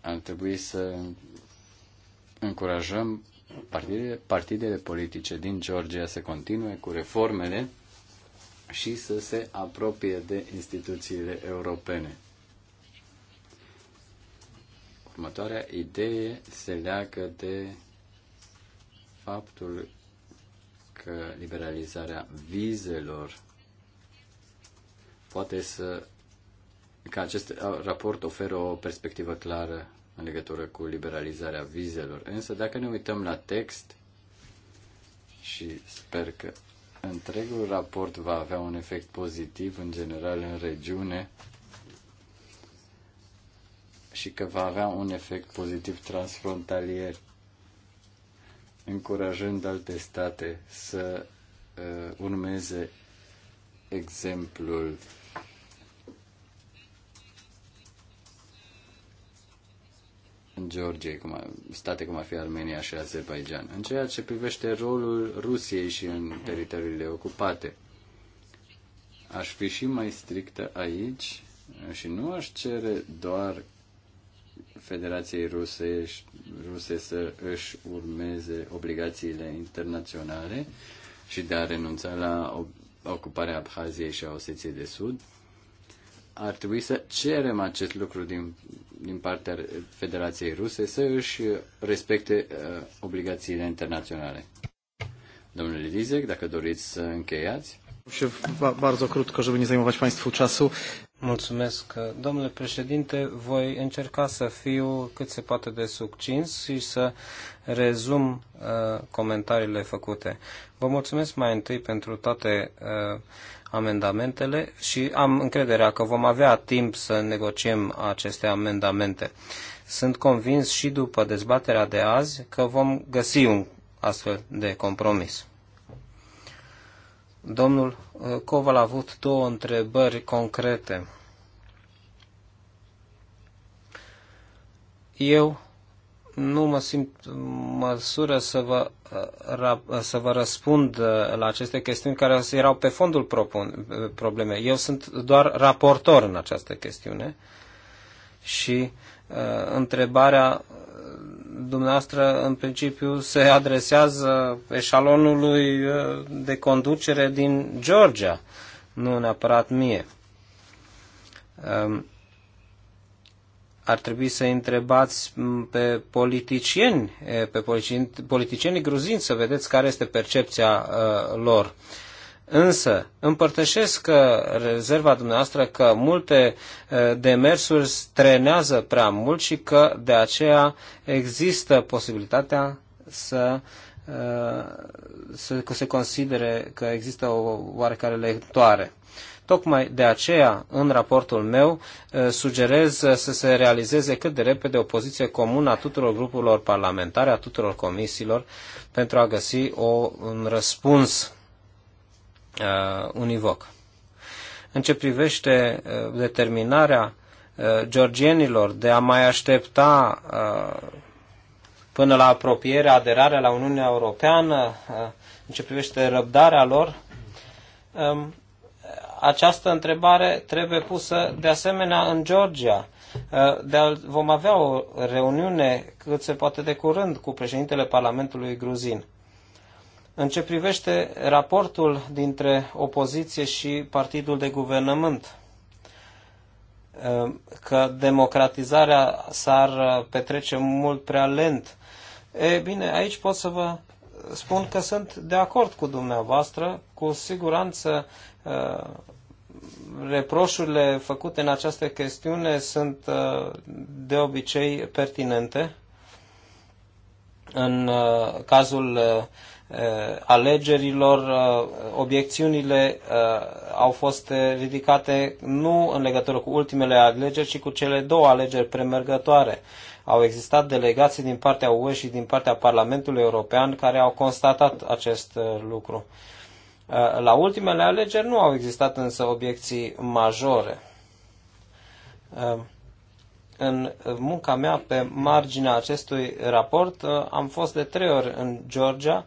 Ar trebui să încurajăm partidele, partidele politice din Georgia să continue cu reformele și să se apropie de instituțiile europene. Următoarea idee se leagă de faptul că liberalizarea vizelor poate să că acest raport oferă o perspectivă clară în legătură cu liberalizarea vizelor. Însă, dacă ne uităm la text, și sper că întregul raport va avea un efect pozitiv în general în regiune, și că va avea un efect pozitiv transfrontalier, încurajând alte state să uh, urmeze exemplul Georgia, cum a, state cum ar fi Armenia și Azerbaijan, în ceea ce privește rolul Rusiei și în teritoriile ocupate. Aș fi și mai strictă aici și nu aș cere doar Federației Ruse, Ruse să își urmeze obligațiile internaționale și de a renunța la ocuparea Abhaziei și a Oseției de Sud, ar trebui să cerem acest lucru din, din partea Federației Ruse să își respecte uh, obligațiile internaționale. Domnule Lizek, dacă doriți să încheiați się bardzo krótko, żeby nie zajmować Państwu czasu. Mulțumesc, domnule președinte. Voi încerca să fiu cât se poate de succint și să rezum uh, comentariile făcute. Vă mulțumesc mai întâi pentru toate uh, amendamentele și am încrederea că vom avea timp să negociem aceste amendamente. Sunt convins și după dezbaterea de azi că vom găsi un astfel de compromis. Domnul uh, Coval a avut două întrebări concrete. Eu nu mă simt măsură să vă, uh, uh, să vă răspund la aceste chestiuni care erau pe fondul propun, probleme. Eu sunt doar raportor în această chestiune și uh, întrebarea dumneavoastră în principiu se adresează eșalonului uh, de conducere din Georgia, nu neapărat mie. Um, ar trebui să întrebați pe politicieni, pe politicienii gruzini să vedeți care este percepția uh, lor. Însă, împărtășesc uh, rezerva dumneavoastră că multe uh, demersuri strenează prea mult și că de aceea există posibilitatea să, uh, să se considere că există o oarecare lectoare. Tocmai de aceea, în raportul meu, sugerez să se realizeze cât de repede o poziție comună a tuturor grupurilor parlamentare, a tuturor comisiilor, pentru a găsi o, un răspuns Uh, univoc. În ce privește uh, determinarea uh, georgienilor de a mai aștepta până la apropierea, aderarea la Uniunea Europeană, în ce privește răbdarea lor, um, această întrebare trebuie pusă de asemenea în Georgia. De vom avea o reuniune cât se poate de curând cu președintele Parlamentului gruzin. În ce privește raportul dintre opoziție și partidul de guvernământ, um, că democratizarea s-ar uh, petrece mult prea lent. E bine, aici pot să vă spun că sunt de acord cu dumneavoastră, cu siguranță uh, reproșurile făcute în această chestiune sunt uh, de obicei pertinente. În cazul Uh, alegerilor, uh, obiecțiunile uh, au fost ridicate nu în legătură cu ultimele alegeri, ci cu cele două alegeri premergătoare. Au existat delegații din partea UE și din partea Parlamentului European care au constatat acest lucru. La ultimele alegeri nu au existat însă obiecții majore. În munca mea pe marginea acestui raport am fost de trei ori în Georgia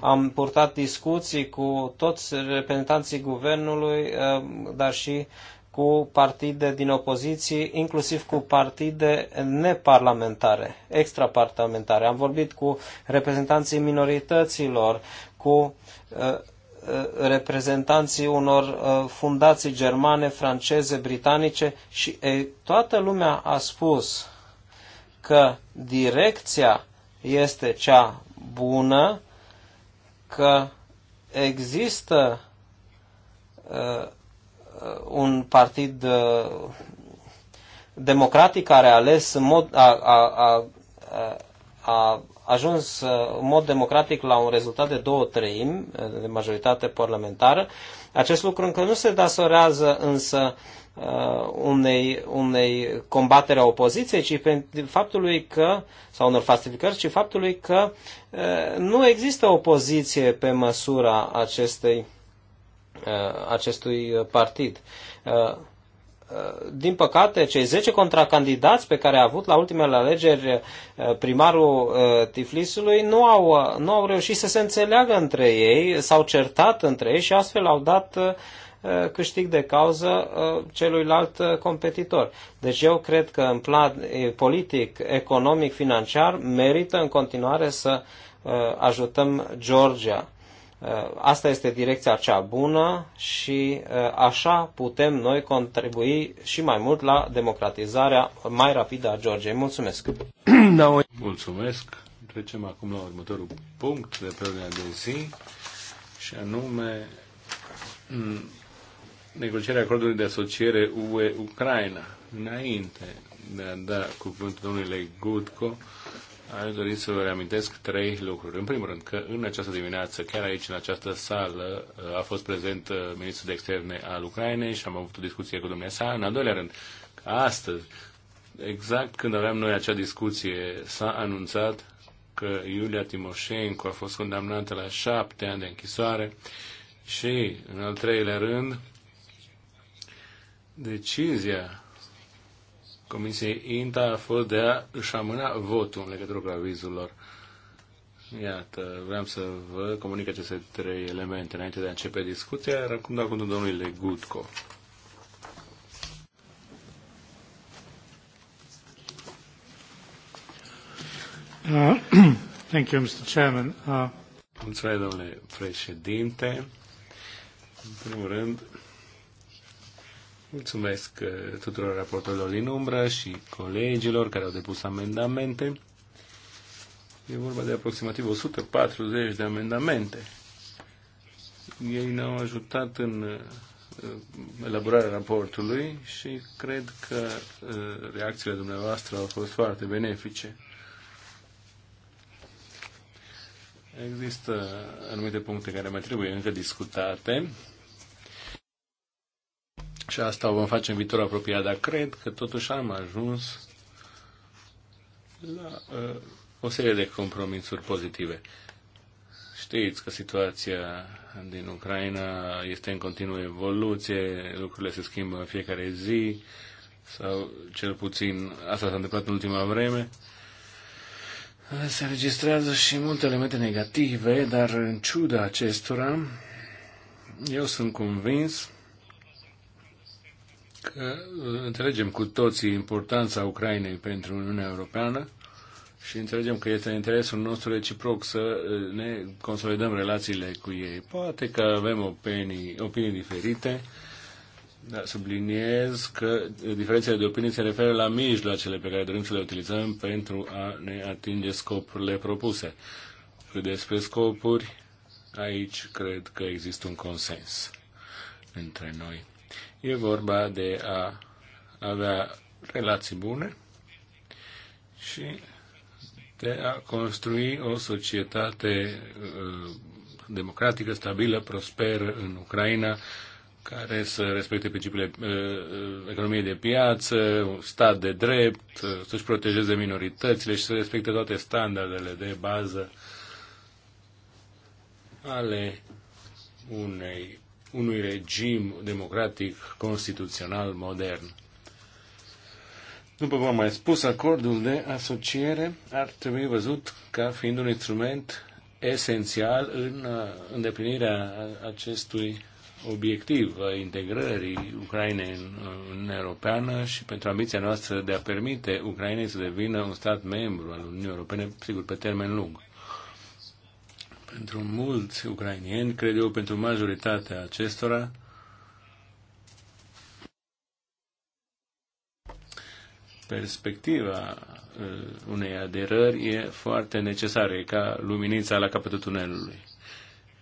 am purtat discuții cu toți reprezentanții guvernului, eh, dar și cu partide din opoziție, inclusiv cu partide neparlamentare, extraparlamentare. Am vorbit cu reprezentanții minorităților, cu eh, reprezentanții unor eh, fundații germane, franceze, britanice și toată lumea a spus că direcția este cea bună, că există uh, un partid uh, democratic care a ales în mod, a, a, a, a ajuns uh, în mod democratic la un rezultat de două treimi uh, de majoritate parlamentară. Acest lucru încă nu se dasorează însă uh, Uh, unei, unei combatere a opoziției, ci pentru faptului că, sau unor falsificări, ci faptului că uh, nu există opoziție pe măsura acestei, uh, acestui partid. Din păcate, cei 10 contracandidați pe care a avut la ultimele alegeri primarul Tiflisului nu au, nu au reușit să se înțeleagă între ei, s-au certat între ei și astfel au dat uh, Uh, câștig de cauză uh, celuilalt uh, competitor. Deci eu cred că în plan politic, economic, financiar merită în continuare să ajutăm Georgia. Asta este direcția cea bună și așa putem noi contribui și mai mult la democratizarea mai rapidă a Georgiei. Mulțumesc! Da, Mulțumesc! Trecem acum la următorul punct de pe de zi și anume negocierea acordului de asociere UE-Ucraina. Înainte de a da cuvântul domnului Gutko, aș dori să vă reamintesc trei lucruri. În primul rând, că în această dimineață, chiar aici, în această sală, a fost prezent uh, ministrul de externe al Ucrainei și am avut o discuție cu domnul sa. În al doilea rând, că astăzi, exact când aveam noi acea discuție, s-a anunțat că Iulia Timoșenko a fost condamnată la șapte ani de închisoare și, în al treilea rând, Decizia Comisiei INTA a fost de a își amâna votul în legătură cu avizul lor. Iată, vreau să vă comunic aceste trei elemente înainte de a începe discuția, iar acum dau cuvântul domnului Legutco. Uh, thank you, Mr. Chairman. Uh... Mulțumesc, domnule președinte. În primul rând, Mulțumesc uh, tuturor raportorilor din umbră și colegilor care au depus amendamente. E vorba de aproximativ 140 de amendamente. Ei ne-au ajutat în uh, elaborarea raportului și cred că uh, reacțiile dumneavoastră au fost foarte benefice. Există anumite puncte care mai trebuie încă discutate și asta o vom face în viitor apropiat, dar cred că totuși am ajuns la uh, o serie de compromisuri pozitive. Știți că situația din Ucraina este în continuă evoluție, lucrurile se schimbă în fiecare zi, sau cel puțin asta s-a întâmplat în ultima vreme. Se registrează și multe elemente negative, dar în ciuda acestora, eu sunt convins că uh, înțelegem cu toții importanța Ucrainei pentru Uniunea Europeană și înțelegem că este interesul nostru reciproc să uh, ne consolidăm relațiile cu ei. Poate că avem opinii, opinii diferite, dar subliniez că uh, diferențele de opinii se referă la mijloacele pe care dorim să le utilizăm pentru a ne atinge scopurile propuse. Despre scopuri, aici cred că există un consens între noi. E vorba de a avea relații bune și de a construi o societate uh, democratică, stabilă, prosperă în Ucraina, care să respecte principiile uh, uh, economiei de piață, stat de drept, să-și protejeze minoritățile și să respecte toate standardele de bază ale unei unui regim democratic constituțional modern. După cum am mai spus, acordul de asociere ar trebui văzut ca fiind un instrument esențial în uh, îndeplinirea acestui obiectiv a integrării Ucrainei uh, în Uniunea Europeană și pentru ambiția noastră de a permite Ucrainei să devină un stat membru al Uniunii Europene, sigur, pe termen lung. Pentru mulți ucrainieni, cred eu, pentru majoritatea acestora, perspectiva uh, unei aderări e foarte necesară, e ca luminița la capătul tunelului.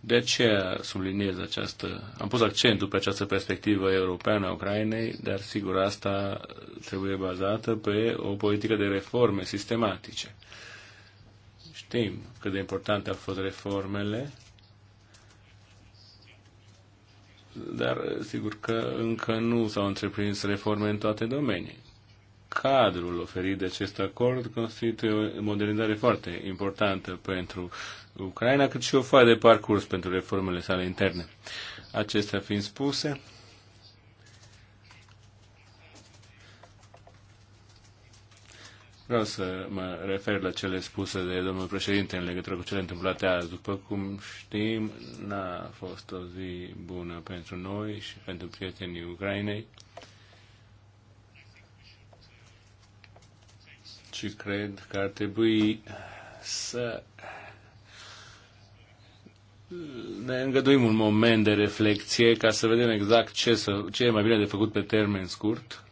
De aceea subliniez această, am pus accentul pe această perspectivă europeană a Ucrainei, dar sigur asta trebuie bazată pe o politică de reforme sistematice. Știm cât de importante au fost reformele, dar sigur că încă nu s-au întreprins reforme în toate domenii. Cadrul oferit de acest acord constituie o modernizare foarte importantă pentru Ucraina, cât și o foaie de parcurs pentru reformele sale interne. Acestea fiind spuse, Vreau să mă refer la cele spuse de domnul președinte în legătură cu cele întâmplate azi. După cum știm, n-a fost o zi bună pentru noi și pentru prietenii Ucrainei. Și cred că ar trebui să ne îngăduim un moment de reflexie ca să vedem exact ce, să, ce e mai bine de făcut pe termen scurt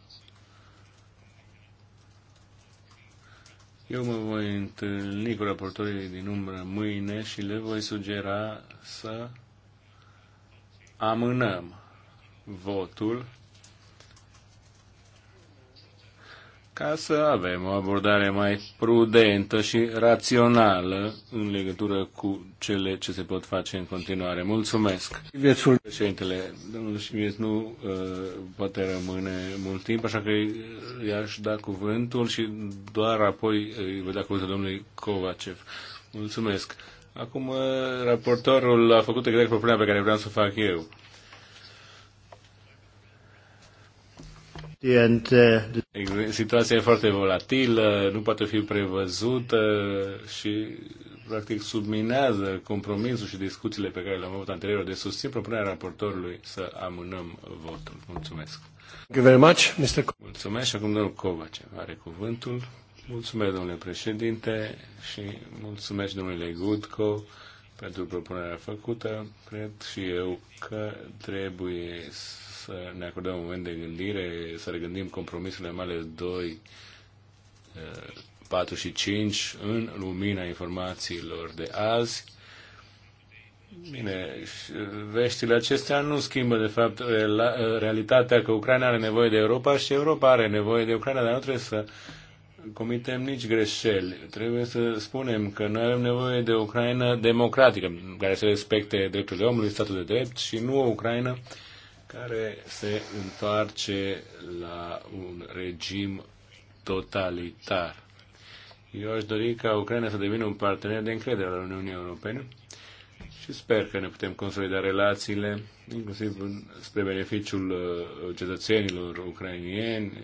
Eu mă voi întâlni cu raportorii din umbră mâine și le voi sugera să amânăm votul ca să avem o abordare mai prudentă și rațională în legătură cu cele ce se pot face în continuare. Mulțumesc! Viețul președintele, domnul Șimieț nu uh, poate rămâne mult timp, așa că i-aș da cuvântul și doar apoi uh, îi voi da cuvântul domnului Kovacev. Mulțumesc! Acum, uh, raportorul a făcut exact propunerea pe care vreau să o fac eu. Uh, situația e foarte volatilă, nu poate fi prevăzută și practic subminează compromisul și discuțiile pe care le-am avut anterior de susțin propunerea raportorului să amânăm votul. Mulțumesc. Thank you very much, Mr. Mulțumesc și acum domnul Covace are cuvântul. Mulțumesc, domnule președinte, și mulțumesc domnule Gutco pentru propunerea făcută. Cred și eu că trebuie să să ne acordăm un moment de gândire, să regândim compromisurile, mai ales 2, 4 eh, și 5, în lumina informațiilor de azi. Bine, veștile acestea nu schimbă, de fapt, eh, realitatea că Ucraina are nevoie de Europa și Europa are nevoie de Ucraina, dar nu trebuie să comitem nici greșeli. Trebuie să spunem că noi avem nevoie de o Ucraina democratică, care să respecte drepturile omului, statul de drept și nu o Ucraina care se întoarce la un regim totalitar. Eu aș dori ca Ucraina să devină un partener de încredere al Uniunii Europene și sper că ne putem consolida relațiile, inclusiv spre beneficiul uh, cetățenilor ucrainieni.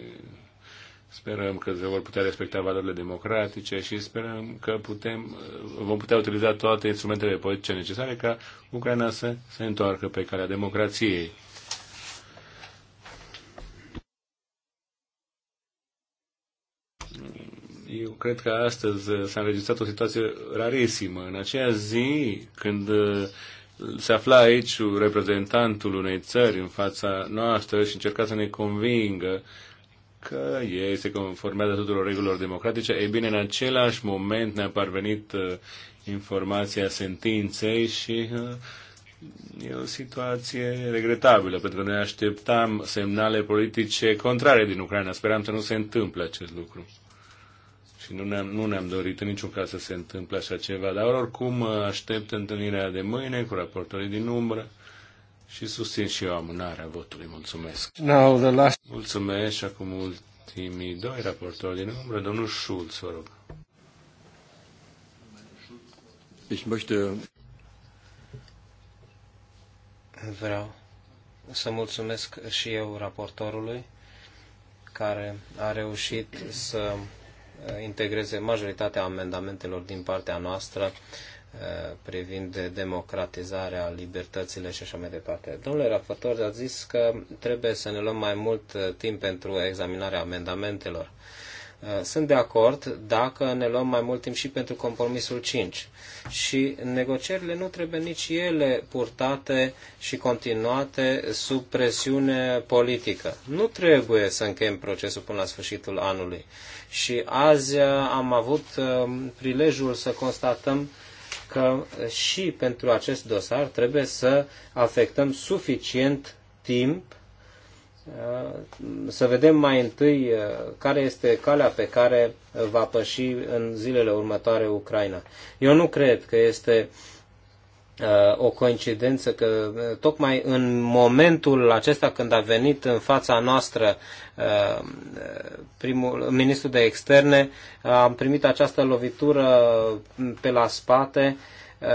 Sperăm că se vor putea respecta valorile democratice și sperăm că putem, uh, vom putea utiliza toate instrumentele politice necesare ca Ucraina să se întoarcă pe calea democrației. eu cred că astăzi uh, s-a înregistrat o situație rarisimă. În aceea zi, când uh, se afla aici reprezentantul unei țări în fața noastră și încerca să ne convingă că ei se conformează tuturor regulilor democratice, ei bine, în același moment ne-a parvenit uh, informația sentinței și e o situație regretabilă, pentru că noi așteptam semnale politice contrare din Ucraina. Speram să nu se întâmple acest lucru și nu ne-am, nu ne-am dorit în niciun caz să se întâmple așa ceva, dar oricum aștept întâlnirea de mâine cu raportorii din umbră și susțin și eu amânarea votului. Mulțumesc! Now the last... Mulțumesc și acum ultimii doi raportori din umbră, domnul Schulz, vă rog. Ich möchte... Vreau să mulțumesc și eu raportorului care a reușit să Uh, integreze majoritatea amendamentelor din partea noastră uh, privind democratizarea, libertățile și așa mai departe. Domnule raportor a zis că trebuie să ne luăm mai mult uh, timp pentru examinarea amendamentelor. Uh, sunt de acord dacă ne luăm mai mult timp și pentru compromisul 5. Și negocierile nu trebuie nici ele purtate și continuate sub presiune politică. Nu trebuie să încheiem procesul până la sfârșitul anului. Și azi uh, am avut uh, prilejul să constatăm că și pentru acest dosar trebuie să afectăm suficient timp să vedem mai întâi uh, care este calea pe care uh, va păși în zilele următoare Ucraina. Eu nu cred că este uh, o coincidență că tocmai în momentul acesta când a venit în fața noastră primul ministru de externe, am primit această lovitură pe la spate Eh,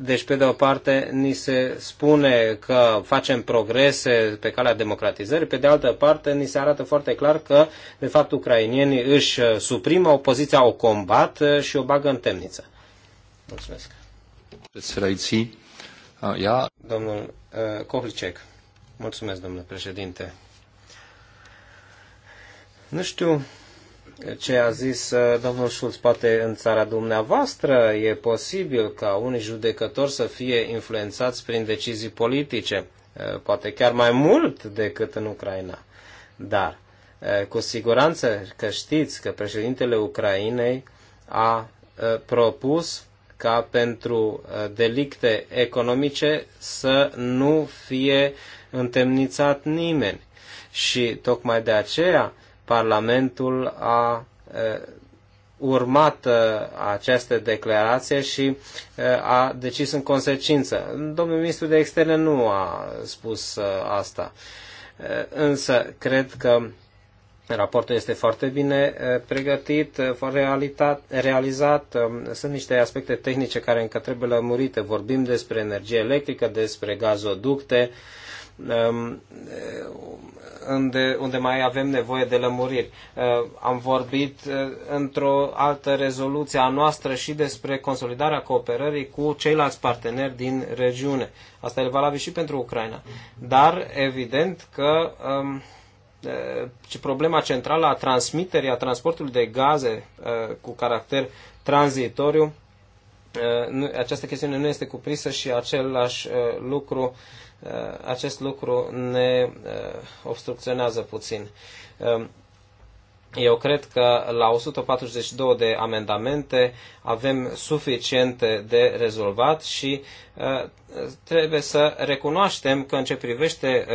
deci, pe de o parte, ni se spune că facem progrese pe calea democratizării, pe de altă parte, ni se arată foarte clar că, de fapt, ucrainienii își eh, suprimă opoziția, o combat eh, și o bagă în temniță. Mulțumesc. ia... Domnul Kovlicek, Mulțumesc, domnule președinte. Nu știu ce a zis uh, domnul Schulz, poate în țara dumneavoastră e posibil ca unii judecători să fie influențați prin decizii politice, uh, poate chiar mai mult decât în Ucraina. Dar uh, cu siguranță că știți că președintele Ucrainei a propus ca pentru delicte economice să nu fie întemnițat nimeni. Și tocmai de aceea Parlamentul a urmat aceste declarație și a decis în consecință. Domnul ministru de externe nu a spus asta. Însă, cred că Raportul este foarte bine pregătit, foarte realizat. Sunt niște aspecte tehnice care încă trebuie lămurite. Vorbim despre energie electrică, despre gazoducte, Ehm, unde, unde mai avem nevoie de lămuriri. Ehm, am vorbit eh, într-o altă rezoluție a noastră și despre consolidarea cooperării cu ceilalți parteneri din regiune. Asta e valabil și pentru Ucraina. Dar, evident că ehm, eh, problema centrală a transmiterii, a transportului de gaze eh, cu caracter tranzitoriu, această chestiune nu este cuprinsă și același lucru uh, Uh, acest lucru ne uh, obstrucționează puțin. Um, eu cred că la 142 de amendamente avem suficiente de rezolvat și uh, trebuie să recunoaștem că în ce privește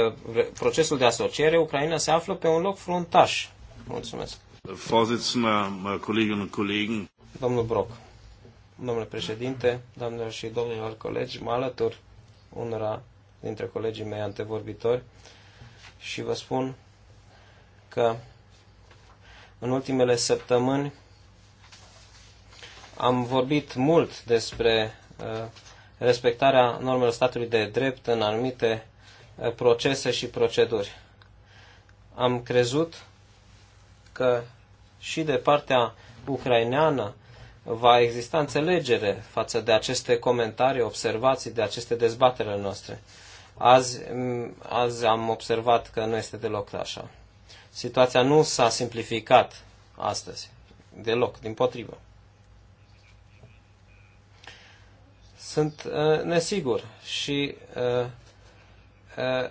procesul de asociere, Ucraina se află pe un loc fruntaș. Mulțumesc. Domnul Broc, domnule președinte, doamnelor și domnilor colegi, mă alătur unora dintre colegii mei antevorbitori și vă spun că în ultimele săptămâni am vorbit mult despre uh, respectarea normelor statului de drept în anumite uh, procese și proceduri. Am crezut că și de partea ucraineană va exista înțelegere față de aceste comentarii, observații, de aceste dezbatere noastre. Azi, azi am observat că nu este deloc așa. Situația nu s-a simplificat astăzi. Deloc, din potrivă. Sunt uh, nesigur și uh, uh, uh,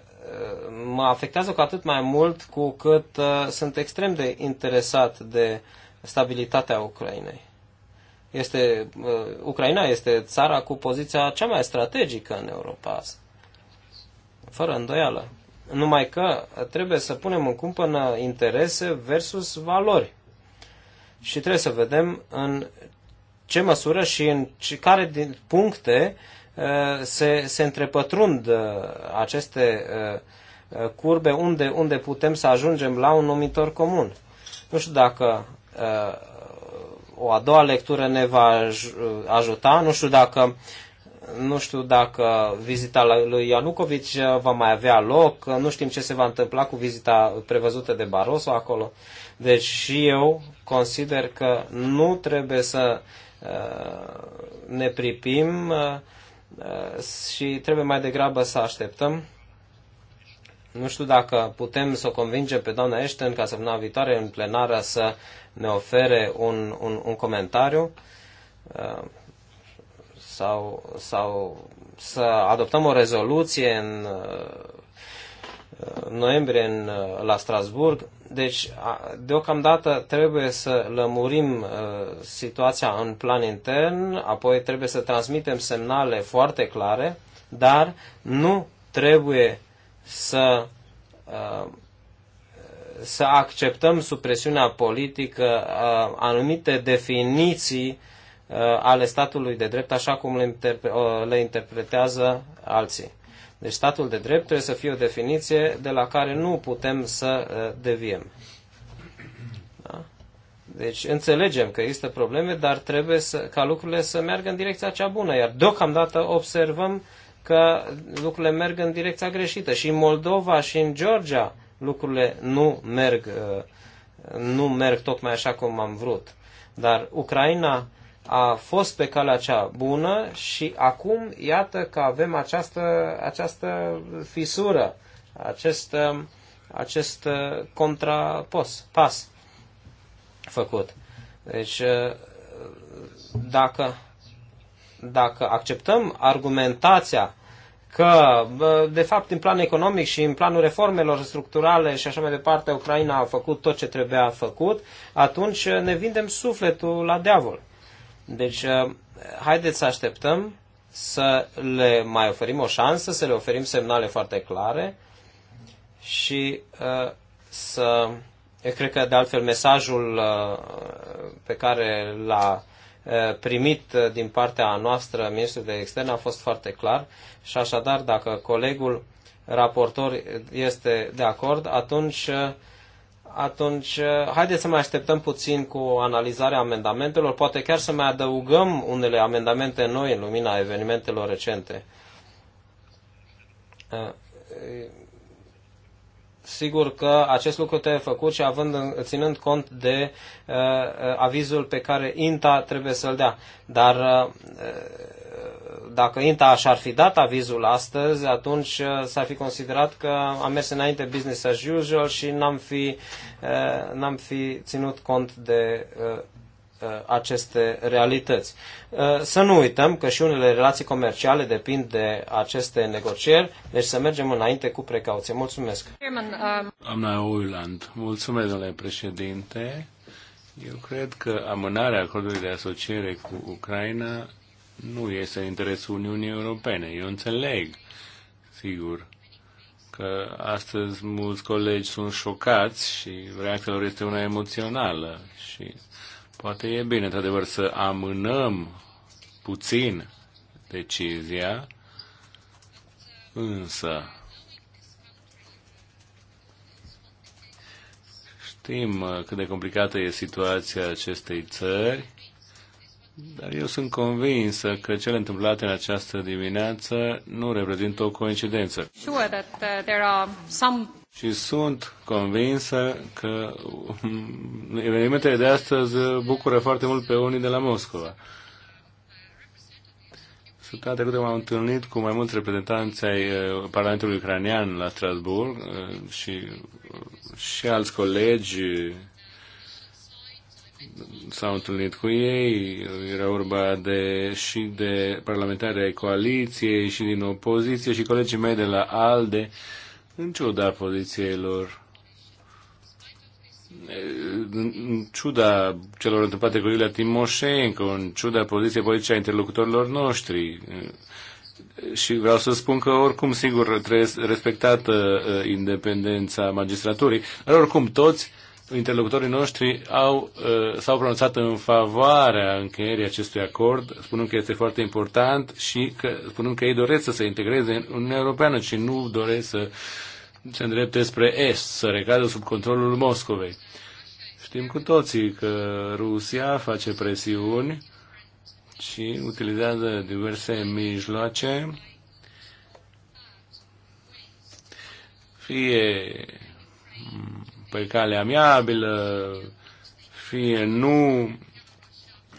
mă afectează cu atât mai mult cu cât uh, sunt extrem de interesat de stabilitatea Ucrainei. Este, uh, Ucraina este țara cu poziția cea mai strategică în Europa azi. Fără îndoială. Numai că trebuie să punem în cumpănă interese versus valori. Și trebuie să vedem în ce măsură și în care din puncte uh, se, se întrepătrund uh, aceste uh, curbe, unde, unde putem să ajungem la un numitor comun. Nu știu dacă o a doua lectură ne va ajuta, nu știu dacă nu știu dacă vizita lui Ianucovici va mai avea loc, nu știm ce se va întâmpla cu vizita prevăzută de Barroso acolo. Deci și eu consider că nu trebuie să uh, ne pripim uh, uh, și trebuie mai degrabă să așteptăm. Nu știu dacă putem să o convingem pe doamna Ashton ca să vină viitoare în plenară să ne ofere un, un, un comentariu sau, sau să adoptăm o rezoluție în noiembrie în, la Strasburg. Deci, deocamdată trebuie să lămurim uh, situația în plan intern, apoi trebuie să transmitem semnale foarte clare, dar nu trebuie să, uh, să acceptăm sub presiunea politică uh, anumite definiții Uh, ale statului de drept așa cum le, interpre, uh, le interpretează alții. Deci statul de drept trebuie să fie o definiție de la care nu putem să uh, deviem. Da? Deci înțelegem că există probleme, dar trebuie să, ca lucrurile să meargă în direcția cea bună. Iar deocamdată observăm că lucrurile merg în direcția greșită. Și în Moldova și în Georgia lucrurile nu merg, nu merg tocmai așa cum am vrut. Dar Ucraina a fost pe calea cea bună și acum iată că avem această, această fisură, acest, um, acest uh, contrapos, pas făcut. Deci, uh, dacă, dacă acceptăm argumentația că, de fapt, în plan economic și în planul reformelor structurale și așa mai departe, Ucraina a făcut tot ce trebuia făcut, atunci ne vindem sufletul la diavol. Deci, uh, haideți să așteptăm să le mai oferim o șansă, să le oferim semnale foarte clare și uh, să. Eu cred că, de altfel, mesajul uh, pe care l-a primit din partea noastră ministrul de externe a fost foarte clar și așadar dacă colegul raportor este de acord, atunci atunci eh, haideți să mai așteptăm puțin cu analizarea amendamentelor, poate chiar să mai adăugăm unele amendamente noi în lumina evenimentelor recente. Eh, eh, sigur că acest lucru trebuie făcut și având, ținând cont de uh, avizul pe care INTA trebuie să-l dea. Dar uh, dacă INTA și-ar fi dat avizul astăzi, atunci uh, s-ar fi considerat că am mers înainte business as usual și n-am fi, uh, n-am fi ținut cont de uh, aceste realități. Să nu uităm că și unele relații comerciale depind de aceste negocieri, deci să mergem înainte cu precauție. Mulțumesc! Doamna Uiland, mulțumesc, domnule președinte. Eu cred că amânarea acordului de asociere cu Ucraina nu este în interesul Uniunii Europene. Eu înțeleg, sigur, că astăzi mulți colegi sunt șocați și reacția lor este una emoțională și poate e bine, într-adevăr, să amânăm puțin decizia, însă știm cât de complicată e situația acestei țări dar eu sunt convins că cele întâmplate în această dimineață nu reprezintă o coincidență. Sure that uh, there are some... Și sunt convinsă că mm, evenimentele de astăzi bucură foarte mult pe unii de la Moscova. Săptămâna trecută m-am întâlnit cu mai mulți reprezentanți ai uh, Parlamentului Ucranian la Strasburg uh, și, și alți colegi s-au întâlnit cu ei, era vorba de, și de parlamentare ai coaliției și din opoziție și colegii mei de la ALDE, în ciuda poziției lor, în ciuda celor întâmplate cu Iulia Timoșenco, în ciuda poziției politice a interlocutorilor noștri, și vreau să spun că oricum, sigur, trebuie respectată uh, independența magistraturii, dar oricum toți interlocutorii noștri au, uh, s-au pronunțat în favoarea încheierii acestui acord, spunând că este foarte important și că, spunând că ei doresc să se integreze în Uniunea Europeană și nu doresc să se îndrepte spre Est, să recadă sub controlul Moscovei. Știm cu toții că Rusia face presiuni și utilizează diverse mijloace, fie pe cale amiabilă, fie nu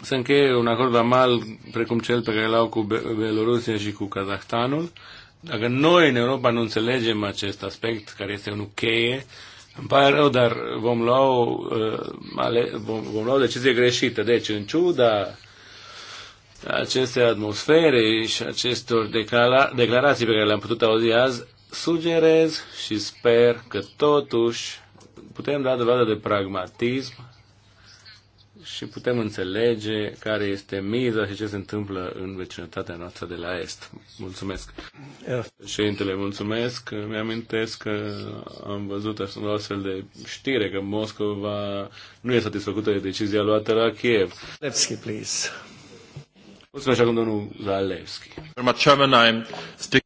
să încheie un acord amal precum cel pe care l-au cu Belorusia și cu Kazahstanul. Dacă noi în Europa nu înțelegem acest aspect, care este unul cheie, îmi pare rău, dar vom lua o, uh, ale, vom, vom lua o decizie greșită. Deci, în ciuda aceste atmosfere și acestor declara- declarații pe care le-am putut auzi azi, sugerez și sper că totuși putem da dovadă de pragmatism și putem înțelege care este miza și ce se întâmplă în vecinătatea noastră de la Est. Mulțumesc. Președintele, mulțumesc. Mi-amintesc că am văzut o astfel de știre că Moscova nu e satisfăcută de decizia luată la Kiev. Levski, please. Mulțumesc acum domnul Zalewski.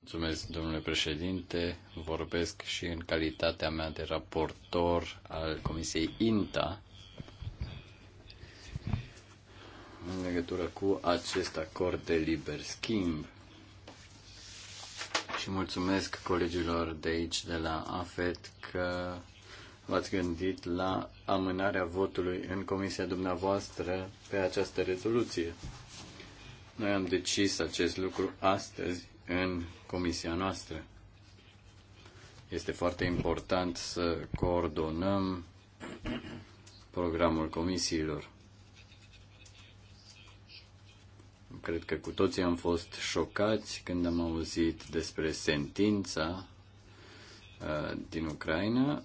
Mulțumesc, domnule președinte. Vorbesc și în calitatea mea de raportor al Comisiei INTA în legătură cu acest acord de liber schimb. Și mulțumesc colegilor de aici, de la AFET, că v-ați gândit la amânarea votului în comisia dumneavoastră pe această rezoluție. Noi am decis acest lucru astăzi în comisia noastră. Este foarte important să coordonăm programul comisiilor. Cred că cu toții am fost șocați când am auzit despre sentința uh, din Ucraina,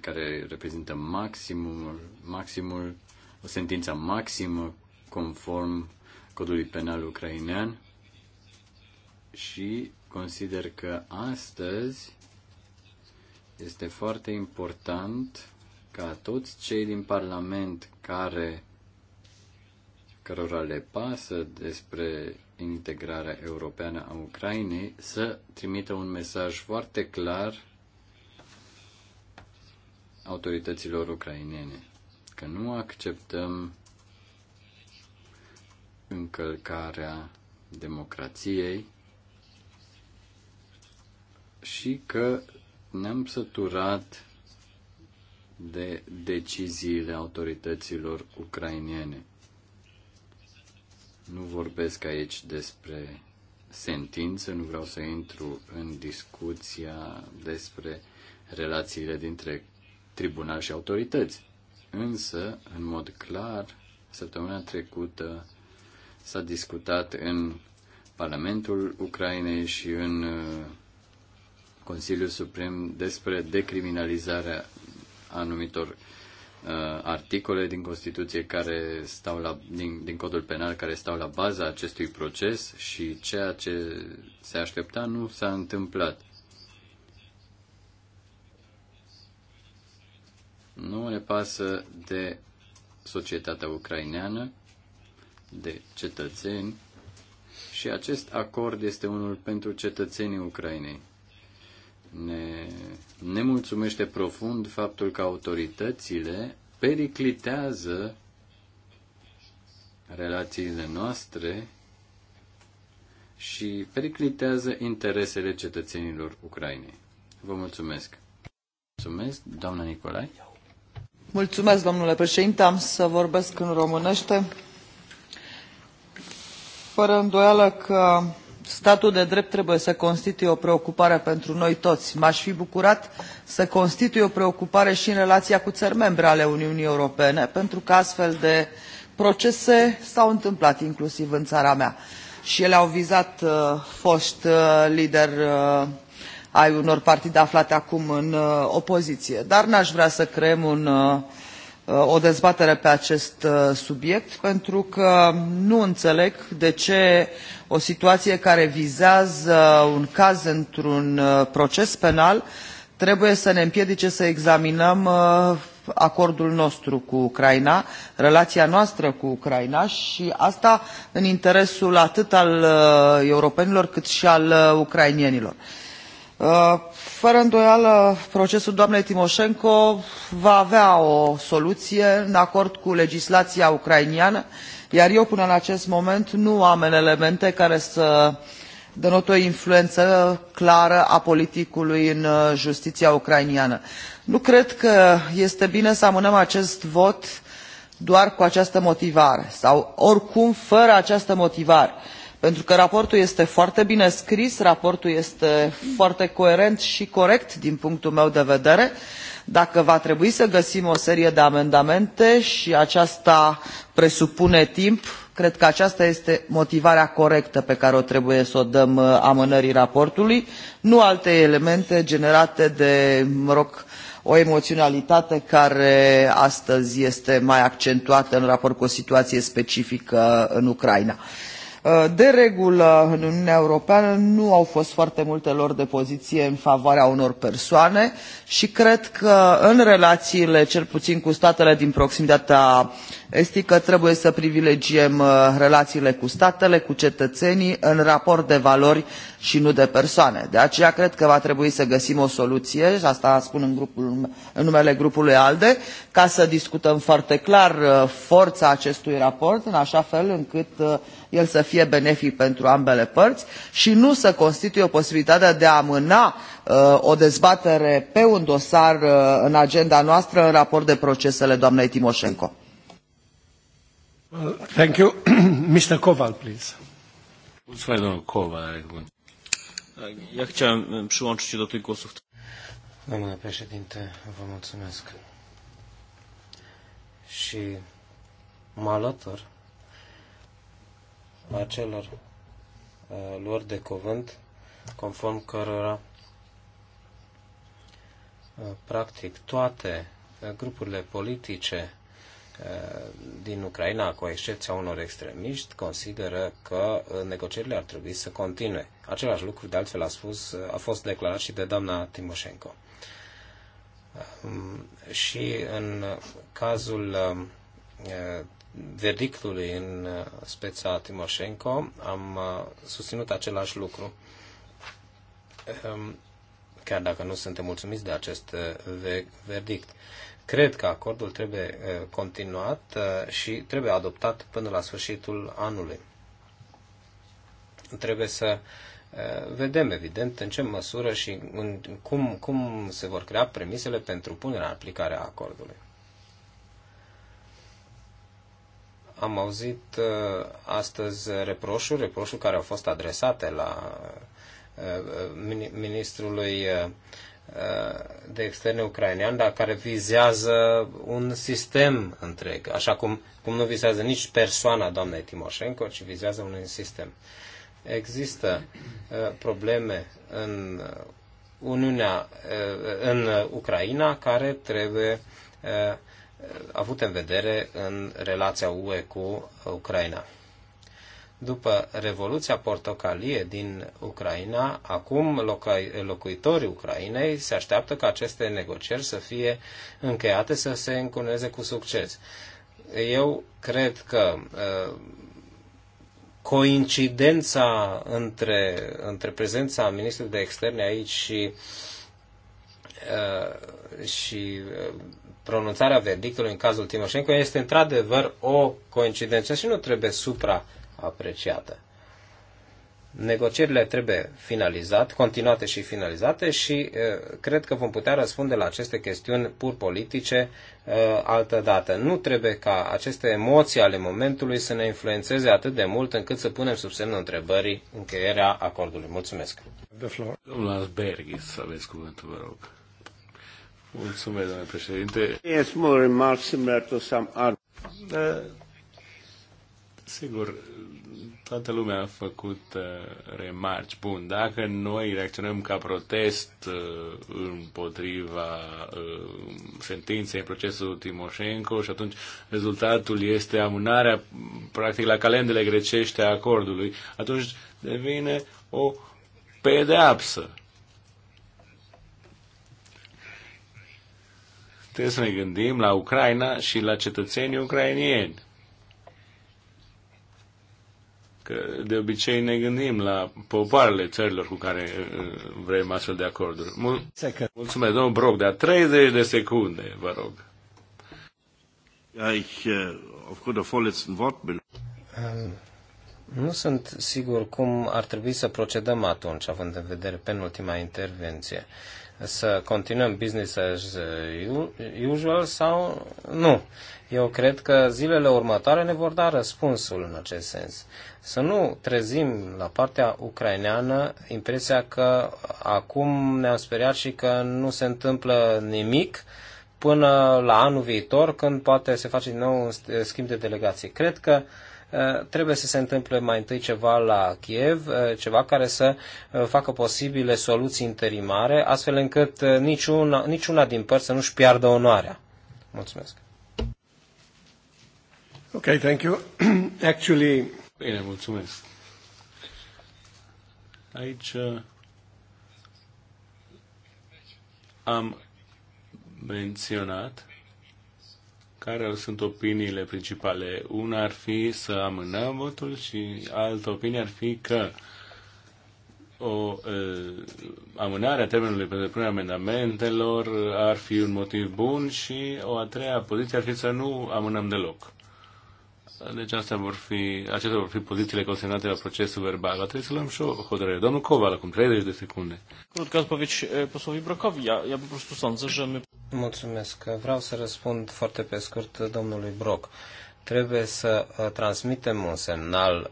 care reprezintă maximul, maximul, o sentință maximă conform codului penal ucrainean și consider că astăzi este foarte important ca toți cei din Parlament care cărora le pasă despre integrarea europeană a Ucrainei să trimită un mesaj foarte clar autorităților ucrainene că nu acceptăm încălcarea democrației și că ne-am săturat de deciziile autorităților ucrainiene. Nu vorbesc aici despre sentință, nu vreau să intru în discuția despre relațiile dintre tribunal și autorități. Însă, în mod clar, săptămâna trecută s-a discutat în Parlamentul Ucrainei și în uh, Consiliul Suprem despre decriminalizarea anumitor uh, articole din Constituție care stau la, din, din codul penal care stau la baza acestui proces și ceea ce se aștepta nu s-a întâmplat. Nu ne pasă de societatea ucraineană de cetățeni și acest acord este unul pentru cetățenii Ucrainei. Ne, ne mulțumește profund faptul că autoritățile periclitează relațiile noastre și periclitează interesele cetățenilor Ucrainei. Vă mulțumesc. Mulțumesc, doamna Nicolae. Mulțumesc, domnule președinte. Am să vorbesc în românește fără îndoială că statul de drept trebuie să constituie o preocupare pentru noi toți. m aș fi bucurat să constituie o preocupare și în relația cu țări membre ale uniunii europene pentru că astfel de procese s au întâmplat inclusiv în țara mea și ele au vizat uh, foști uh, lideri uh, ai unor partide aflate acum în uh, opoziție. Dar n-aș vrea să creăm un uh, Uh, o dezbatere pe acest uh, subiect pentru că nu înțeleg de ce o situație care vizează un caz într-un uh, proces penal trebuie să ne împiedice să examinăm acordul nostru cu Ucraina, relația noastră cu Ucraina și asta în interesul atât al europenilor cât și al ucrainienilor fără îndoială procesul doamnei timoșenko va avea o soluție în acord cu legislația ucraineană iar eu până în acest moment nu am elemente care să denote o influență clară a politicului în uh, justiția ucraineană. nu cred că este bine să amânăm acest vot doar cu această motivare sau oricum fără această motivare pentru că raportul este foarte bine scris raportul este foarte coerent și corect din punctul meu de vedere dacă va trebui să găsim o serie de amendamente și aceasta presupune timp cred că aceasta este motivarea corectă pe care o trebuie să o dăm uh, amânării raportului nu alte elemente generate de mă rog o emoționalitate care astăzi este mai accentuată în raport cu o situație specifică în ucraina. Uh, de regulă în uniunea europeană nu au fost foarte multe lor de poziție în favoarea unor persoane și cred că în relațiile cel puțin cu statele din proximitatea estică trebuie să privilegiem uh, relațiile cu statele cu cetățenii în raport de valori și nu de persoane. de aceea cred că va trebui să găsim o soluție și asta spun în, grupul, în numele grupului alde ca să discutăm foarte clar uh, forța acestui raport în așa fel încât el să fie benefic pentru ambele părți și nu să constituie o posibilitate de a amâna uh, o dezbatere pe un dosar uh, în agenda noastră în raport de procesele doamnei Timoșenko. thank you. Mr. Kowal, please. Mulțumesc, Domnule președinte, vă mulțumesc. Și mă alătur acelor uh, lor de cuvânt conform cărora uh, practic toate uh, grupurile politice uh, din Ucraina, cu excepția unor extremiști, consideră că negocierile ar trebui să continue. Același lucru, de altfel, a, spus, a fost declarat și de doamna Timoshenko. Um, și în cazul verdictului în uh, speța Timoșenko, am uh, susținut același lucru. Ehm, chiar dacă nu suntem mulțumiți de acest uh, verdict. Cred că acordul trebuie continuat și trebuie adoptat până la sfârșitul anului. Trebuie să vedem, evident, în ce măsură și în cum, cum se vor crea premisele pentru punerea în aplicare a acordului. am auzit uh, astăzi reproșuri, reproșuri care au fost adresate la uh, uh, ministrului de externe ucrainean, dar care vizează un sistem întreg, așa cum, cum nu vizează nici persoana doamnei Timoșenko, ci vizează un sistem. Există probleme în Uniunea, în Ucraina, care trebuie avut în vedere în relația UE cu Ucraina. După Revoluția Portocalie din Ucraina, acum locuitorii Ucrainei se așteaptă ca aceste negocieri să fie încheiate, să se încuneze cu succes. Eu cred că uh, coincidența între, între prezența ministrului de externe aici și, uh, și uh, pronunțarea verdictului în cazul Timoșenko este într-adevăr o coincidență și nu trebuie supraapreciată. Negocierile trebuie finalizate, continuate și finalizate și cred că vom putea răspunde la aceste chestiuni pur politice altă dată. Nu trebuie ca aceste emoții ale momentului să ne influențeze atât de mult încât să punem sub semnul întrebării încheierea acordului. Mulțumesc! Domnul Asbergis, aveți cuvântul, vă rog. Mulțumesc, domnule președinte. Yes, more remarks similar to some Da, sigur, toată lumea a făcut uh, remarci. Bun, dacă noi reacționăm ca protest uh, împotriva uh, sentinței în procesul Timoșenko și atunci rezultatul este amânarea practic la calendele grecește a acordului, atunci devine o pedeapsă Trebuie să ne gândim la Ucraina și la cetățenii ucrainieni. Că de obicei ne gândim la popoarele țărilor cu care uh, uh, vrem astfel de acorduri. Mul- Mulțumesc, domnul Broc, dar 30 de secunde, vă rog. Uh, um, nu sunt sigur cum ar trebui să procedăm atunci, având în vedere penultima intervenție să continuăm business as usual sau nu. Eu cred că zilele următoare ne vor da răspunsul în acest sens. Să nu trezim la partea ucraineană impresia că acum ne-am speriat și că nu se întâmplă nimic până la anul viitor, când poate se face din nou un schimb de delegații. Cred că uh, Eh, trebuie să se întâmple mai întâi ceva la Kiev, eh, ceva care să eh, facă posibile soluții interimare, astfel încât niciuna, niciuna din părți să nu-și piardă onoarea. Mulțumesc. Ok, thank you. Actually... Bine, mulțumesc. Aici am menționat care sunt opiniile principale. Una ar fi să amânăm votul și altă opinie ar fi că o uh, amânare a termenului pentru depunerea amendamentelor ar fi un motiv bun și o a treia poziție ar fi să nu amânăm deloc. Deci astea vor fi, acestea vor fi pozițiile consemnate la procesul verbal. Dar trebuie să luăm și o hotărâre. Domnul Kowal, acum 30 de secunde. Krótka odpowiedź posłowi Brokowi. Ja, ja po prostu sądzę, że my... Mulțumesc. Vreau să răspund foarte pe scurt domnului Brock. Trebuie să transmitem un semnal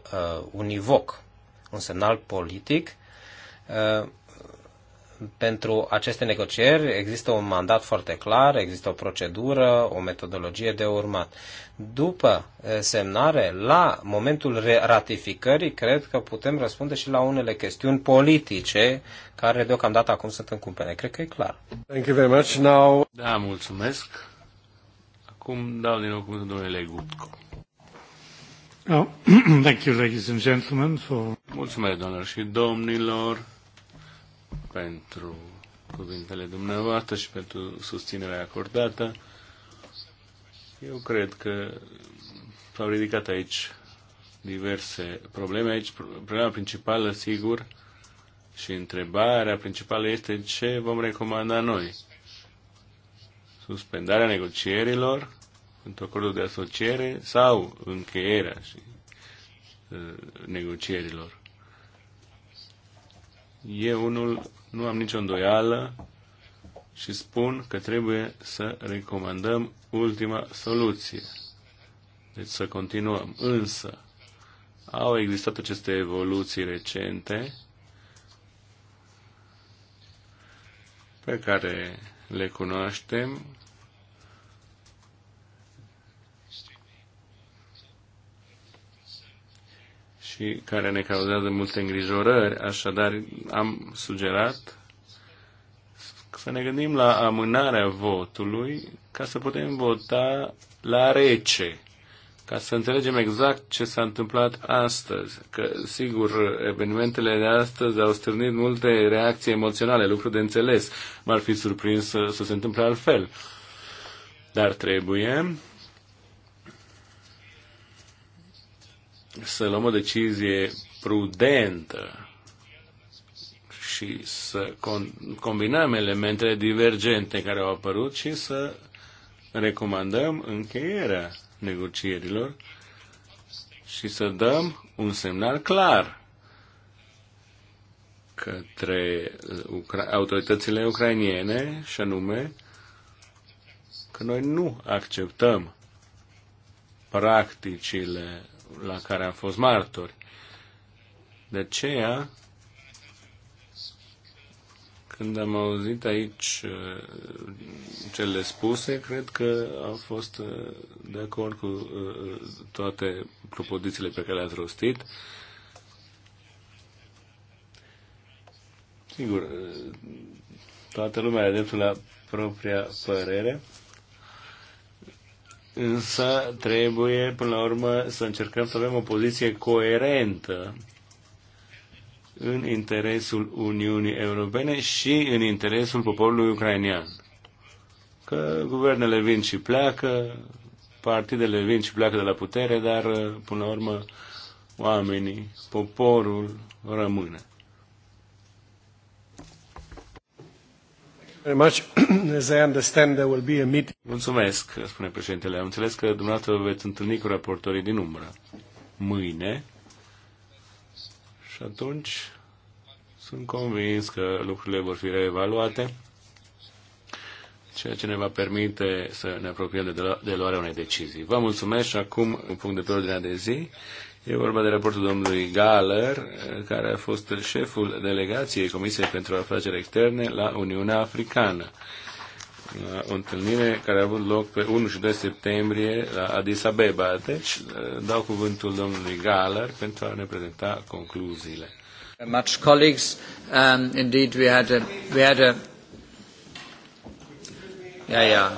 univoc, un semnal politic pentru aceste negocieri există un mandat foarte clar, există o procedură, o metodologie de urmat. După semnare, la momentul ratificării, cred că putem răspunde și la unele chestiuni politice care deocamdată acum sunt în cumpene. Cred că e clar. Thank you very much. Now... Da, mulțumesc. Acum dau din nou cuvântul domnului Legutco. Oh, thank you, ladies and gentlemen, for... Mulțumesc, doamnelor și domnilor pentru cuvintele dumneavoastră și pentru susținerea acordată. Eu cred că s-au ridicat aici diverse probleme. Aici problema principală, sigur, și întrebarea principală este ce vom recomanda noi. Suspendarea negocierilor într-un acordul de asociere sau încheierea și, uh, negocierilor. Eu unul nu am nicio îndoială și spun că trebuie să recomandăm ultima soluție. Deci să continuăm. Însă, au existat aceste evoluții recente pe care le cunoaștem și care ne cauzează multe îngrijorări. Așadar, am sugerat să ne gândim la amânarea votului ca să putem vota la rece, ca să înțelegem exact ce s-a întâmplat astăzi. Că, sigur, evenimentele de astăzi au stârnit multe reacții emoționale, lucru de înțeles. M-ar fi surprins să, să se întâmple altfel. Dar trebuie să luăm o decizie prudentă și să con- combinăm elementele divergente care au apărut și să recomandăm încheierea negocierilor și să dăm un semnal clar către Ucra- autoritățile ucrainiene și anume că noi nu acceptăm practicile la care am fost martori. De aceea, când am auzit aici uh, cele spuse, cred că a fost uh, de acord cu uh, toate propozițiile pe care le-ați rostit. Sigur, toată lumea are dreptul la propria părere. Însă trebuie, până la urmă, să încercăm să avem o poziție coerentă în interesul Uniunii Europene și în interesul poporului ucrainian. Că guvernele vin și pleacă, partidele vin și pleacă de la putere, dar, până la urmă, oamenii, poporul rămâne. Mulțumesc, spune președintele. Am înțeles că dumneavoastră veți întâlni cu raportorii din umbră mâine și atunci sunt convins că lucrurile vor fi reevaluate, ceea ce ne va permite să ne apropiem de, de luarea unei decizii. Vă mulțumesc și acum, în punct de pe ordinea de zi, E vorba de raportul domnului Galler, care a fost șeful delegației Comisiei pentru Afaceri Externe la Uniunea Africană. La o întâlnire care a avut loc pe 1 și 2 septembrie la Addis Abeba. Deci, dau cuvântul domnului Galler pentru a ne prezenta concluziile. Much colleagues, um, indeed we had a, we had a, yeah, yeah.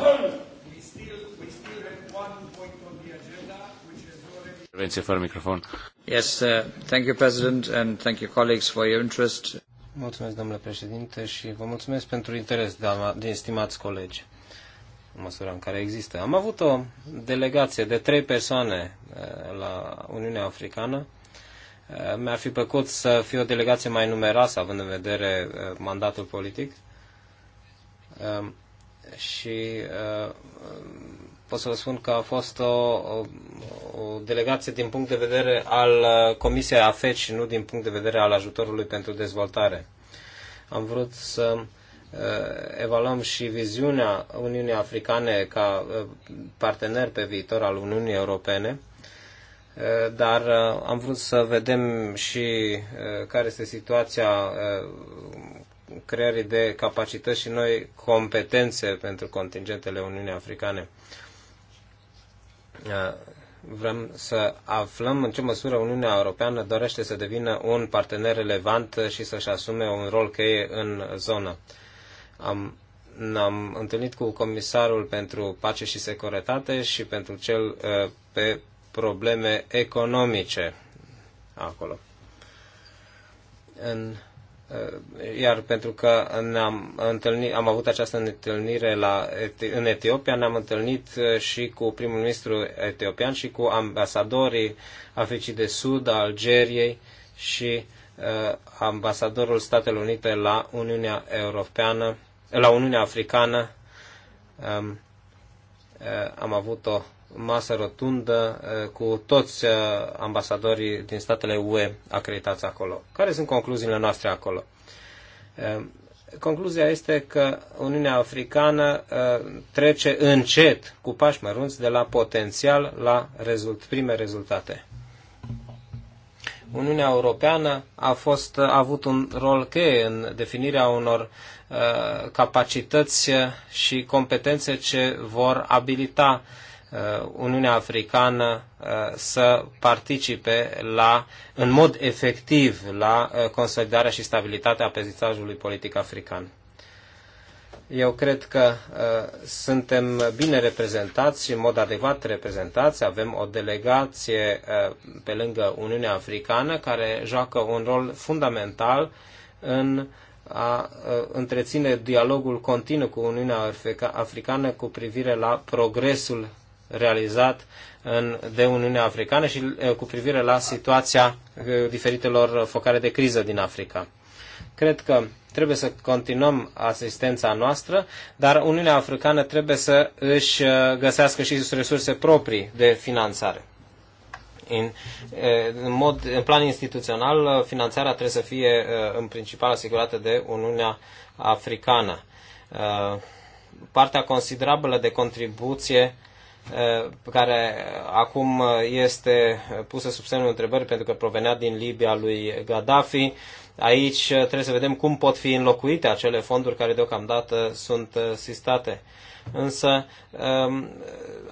Intervenție fără microfon. Yes, uh, thank you, President, and thank you, colleagues, for your interest. Mulțumesc, domnule președinte, și vă mulțumesc pentru interes, din stimați colegi, în măsura în care există. Am avut o delegație de trei persoane uh, la Uniunea Africană. Uh, mi-ar fi plăcut să fie o delegație mai numeroasă, având în vedere uh, mandatul politic. Și pot să vă spun că a fost o, o, o delegație din punct de vedere al uh, Comisiei Afeci, și nu din punct de vedere al ajutorului pentru dezvoltare. Am vrut să uh, evaluăm și viziunea Uniunii Africane ca uh, partener pe viitor al Uniunii Europene, dar am vrut să vedem și care este situația creării de capacități și noi competențe pentru contingentele Uniunii Africane vrem să aflăm în ce măsură Uniunea Europeană dorește să devină un partener relevant și să-și asume un rol cheie în zonă. Am, am întâlnit cu comisarul pentru pace și securitate și pentru cel uh, pe probleme economice acolo. În Eh, iar pentru că am întâlnit, am avut această întâlnire la, în Etiopia, ne-am întâlnit eh, și cu primul ministru etiopian și cu ambasadorii Africii de Sud, a Algeriei și uh, ambasadorul Statelor Unite la Uniunea Europeană, la Uniunea Africană. Um, uh, am avut o masă rotundă cu toți ambasadorii din statele UE acreditați acolo. Care sunt concluziile noastre acolo? Concluzia este că Uniunea Africană trece încet, cu pași mărunți, de la potențial la rezult, prime rezultate. Uniunea Europeană a, fost, a avut un rol cheie în definirea unor uh, capacități și competențe ce vor abilita uh, Uh, Uniunea Africană uh, să participe la, în mod efectiv la uh, consolidarea și stabilitatea pezițajului politic african. Eu cred că suntem bine reprezentați și în mod adecvat reprezentați. Avem o delegație pe lângă Uniunea Africană care joacă un rol fundamental în a întreține dialogul continuu cu Uniunea Africană cu privire la progresul realizat în, de Uniunea Africană și eh, cu privire la situația eh, diferitelor focare de criză din Africa. Cred că trebuie să continuăm asistența noastră, dar Uniunea Africană trebuie să își eh, găsească și resurse proprii de finanțare. În, în, mod, în plan instituțional, finanțarea trebuie să fie în principal asigurată de Uniunea Africană. Partea considerabilă de contribuție Eh, care acum eh, este pusă sub semnul întrebării pentru că provenea din Libia lui Gaddafi. Aici eh, trebuie să vedem cum pot fi înlocuite acele fonduri care deocamdată sunt sistate. Însă ehm,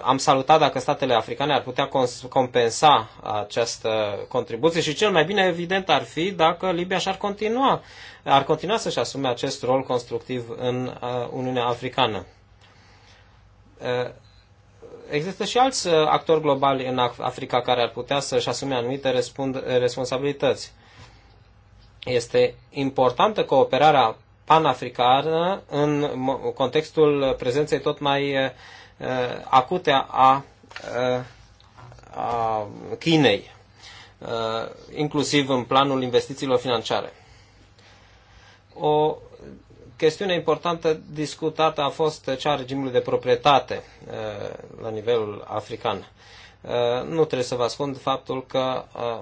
am salutat dacă statele africane ar putea compensa această contribuție și cel mai bine, evident, ar fi dacă Libia și-ar continua, ar continua să-și asume acest rol constructiv în Uniunea Africană există și alți uh, actori globali în Africa care ar putea să-și asume anumite răspund, responsabilități. Este importantă cooperarea panafricană în contextul prezenței tot mai uh, uh, acute a, a Chinei, inclusiv în planul investițiilor financiare. O chestiune importantă discutată a fost cea a regimului de proprietate eh, la nivelul african. Eh, nu trebuie să vă ascund faptul că eh,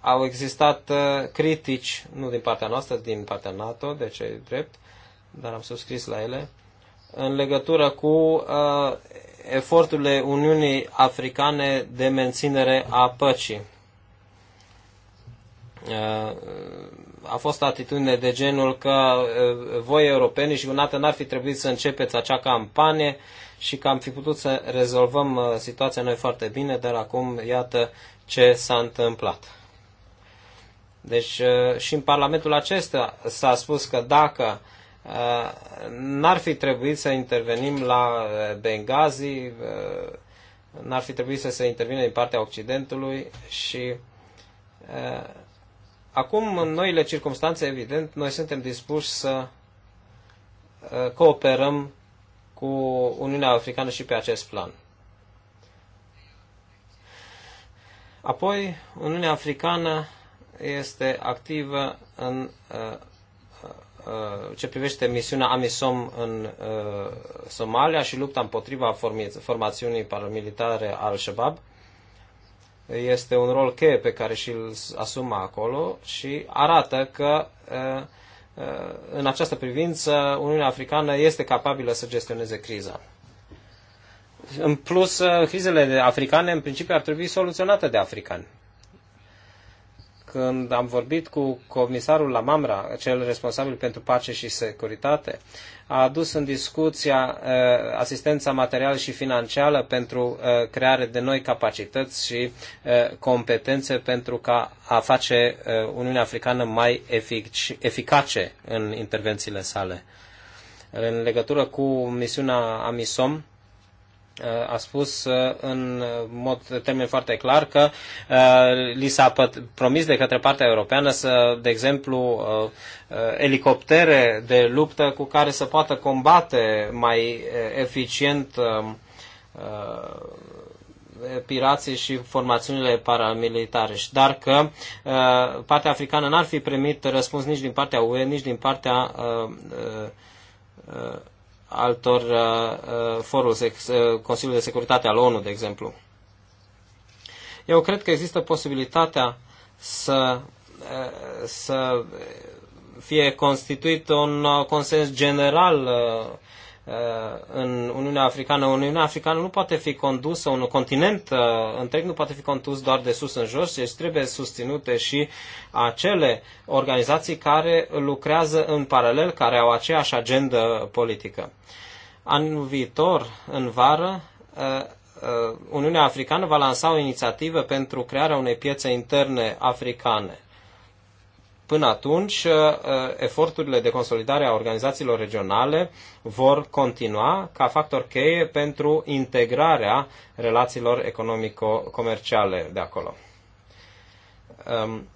au existat critici, nu din partea noastră, din partea NATO, de ce drept, dar am subscris la ele, în legătură cu eforturile Uniunii Africane de menținere a păcii a fost atitudine de genul că voi europeni și unată n-ar fi trebuit să începeți acea campanie și că am fi putut să rezolvăm uh, situația noi foarte bine, dar acum iată ce s-a întâmplat. Deci uh, și în Parlamentul acesta s-a spus că dacă uh, n-ar fi trebuit să intervenim la Benghazi, n-ar fi trebuit să se intervine din partea Occidentului și Acum, în noile circunstanțe, evident, noi suntem dispuși să uh, cooperăm cu Uniunea Africană și pe acest plan. Apoi, Uniunea Africană este activă în uh, uh, ce privește misiunea AMISOM în Somalia și lupta împotriva formațiunii paramilitare al Shabab este un rol cheie pe care și-l asumă acolo și arată că în această privință Uniunea Africană este capabilă să gestioneze criza. În plus, crizele africane în principiu ar trebui soluționate de africani. Când am vorbit cu comisarul la Mamra, cel responsabil pentru pace și securitate, a adus în discuția asistența materială și financiară pentru creare de noi capacități și competențe pentru ca a face Uniunea Africană mai eficace în intervențiile sale. În legătură cu misiunea AMISOM, a spus uh, în mod termen foarte clar că uh, li s-a promis de către partea europeană să, de exemplu, uh, elicoptere de luptă cu care să poată combate mai eficient pirații și formațiunile paramilitare, dar că partea africană n-ar fi primit răspuns nici din partea UE, nici din partea altor uh, uh, foruri, uh, Consiliul de Securitate al ONU, de exemplu. Eu cred că există posibilitatea să, să fie constituit un consens general Uh, în Uniunea Africană. Uniunea Africană nu poate fi condusă, un continent uh, întreg nu poate fi condus doar de sus în jos, deci trebuie susținute și acele organizații care lucrează în paralel, care au aceeași agendă politică. Anul viitor, în vară, uh, Uniunea Africană va lansa o inițiativă pentru crearea unei piețe interne africane. Până atunci, uh, eforturile de consolidare a organizațiilor regionale vor continua ca factor cheie pentru integrarea relațiilor economico-comerciale de acolo. Um,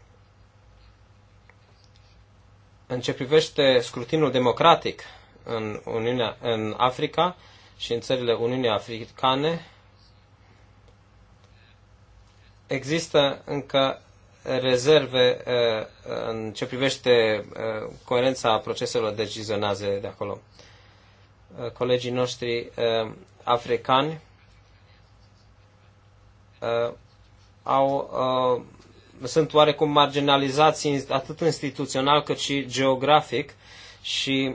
în ce privește scrutinul democratic în, Uniunea, în Africa și în țările Uniunii Africane, există încă rezerve uh, uh, în ce privește uh, coerența proceselor decizionaze de acolo. Colegii noștri africani au, sunt oarecum marginalizați atât instituțional cât și geografic și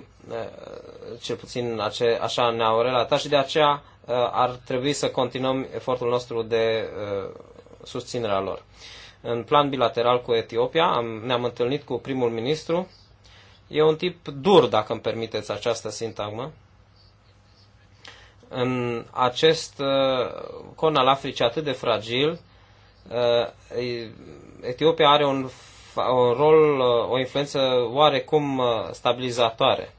cel puțin așa ne-au relatat și de aceea ar trebui să continuăm efortul nostru de susținerea lor în plan bilateral cu Etiopia, am, ne-am întâlnit cu primul ministru. E un tip dur, dacă îmi permiteți această sintagmă. În acest uh, con al Africii atât de fragil, uh, Etiopia are un, un rol, uh, o influență oarecum stabilizatoare.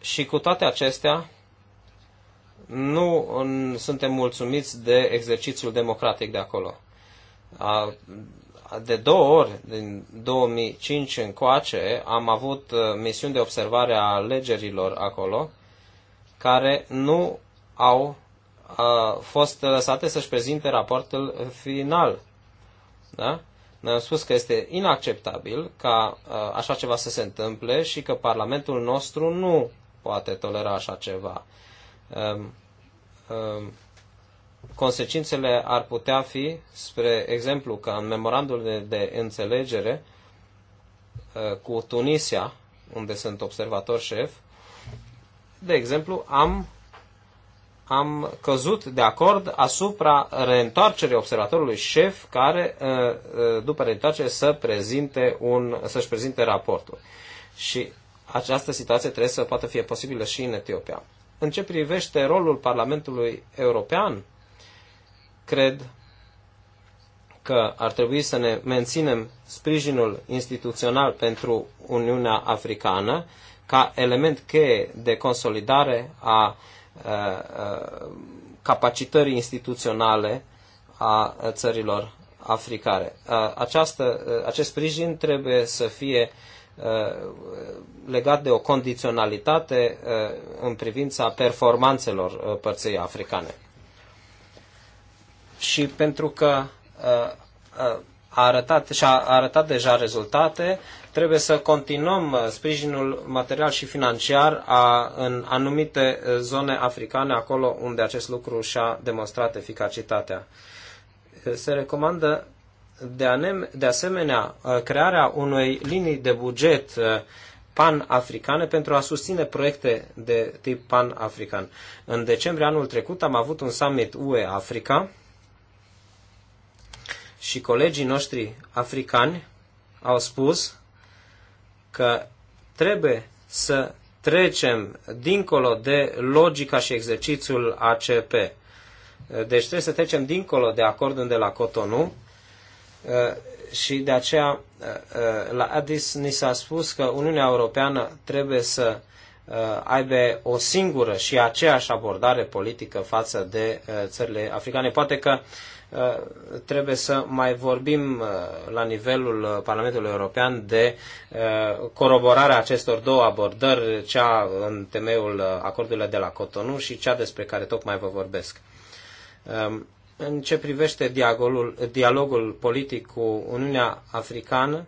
Și cu toate acestea, nu suntem mulțumiți de exercițiul democratic de acolo. A, de două ori, din 2005 încoace, am avut uh, misiuni de observare a alegerilor acolo, care nu au a, uh, fost lăsate să-și prezinte raportul final. Da? Noi am spus că este inacceptabil ca a, uh, așa ceva să se întâmple și că Parlamentul nostru nu poate tolera așa ceva. A, um, a, um, consecințele ar putea fi, spre exemplu, ca în memorandul de, de înțelegere uh, cu Tunisia, unde sunt observator șef, de exemplu, am, am căzut de acord asupra reîntoarcerii observatorului șef care, uh, uh, după reîntoarcere, să prezinte un, să-și prezinte raportul. Și această situație trebuie să poată fi posibilă și în Etiopia. În ce privește rolul Parlamentului European cred că ar trebui să ne menținem sprijinul instituțional pentru Uniunea Africană ca element cheie de consolidare a uh, uh, capacitării instituționale a țărilor africane. Uh, această, acest sprijin trebuie să fie legat de o condiționalitate în privința performanțelor părței africane și pentru că uh, uh, a arătat și a arătat deja rezultate, trebuie să continuăm uh, sprijinul material și financiar a, în anumite zone africane, acolo unde acest lucru și-a demonstrat eficacitatea. Se recomandă de asemenea crearea unei linii de buget pan-africane pentru a susține proiecte de tip pan-african. În decembrie anul trecut am avut un summit UE-Africa și colegii noștri africani au spus că trebuie să trecem dincolo de logica și exercițiul ACP. Deci trebuie să trecem dincolo de acordul de la Cotonou uh, și de aceea uh, uh, la Addis ni s-a spus că Uniunea Europeană trebuie să aibă o singură și aceeași abordare politică față de țările africane. Poate că Uh, trebuie să mai vorbim uh, la nivelul uh, Parlamentului European de coroborarea acestor două abordări, cea în temeiul acordului de la Cotonou și cea despre care tocmai vă vorbesc. Um, în ce privește dialogul, dialogul politic cu Uniunea Africană,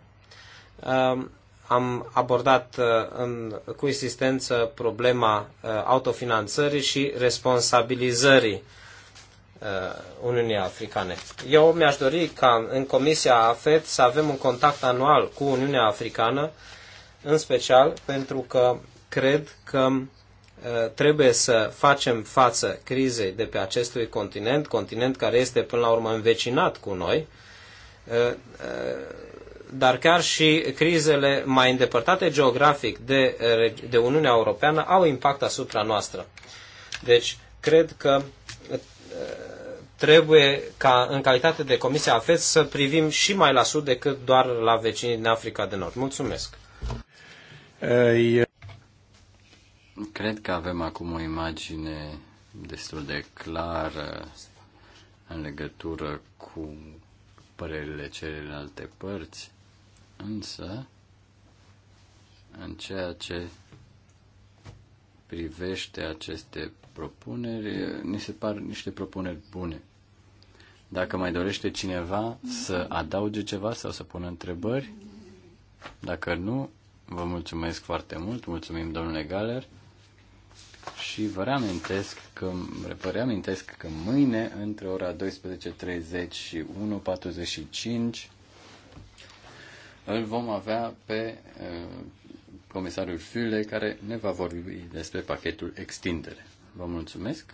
um, am abordat în, cu insistență problema autofinanțării și responsabilizării Uh, Uniunii Africane. Eu mi-aș dori ca în Comisia AFET să avem un contact anual cu Uniunea Africană, în special pentru că cred că uh, trebuie să facem față crizei de pe acestui continent, continent care este până la urmă învecinat cu noi, uh, dar chiar și crizele mai îndepărtate geografic de, de Uniunea Europeană au impact asupra noastră. Deci, cred că trebuie ca în calitate de Comisia AFET să privim și mai la sud decât doar la vecinii din Africa de Nord. Mulțumesc! Cred că avem acum o imagine destul de clară în legătură cu părerile celelalte părți, însă în ceea ce privește aceste propuneri, ni se par niște propuneri bune. Dacă mai dorește cineva să adauge ceva sau să pună întrebări, dacă nu, vă mulțumesc foarte mult, mulțumim domnule Galer și vă reamintesc că, vă reamintesc că mâine între ora 12.30 și 1.45 îl vom avea pe comisarul Fiule care ne va vorbi despre pachetul extindere. Vă mulțumesc!